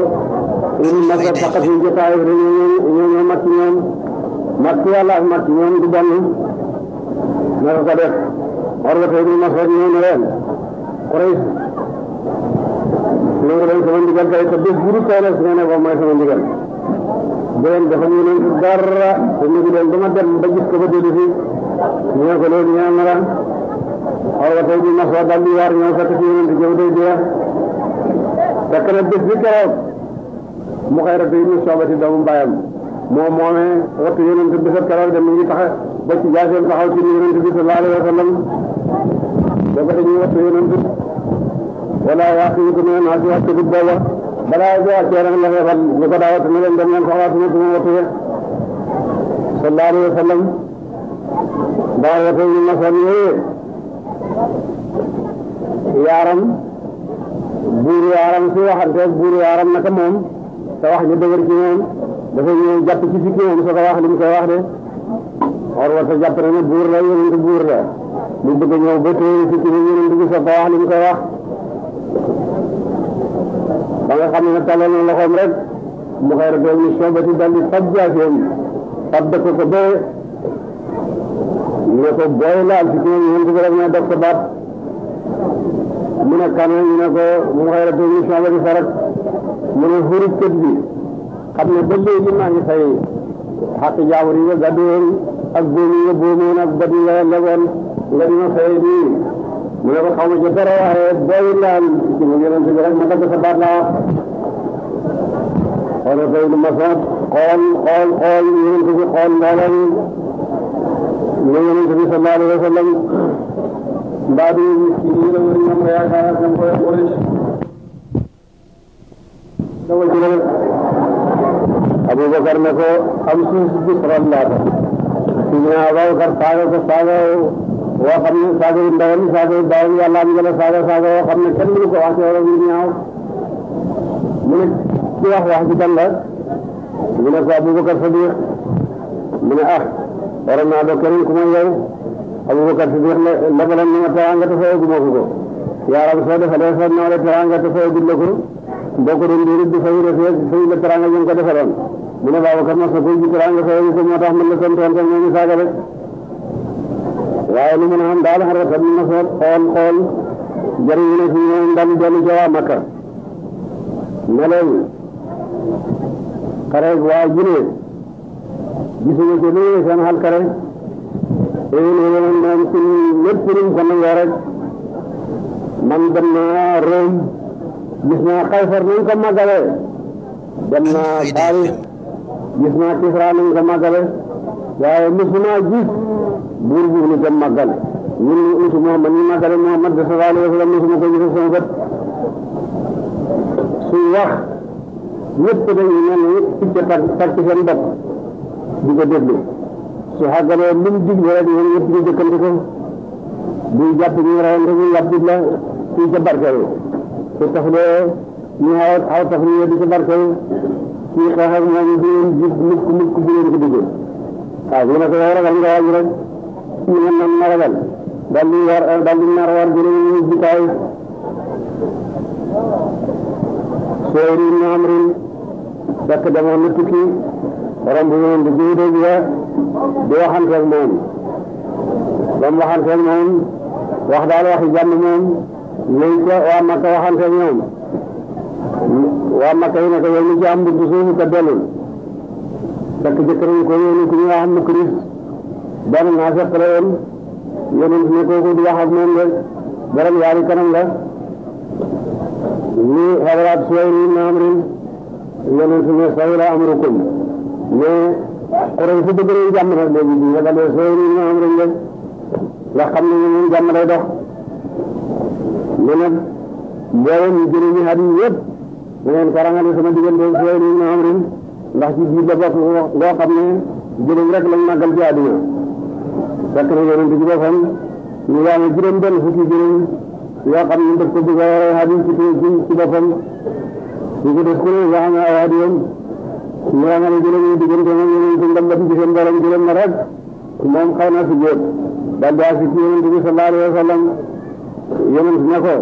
ibn Mas'ud Saqafi ca Taayif ñoo ñoo mag ci ñoom mag ci yàlla ak mag ci ñoom du benn naka ko def Urwata ibn Mas'ud ñoo ne leen Quraysh nangu leen sama ndigal tey te bés bu dul mooy sama ndigal bu leen dafa ñu leen ci dara te ñu ngi leen dama dem ba gis ko ba dellu fi ñu ne ko loolu ñaan na la xaw ma tey jii ma soo dal di waar ñëw fekk ci di jëw day dee fekk na bés bi keroog mu xëy rek ñu soobati doomu mbaayam moo moomee wattu yeneen bi sa keroog dem mu ngi tax ba ci jaaseem taxaw ci yeneen bi sallallahu alayhi wa dafa dañuy wattu yonent wala yaa xëy na ne waxtu bi booba balaa bi ak yéen a ngi lay waxal ñu ko daa wattu ne leen dem ngeen ko waxaat ne duma wattu wa sallam yaaram buur yaaram su waxanteeg buur yaaram naka moom te wax ñu dëgër ci moom dafa ñëw jàpp ci fikki moom soo ko wax li mu koy wax de war wata jàpp ne buur la yonent buur la mu bëgg ñëw ba tey ci turu yonent bi sa ko wax li mu koy wax ba nga xam ne tàllal na loxoom rek mu xëy rek ni soobati dal di fab jaaseem fab dëkk ko ba ñu ne ko booy laal ci turu yonent bi rek na def ko baat mu ne kan ñu ne ko mu xëy rek ni soobati farak mu ne xurit kët bi xam ne ba léegi maa ngi fay xaq jaawur yi nga gàddu woon ak góom yi nga bóomoon ak bat yi nga legoon nga dina fay nii mu ne ko xaw ma ca dara waaye doyul daal ci mu yonent bi rek ma dagg sa baat laa wax xool doy lu ma sax xool xool xool yonent bi xool mbooloo mi ne yonent bi sallallahu alayhi wa sallam mbaa du yéen a ñoom nga yaakaar ak ñoom koy xool dawal ci rek Abubakar ne ko am suuf bi faral laa ko Sidina Abubakar saaga ko saaga boo xam ne saaga yu ndawal saaga yu bàyyi yàlla am jëla saaga saaga yoo xam ne kenn mënu ko wax ci wala lu ñaaw mu ne ci wax wax ci kan la mu ne ko Aboubacar Sadiq mu ne ah waroon naa doon keneen ku ma yow Aboubacar Sadiq la lebaloon na ma teraanga te fayegu ma ko yaaram soo defalee soo nawle teraanga te fayegu la ko boo ko doon diirit di fayu la fayu la teraanga ñu ko defaloon mu ne Babacar ma sa kuy ji teraanga fayu ko moo tax man la tontoon te ñoo ñu waaye li mu ne daal rafet na xool xool xool jëriñu na Makka ne leen xare waa Guinée gisuñu ko lu seen xal xare yooyu ne leen moom suñu Kaysar nañ ko màggale dem naa Paris gis naa Kisra nañ ko màggale waaye mosuma gis buur buur lu jëm màggal ñun ñu ko gis sama bët suy wax ñëpp dañuy mel ni picc tag tag ci seen bopp su xàggalee lu mu digle rek ñoom ñëpp ñu jëkkante ko buy jàpp ñu rayante ñu yàpp la kuy ca barkeelu su taxlee ñu xaw xaw tax ñu di ca barkeelu ko duggee waaw ñu ne ko yow ñoom ñoom na ragal dal di war dal di nar war juróomi hijjikaay soorin ñaamrin fekk demoon na tukki romb woon di jiw dëgg ya di waxanteeg moom ba mu waxanteeg moom wax daal waxi jàmm moom yooyu ca waa Makka waxanteeg ñoom waa Makka yi ne ko yow li ci bu suuf ka delul fekk jëkkër ko yow ni ku ñu wax am na Kirist benn naafeq la woon yonent ne kooku di wax ak moom rek borom yaari kanam la li xawalaat suway ni na amrin yonent su bëgg nañ jàmm nag léegi bi nga demee suway ni na amrin rek nga ne ñun jàmm day dox mu nag booyam ñu jëriñ ñu xarit yëpp ngeen ko rangale sama diggante suway ni na amrin ndax ci biir la bokk ne jëriñ rek lañ màggal ci àdduna fekk na yonent bi boppam ñu yaame juróom benn fukki juróom yoo xam ne daf ko bëgg a hadis ci ci boppam ñu ko def ku ne sax na ay hadiyam ñu yaame ne juróom yi diggante moom yonent ndam ba ci seen borom juróom na rek moom xaw na si wa sallam yonent ne ko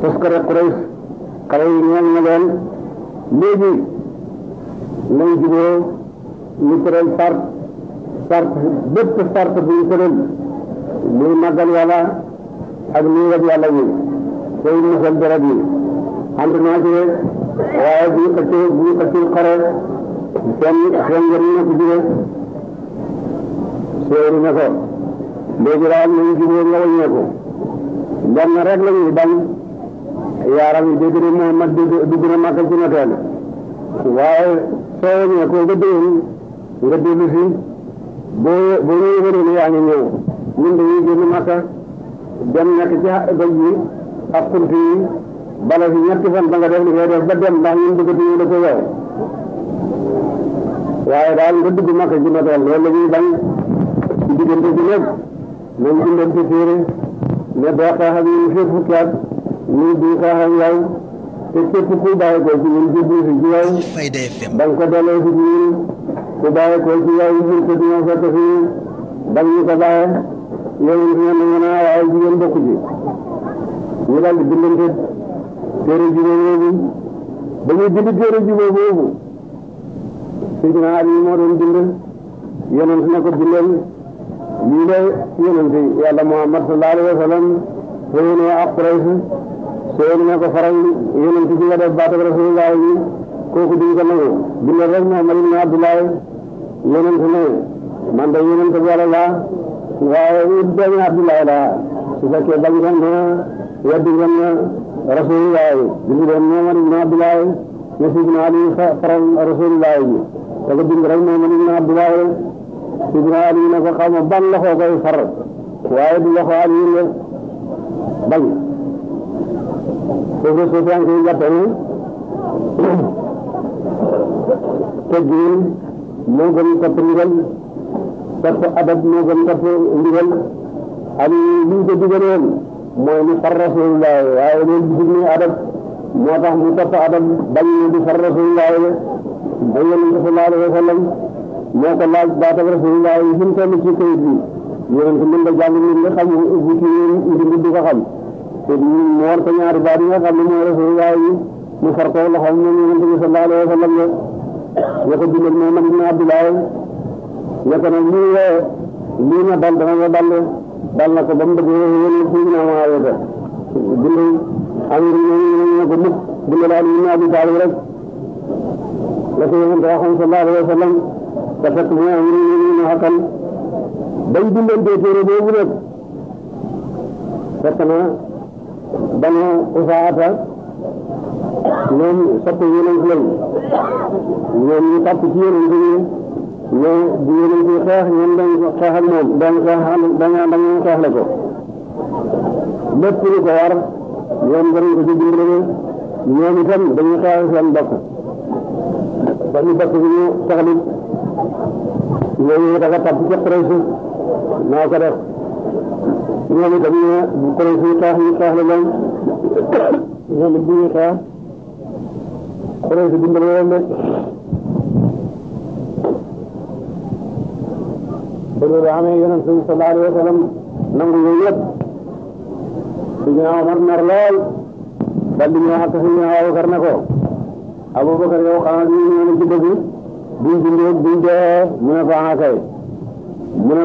toskare Quraysh xale yi ñoom leen léegi lañ juboo ñu tëral sart bépp sart bu ñu tëral muy màggal yàlla ak muy wet yàlla yi tey mosal deret yi ànd naa ci waaye bu ñu xëccee bu ñu xëccee xare seen seen njëriñ na ci jóge séeru na ko léegi daal ñu jóge nga wàññeeku benn yi dégg na mooy mat dugg na màkk soo wàññeekoo nga déglu nga déglu fii boo boo ñëwee ba doon yaa ngi ñëw ñun dañuy génn Makka dem nekk ci doj yi ak xunt yi bala fi ñetti fan ba nga def li ngay def ba dem ndax ñun bëggatuñu la ko yow waaye daal nga dugg Makka ji ma doon loolu la bañ ci diggante bi nag loolu ci ndem ci téere ne doo xaax ak ñun fii fukki at ñun duñ xaax ak te képp ku bàyyeekoo ci ñun jublu si ci yow. da nga ko delloo si ñun ku bàyyeekoo ci yow ñun ko dina fekk si ñun da nga ñu ko bàyyee yow ñu ne ñu ne waaye jigéen bokku ci ñu daal di boobu ba ñuy bind téere jubóo boobu Seydina Ali moo doon bind yonent na ko bindal lii la yonent Muhammad sallallahu alayhi wa sallam xëy na soo ñoo ko faral yonent bi nga def baatab rasulullah yi kooku duñ ko nangu bindal rek Muhammad ibn Abdullah yonent ne man de yonent bu Yàlla laa waaye it doomi Abdullah laa su fekkee bañ ngeen ne weddi ngeen ne rasulullah yi bind leen Muhammad ibn Abdullah Yusuf ibn Ali faral rasulullah yi te ko bind rek Muhammad ibn Abdullah ibn Ali ne ko xaw ma ban loxo koy far waaye du loxo Ali la bañ boobu la suuf yaa ngi koy jàppale teggin moo gën topp ndigal topp adab moo gën topp ndigal am liñ ko digaloon mooy ni far rasulullah waaye loolu gisul ni adab moo tax mu topp adab bañ ni di far rasulullah ba yonent bi sallallahu alayhi wa sallam moo ko laaj baatab rasulullah yi fi mu toll ci kayit bi yonent mën nga jàng li nga xam wuti yéen te mu war ko ñaari baat yi nga xam ne mooy rasulullah yi mu far ko loxoom moom yonent bi sallallahu alayhi wa sallam la ya ko bindal mooy man ibn Abdullah ya ko ne lii wee lii ma dal dama ko dal dal na ko ba mu dëggee yéen fii naa maa wee ko bind amir ñoom ñu ko mukk bindal Ali ibn Abi Talib rek la ko yonent waxoon sallallahu alayhi wa sallam te fekk mu amir ñoom ñu xakkal bay bindal dee téere boobu rek fekk na banu isaata ñoom sopp yonent lañ ñoom ñu tàpp ci yonent yi ñoo bu yonent yi xeex ak moom dañ xeex la ko lépp lu ko war ñoom danañ ko ci dimbale ñoom itam dañuy xeex seen bokk ba ñu bokk bi ñu taxalit ñoom ñu dafa tàpp ci Quraysh naa ko def ñooñu dañoo koy suñu ñu taax la lan ñooñu bu taax xoree si dimbal leen amee yonent bi sallallahu alayhi wa sallam nangu yooyu yëpp Sidina Omar mer lool dal di ñëwaat ak Sidina Abubakar ne ko ñu ñëw ci dëgg buñ dundee buñ dee mu ne ko ana ah kay mu ne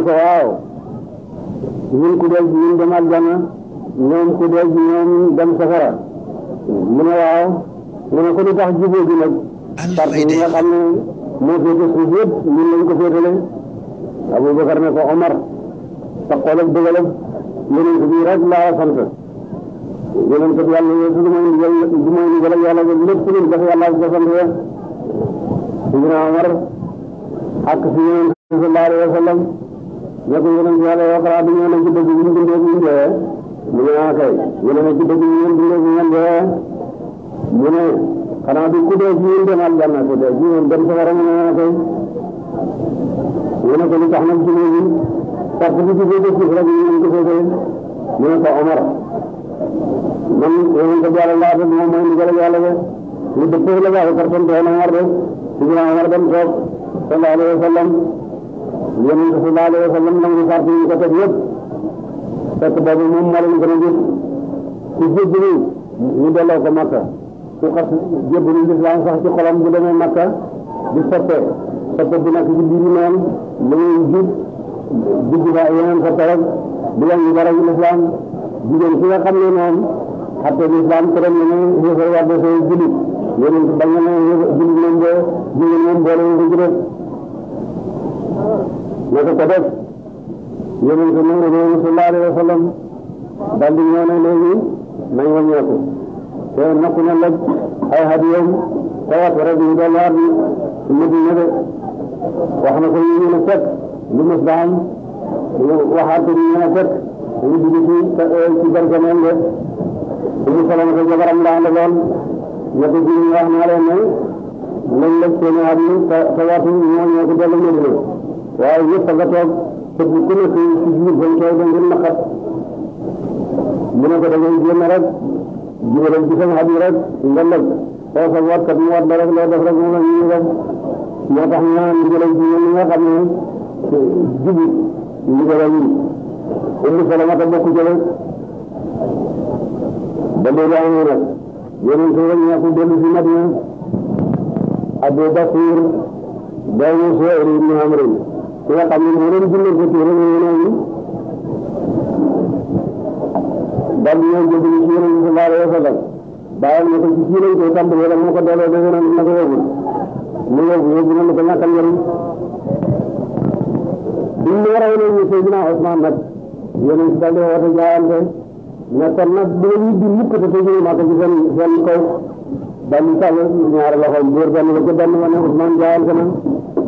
ñun ku dee ñun dem aljanna ñoom ku dee ñoom dem safara mu ne waaw mu ne ko lu tax jubóo gi nag parti bi nga xam ne moo féete suuf yëpp ñun lañ ko féetale Aboubacar ne ko Omar sa xolab dëgalab yonent rek laa sant yonent bi du may ndigal du may ndigal ak yàlla lépp lu def yàlla ko sant ya Sidina Omar ak si yonent bi sallallahu alayhi wa ne ko yonent yàlla yoo xalaat ñëw na ci dëgg yi ñu dundee ñu dee mu ne ah kay ñu ne ci dëgg yi ñu dundee ñu dee mu ne xanaa du ku dee ci yéen dem aljanna ku dee ci yéen dem safara mu ne ah kay mu ne ko lu tax nag ci léegi parce que ci dëgg ci rek ñu ko fee mu ne ko Omar man yonent yàlla laa def moom mooy ndigal yàlla ba lu dëppoo la baax a kartan doon Omar de ci ginnaaw Omar dem toog sallallahu alayhi wa sallam yonent bi sallallahu alayhi wa sallam nangu sart yi ko teg yëpp fekk boobu moom moo leen gën a jub ku jébbalu ñu delloo ko Makka ku xas lislaam sax ci bu demee Makka di soppe soppe bu nekk ci biir moom la ñuy jub dugg fa yeneen soppe rek bu leen ñu dara lislaam jigéen lislaam tëral na ne xéefar war na soo julit yonent bañ na ne julit moom boo jigéen naka ko def yonent bi nag yonent sallallahu alayhi wa sallam daal di ñëw ne léegi nañ wàññeeku te nakk na lëg ay hadiyam tawat rek ñu doon waar ni su mujj na de wax na ko ñu ñu ne fekk lu mës ba am waxaat ko ñu ñu ne fekk ñu dugg ci ci bargameen de umu salama ko jabaram la ànd lool ñett ji ñu wax naa leen ne lañ lëg seen hadiyam tawat ñoo ñoo ko dellu Medina waaye ñëpp a nga toog te bu ku nekk si biir bañ toog ba ngir naqat mu ne ko da ngay jéem rek jubal ci sama xarit rek nga lëkk soo ko war mu war la rek loo def rek moom la ñuy def moo tax ñu naan ndigalal ji ñoom ne jibi amee nag yeneen ko rek ñàkk dellu si Madina Abu Bakr daawu Suhayr ibn ki nga xam ne moo doon jullee ba tuuram ñu ne ñu dal di ñëw jënd ci yéen a sallallahu ko ci kii lañ koy tàmbali wala mu ko delloo defe na na ko yóbbu mu na ko ñàkkal njëriñ bi mu war a yónnee ñu Seydina nag yéen a ngi daal di woote jaayante ne kon nag bu la ñuy di mukk te Seydina Màkka ci seen seen kaw daal di tàll ñaari loxo góor benn la ko benn ma ne Ousmane jaayante na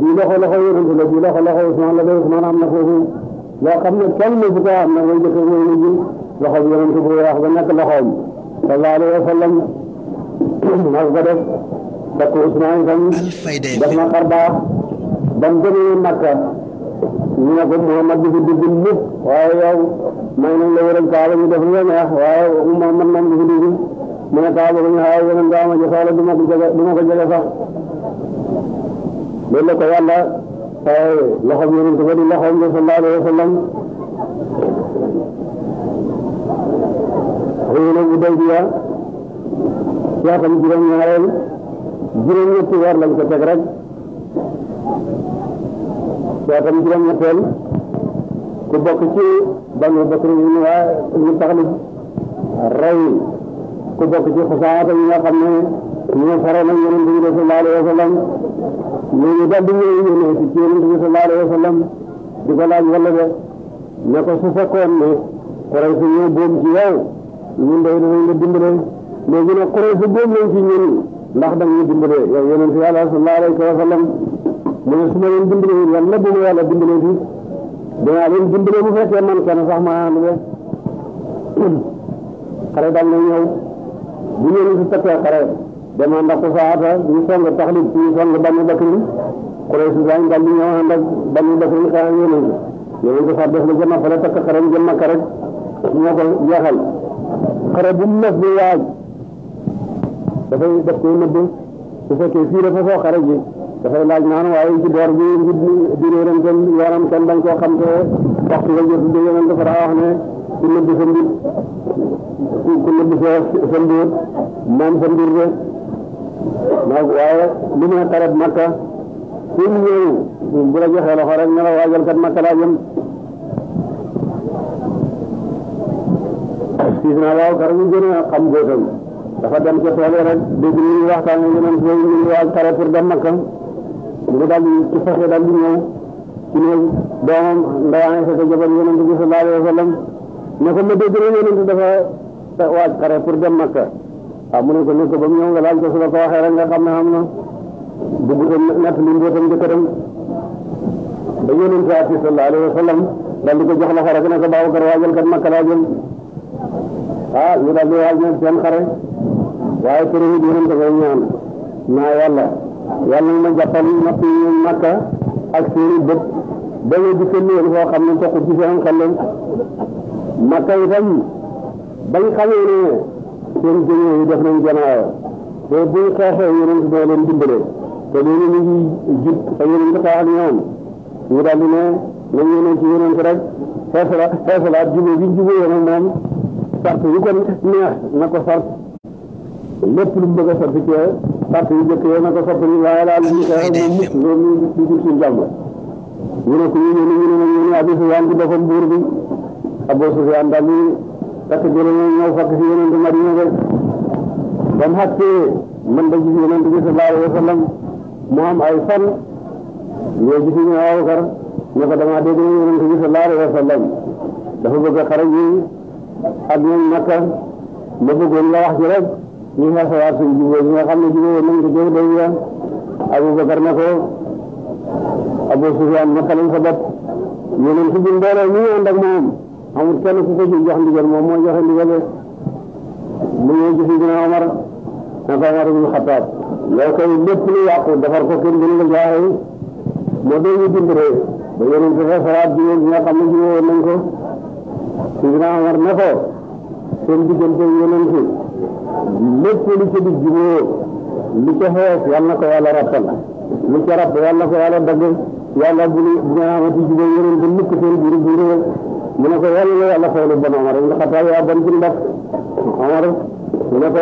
bii loxo loxo yonent la bii loxo loxo Usmaan la ba Usmaan am na foofu loo xam ne kenn mësu ko am na way jëkk way mujj loxo bi yonent bu wax ba nekk loxoom sallallahu alayhi wa sallam mas ko def takk Usmaan itam def na xar baax ba mu demee Makka ñu ne ko Muhammad di fi dugg mukk waaye yow may nañ la wëral kaaba ñu def lu la neex waaye Muhammad moom di fi dugg mu ne kaaba ba ñu xaaw yonent ba ma jëfaale du ma ko jege du ma ko jege sax loolu la ko yàlla loxoom yonent ba di loxoom bi sallallahu alayhi wa sallam xëy na bu day bi yaa yaatam juróom-ñaareel juróom-ñetti weer lañ ko teg rek yaatam juróom-ñetteel ku bokk ci Banu Bakr ñu waa ñu taxlu rey ku bokk ci xusaata yi nga xam ne ñu faral ak yonent bi sallallahu alayhi wa sallam ñooñu daal di ñëw ñëw ci yonent bi sallallahu alayhi wa sallam di ko laaj wala de ne ko su fekkoon ne Quraysh ñoo boom ci yow ñun de dinañ la dimbale léegi nag Quraysh boom lañ ci ñun ndax da nga dimbale yow yonent yàlla sallallahu alayhi wa sallam mu ne su ma leen dimbale yàlla bu ma yàlla dimbale fi dinaa leen dimbale bu fekkee man kenn sax maa ànd de xare daal na ñëw bu ñëw su fekkee xare demoon ndax saata ñu song taxlib ñu song Banu Bakri Quraysh daañu daal di ñëw ànd ak Banu Bakri xeex ak yonent yonent sax def la jëm fële takk xaram jëm Makka rek ñoo ko jeexal xare bu mu nas bi waaj dafay def koy nëbb su fekkee fii dafa soo xare laaj naan waaye ci boor bi ngi di réeram kenn yoonam kenn dañ koo xam te waxtu la jot di yonent dafa daa wax ne ku nëbb sa mbir ku nëbb rek nag waaye li mu ne tarab makka pour ñëw bu la joxee loxo rek ne la waajal kat makka laa jëm siis naa waaw kar ñu gën a xam góotam dafa dem ca tool rek dégg ñu ñu waxtaan ñu ne ñu ñu waaj pare pour dem makka mu daal di ci fexe daal di ñëw ci ne doomam ndeyaan sa ko jabar yonent bi sallallahu alayhi wa sallam ne ko ma dégg na yonent dafa waaj pare pour dem makka waaw mu ne ko nekk ba mu ñëw nga laaj ko su la ko waxee rek nga xam ne xam na bëggutoon natt li mbootam jëkkëram ba yonent bi sallallahu alayhi wa sallam daal di ko jox loxo rek ne ko Babacar waajal kat Makka laa jëm ah ñu daal di waaj ne seen xare waaye terewul yonent dafay ñaan naa yàlla yàlla na ma jàppal natt yi Makka ak seeni bët ba nga di seen yoon foo xam ne toq ci seen xel Makka itam bañ xamee ne seen jëñoo yi def nañ gannaawam te buñ xeexee yonent moo leen dimbale te léegi ñu ngi jub te yonent xeex ak ñoom ñu daal di ne nañ yonent ci yonent rek xeesala xeesalaat jubóo gi jubóo yonent moom sart yu ko neex na ko sart lépp lu mu bëgg a sart ci sart yu jëkk yee na ko sart ni waaye daal ñu xeex moom mukk loolu ñu ngi ci suñu jàmm ñu ne ko ñu ne ñu ne ñu ne Abu Sufyaan di defoon buur bi Abu Sufyaan daal parce que dinañu ñëw fekk si yeneen di Madina de ba mu xàttee mën da gis yeneen bi sallallahu alayhi wa sallam mu am ay fan yoo gis ñu Abubakar ne ko dama dégg yeneen bi sallallahu alayhi wa sallam dafa bëgg a xare yi ak ñoom Makka ma bëggoon la wax ci rek ñu xeexewaat suñu jubóo yi nga xam ne jubóo nañ ko jóg day ya Abubakar ne ko Abu Sufyaan naka lañ fa def yeneen si biir mbooloo ñu ànd ak moom amul kenn ku ko ci jox ndigal moom moo joxe ndigal de mu ñëw ci Sidina Omar na ko Omar ibn Xattaab loolu kay lépp lu yàqu defar ko kenn gënu la jaaxee moo doon ñu dimbale ba yeneen fexe salaat bi xam ne jiwoo nañ ko Sidina Omar na ko seen diggante yeneen fi lépp di jiwoo lu ca xees yàlla na ko yàlla rappal lu ca rapp yàlla na ko yàlla dagg yàlla bu ñu amati jiwoo yeneen fi mukk seen biir biir mu ne ko yàlla na yàlla xewlu bon Omar ibn Khattab yaa bon ci ndax Omar mu ne ko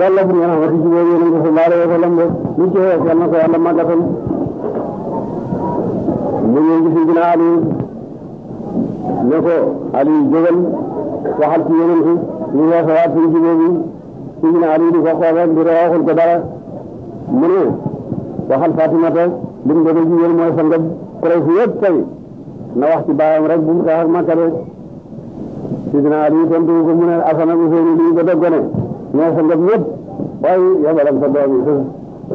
yàlla bu ngeen xamati ci boobu yéen a sallallahu alayhi wa sallam lu ci xees yàlla na ko yàlla màggatal mu ñëw ci Sidina Ali ne ko Ali jógal waxal ci yeneen fi ñu weesawaat suñ ci boobu Sidina Ali di ko xoolal di waxul ko dara mu ne waxal Fatimata lim doon ci yéen mooy sangam kuréel yëpp tey na wax ci baayam rek bu mu xeex ak Makka rek sidina Ali ko mu ne Asan ak Useyni lii ko doggone ñoo sa ngëb ñëpp waaye yabalam sa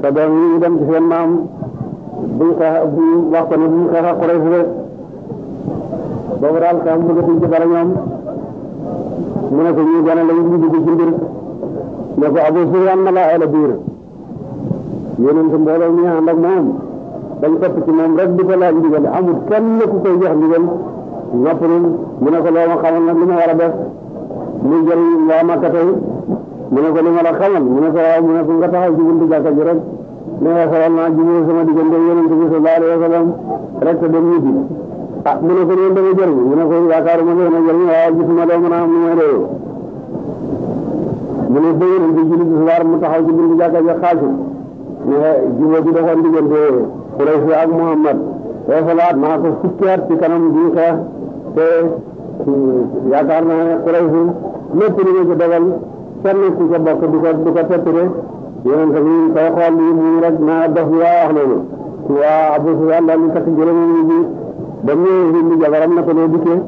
sa doom yi dem ci seen maam bu ñu xeex bu ñu wax ko ne bu ñu xeex ak Quraysh rek boobu daal xeex mu ci dara mu ne ko ñuy gone la ñu dugg ci mbir ne ko Abu Sufyaan na laa ala biir yéen itam mbooloo mi ànd ak moom dañ topp ci moom rek di ko laaj ndigal amul a ku koy jox ndigal noppalul mu ne ko loo ma xamal nag li ma a def muy jëriñ waa Makka tey mu ne ko li ma la xamal mu ne ko nga taxaw ci buntu jàkka ji rek ne nga xamal naa jubóo sama diggante yonent bi sallallahu alayhi wa sallam rek te dem ñibbi ah mu ne ko loolu dama jëriñ mu ne ko yaakaaruma ne dama jëriñ waaye a am lu may doyoo mu ne ba bi julli tisbaar mu taxaw ci buntu Kuraysi ak Muhammad xeexalaat naa ko fukki at ci kanam di xeex te hmm, yaakaar naa ne Kuraysi lépp lu ma ci dogal kenn ku ca bokk du ko du ko tettire yeneen te ñu koy xool lii mu rek naa dof bi waa wax loolu waa Abu Sufyaan daal di takk juróomi bi ba mu ñëwee Hind jabaram na ko doo dikkee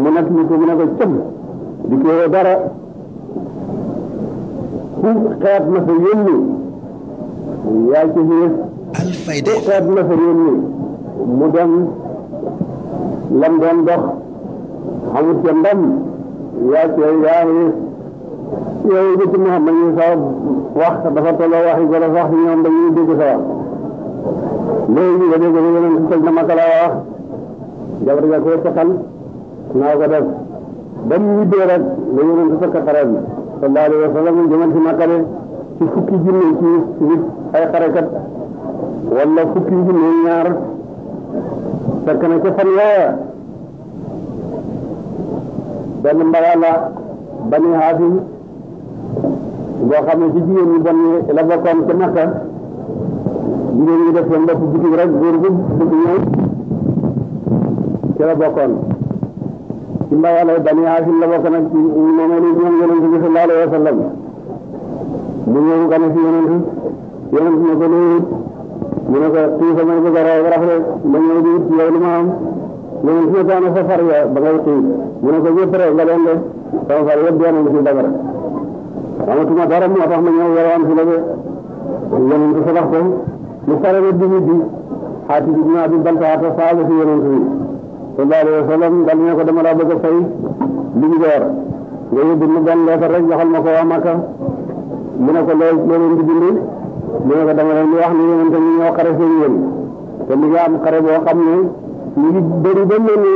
mu nekk li ko mu ne ko cëb dikkee dara fu xeet na fa yónni yaa ci alfayda stade la fa mu dem lam doon dox xamut ca ndam yaa cee yaa yooyu jëkk Muhammad yi sa wax dafa tolloo waxi golo sax ñoom dañuy ma kala wax jabar ja ko taxal naa ko def ba mu ñibbee rek la yeneen fekk xare ci Makka ci fukki nit ay xarekat wala fukki junni ñaar fekk na ca fan yooya benn mbalala bani haafim boo xam ne ci jigéen ñi bon ñi la bokkoon ca Makka jigéen ñi def seen bopp bitig rek góor gu bëgg ñëw ci la bokkoon ci mbalala bani haafim la bokkoon ak ñu moomee lu ñoom yonent bi sallallahu alayhi wa sallam mu ñëw gane si yonent yonent ne ko mu a ko tuufa ma ne ko garaaw rafet la ñëw di wut yow lu ma am yéen su ma taane sa far ya ba ngay tuuf mu a ko ñëpp rek nga leen de sama far yëpp dee nañ si dagara amatuma dara moo tax ma ñëw yorewaan si la de yéen ko sabax ko lu sare la dugub bi xaati bi dinaa di bantaata saala si yonent bi sallallahu alayhi wa sallam dal ne ko dama laa bëgg a fay liñ door nga yóbbu ma benn leetar rek joxal ma ko waa Makka mu ne ko loo leen di bind mu ne ko dama leen di wax ni yonente ni ñoo xare seen yéen te li nga am xare boo xam ne ñu ngi bëri ba mel ni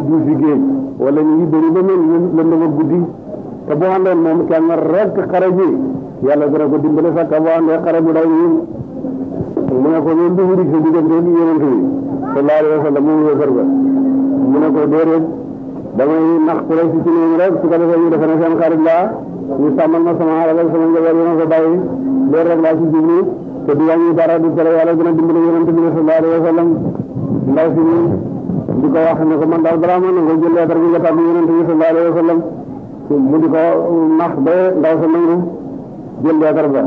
du si géej wala ñu ngi bëri ba mel ni lëndama guddi te boo àndoon moom kenn rek xare ji yàlla dana ko dimbale sax te boo àndee xare bu daw yi mu ne ko loolu du wurig sa diggante ak yonente bi sallallahu alayhi wa sallam moom yéefar ba mu ne ko déedéet damay nax ku rek si ci noonu rek su ko defee ñu defe ne seen xarit laa ñu sàmmal ma sama alal sama njaboot yi ma ko bàyyi loolu rek laa ci jublu te du wàññi dara du tere yàlla gën a dimbali yonent bi sallallahu alayhi wa sallam ndaw si ñu di ko wax ne ko man daal balaa ma nangoo jël leetar bi nga tàmm yonent bi sallallahu alayhi wa sallam mu di ko nax ba ndaw sa nangu jël leetar ba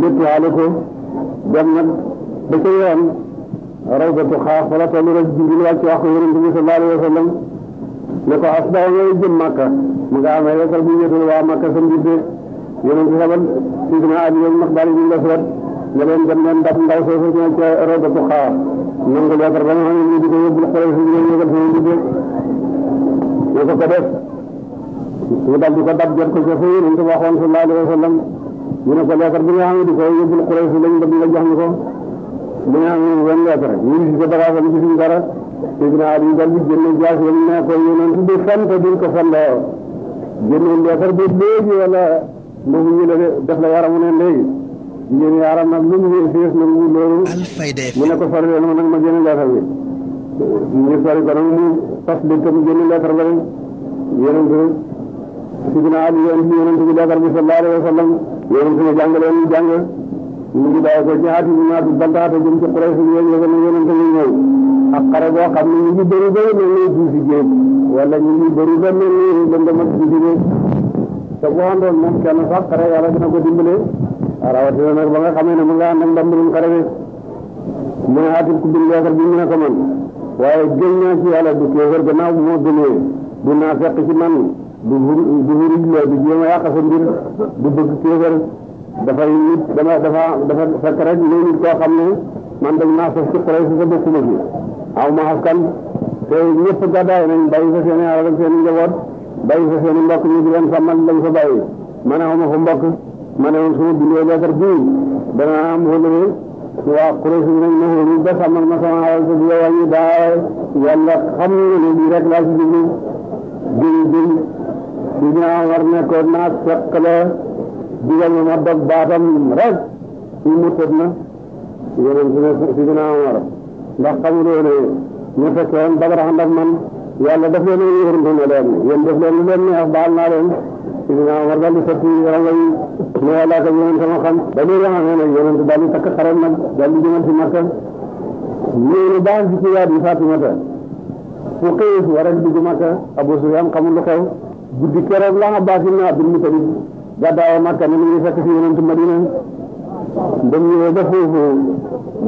lépp waale ko dem nag ba ca yoon rawdatu xaaf wala toolu rek jibril wàcc wax ko yonent bi sallallahu alayhi wa sallam ne ko as daw ngay jëm Makka mu nga amee leetar bu ñëtul waa Makka sa mbir de yéen a ngi sabal fii dina ànd yow la sot nga leen dem leen dab ndaw soosu ca roba bu xaar nangu leetar ba nga xam ne ñu di ko yóbbul xale si ñu yëgal sama mbir de ne ko ko def mu dal di ko dab jot ko ca fa yéen a waxoon sallallahu alayhi wa sallam ñu ko leetar bu ñu amee woon leetar ñu si ko dara ko ñu gis Ibn Ali dal di génne jaasi yi ne ko yonent bi fan te duñ ko fan la génne leetar bi léegi wala ndogu ñu la def la yaram ne léegi yéen yaram nag lu mu fees na mu loolu mu ne ko far leen ma nag ma génne leetar bi ñu fari ko nag mu fas li tam génne leetar ba yonent bi Ibn Ali yonent bi leetar bi sallallahu alayhi wa sallam jàng mu ngi bàyyi ko ci xaati bi naatu bantaata jëm ci Quraysh yéen yéen yonente ñu ñëw ak xare boo xam ñu ngi bëri ba mel ni ñu ngi bëri ba mel ni lëndëm ak dibine te bu àndoon moom kenn sax xare yàlla dina ko dimbale rawatina nag ba nga xamee ne mu nga ànd ak ndambalum xare bi mu ne xaatim ku bind leetar bi mu ne ko man waaye gën naa ci yàlla du kéefar gannaaw bu ma du naa fekk ci man du du la du jéem a yàq sa mbir du bëgg dafay nit dama dafa dafa fekk rek ñëw nit koo xam ne man dañ maa sof ci Quraysh sa bokkuma ci aw ma askan te ñëpp gàddaay nañ daa fa seen alal ak seen njaboot bàyyi fa seen mbokk ñu di leen sàmmal lañ fa bàyyi ma ne ma fa mbokk ma ne woon suma bindee leetar bii dana am xëlëwe waa Quraysh bi nañ ma xëlu ba sàmmal ma sama alal sa biya wàññi daa yàlla xam nga ne lii rek laa digal ma ma dog baatam rek ñu mu tëb na yeneen si Sidina Omar ndax xamuloo ne ñu fekkoon Badar ànd ak man yàlla daf leen a yërëm na leen yéen def leen lu leen neex baal naa leen Sidina Omar daal di sotti yaram yi ne yàlla ak yeneen sama xam ba léegi amee nag yeneen daal di takk xaram nag daal di jëmal si Makka ñëw lu baax ci ci yaat yi Fatimata fu xëy war a dugg Makka Abu Sufyaan xamul lu xew guddi keroog la nga baax si naa bi mu gàddaay Makka ni mu ngi fekk fi yonent Madina ba mu ñëwee ba foofu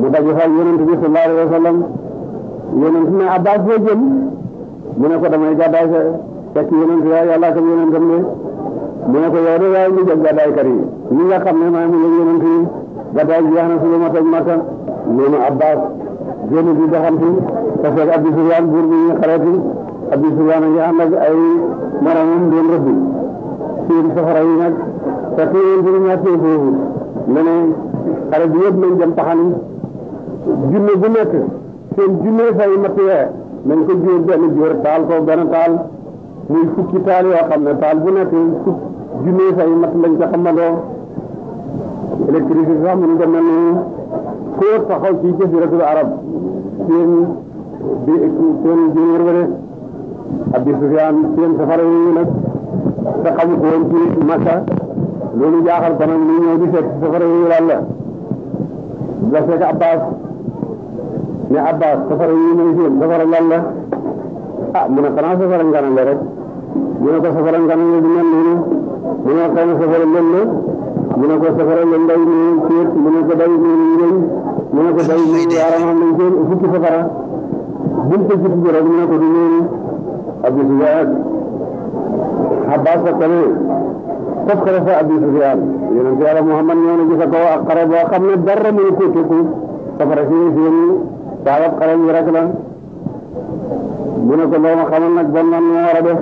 mu daje fa yonent bi sallallahu alayhi wa sallam yonent ne Abbas foo jëm mu ne ko damay gàddaay sa fekk yonent ya yàlla kam yonentam ne mu ne ko yow de waaye ñu jëm gàddaay kar yi ñi nga xam ne maa ngi leen yonent yi gàddaay jeex na suba ma toj Makka noonu Abbas génn di doxantu te fekk Abdou Soufiane buur bi ñu xareeti Abdou Soufiane a ngi ànd ak ay maramam doon rëbbi seen safara yi nag te teewul bi ñu ñaar teewul foofu nga ne xare bi yëpp lañ dem taxani junne bu nekk seen junne fay matt yee nañ ko jóor benn jóor taal ko benn taal muy fukki taal yoo xam ne taal bu nekk fukk junne fay matt lañ ko xamandoo électricité sax mu dem nañu koo taxaw ci jaziratul arab seen bi seen junne wala Abdou Soufiane seen safara yi nag. te xamu ko woon ci loolu jaaxal ko mu ñëw di seet safara yu yàlla la fekk Abbas ne Abbas safara yu may seen safara lan la ah mu ne xanaa safara nganan la rek mu ne ko safara nganan la du mel noonu mu ne xëy na safara lën la mu ne ko safara lën day noonu céet mu ne ko day noonu ngëñ mu ne ko day noonu yaramam lañ seen fukki safara buñ ko jëf rek mu ne ko du noonu Abu Abbas ak Aliou foofu ko defee Abu Sufyaan yonent Yàlla Muhammad ñëw na gis ko ak xare boo xam ne dara mënu ko tëkku safara si si yéen saabab xare bi rek la mu ne ko loo ma xamal nag bon man ma war a def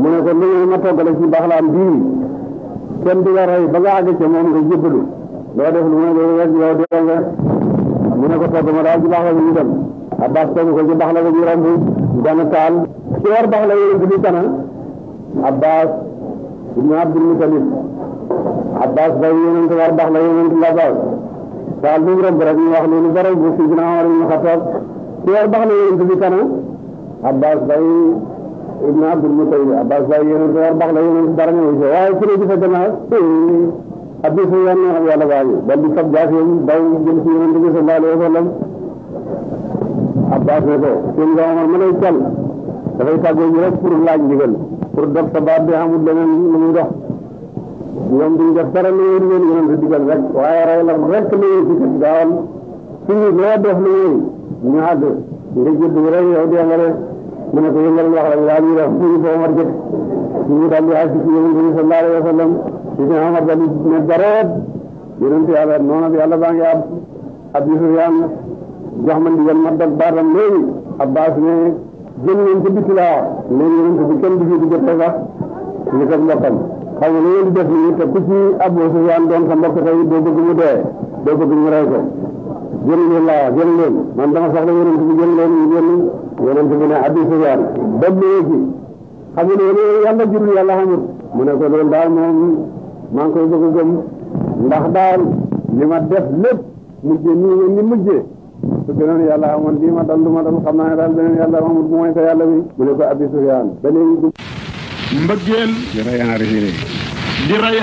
mu ne ko lu ngeen ma toggale ci baax la am bii kenn la rey ba nga àgg ca moom nga jébbalu loo def lu mu ne loolu rek yow dee nga mu ne ko togg ma daal ci baax la ñu dem Abbas togg ko ci baax la ñu romb dana taal ci war baax la yonent bi kana Abbas ibnu Abdul Mutalib Abbas bay yonent war baax la yonent la baax taal bu romb rek ñu wax loolu bare bu Sidina Umar ibnu Xattaab ci war baax la yonent bi kana Abbas bay ibnu Abdul Mutalib Abbas bay yonent war baax la yonent dara ñëw waaye ci addis yi yàlla na yàlla baa ngi bal di fab jaase yi daw jëm ci yonent bi sallallahu alayhi wa sallam ne ko seen nga Omar ma lay cal dafay tàggoo ji rek pour laaj ndigal pour dog baat bi amul leneen lu muy dox ñoom duñ def dara lu wér leen yonent bi digal rek waaye rey la rek lu nga jëdd rek yow dee nga rek mu ne ko yëngal wax rek laa ñuy def mu ngi fa Omar jëf ñu daal di àgg ci yonent bi sallallahu alayhi wa sallam sidna Omar dañu ne gareet yonent yàlla noonu yàlla baa ngi ab Abu Sufyaan jox ma ndigal ma dog baatam léegi Abbas ne jëm ngeen ci biti laa léegi yonent bi kenn du fi dugg te sax li ko mbokkam xam nga lu ngeen di def nii te ku ci Abu Sufyaan doon sa mbokk tey doo bëgg mu dee doo bëgg mu rey ko jëm leen laa jëm leen man dama soxla yonent bi jëm leen ñu jëm yonent bi ne Abu Sufyaan ba léegi xam nga loolu yàlla jurul yàlla xamul mu ne ko loolu daal moom maa ngi koy bëgg a ndax daal li ma def lépp mujje nii ngeen ni mujje beneen yàlla amoon lii ma dal lu ma dal xam naa ne daal beneen yàlla amul bu mooy ko yàlla bi mu ne ko abi suryaan ba léegi mbëggeel di rey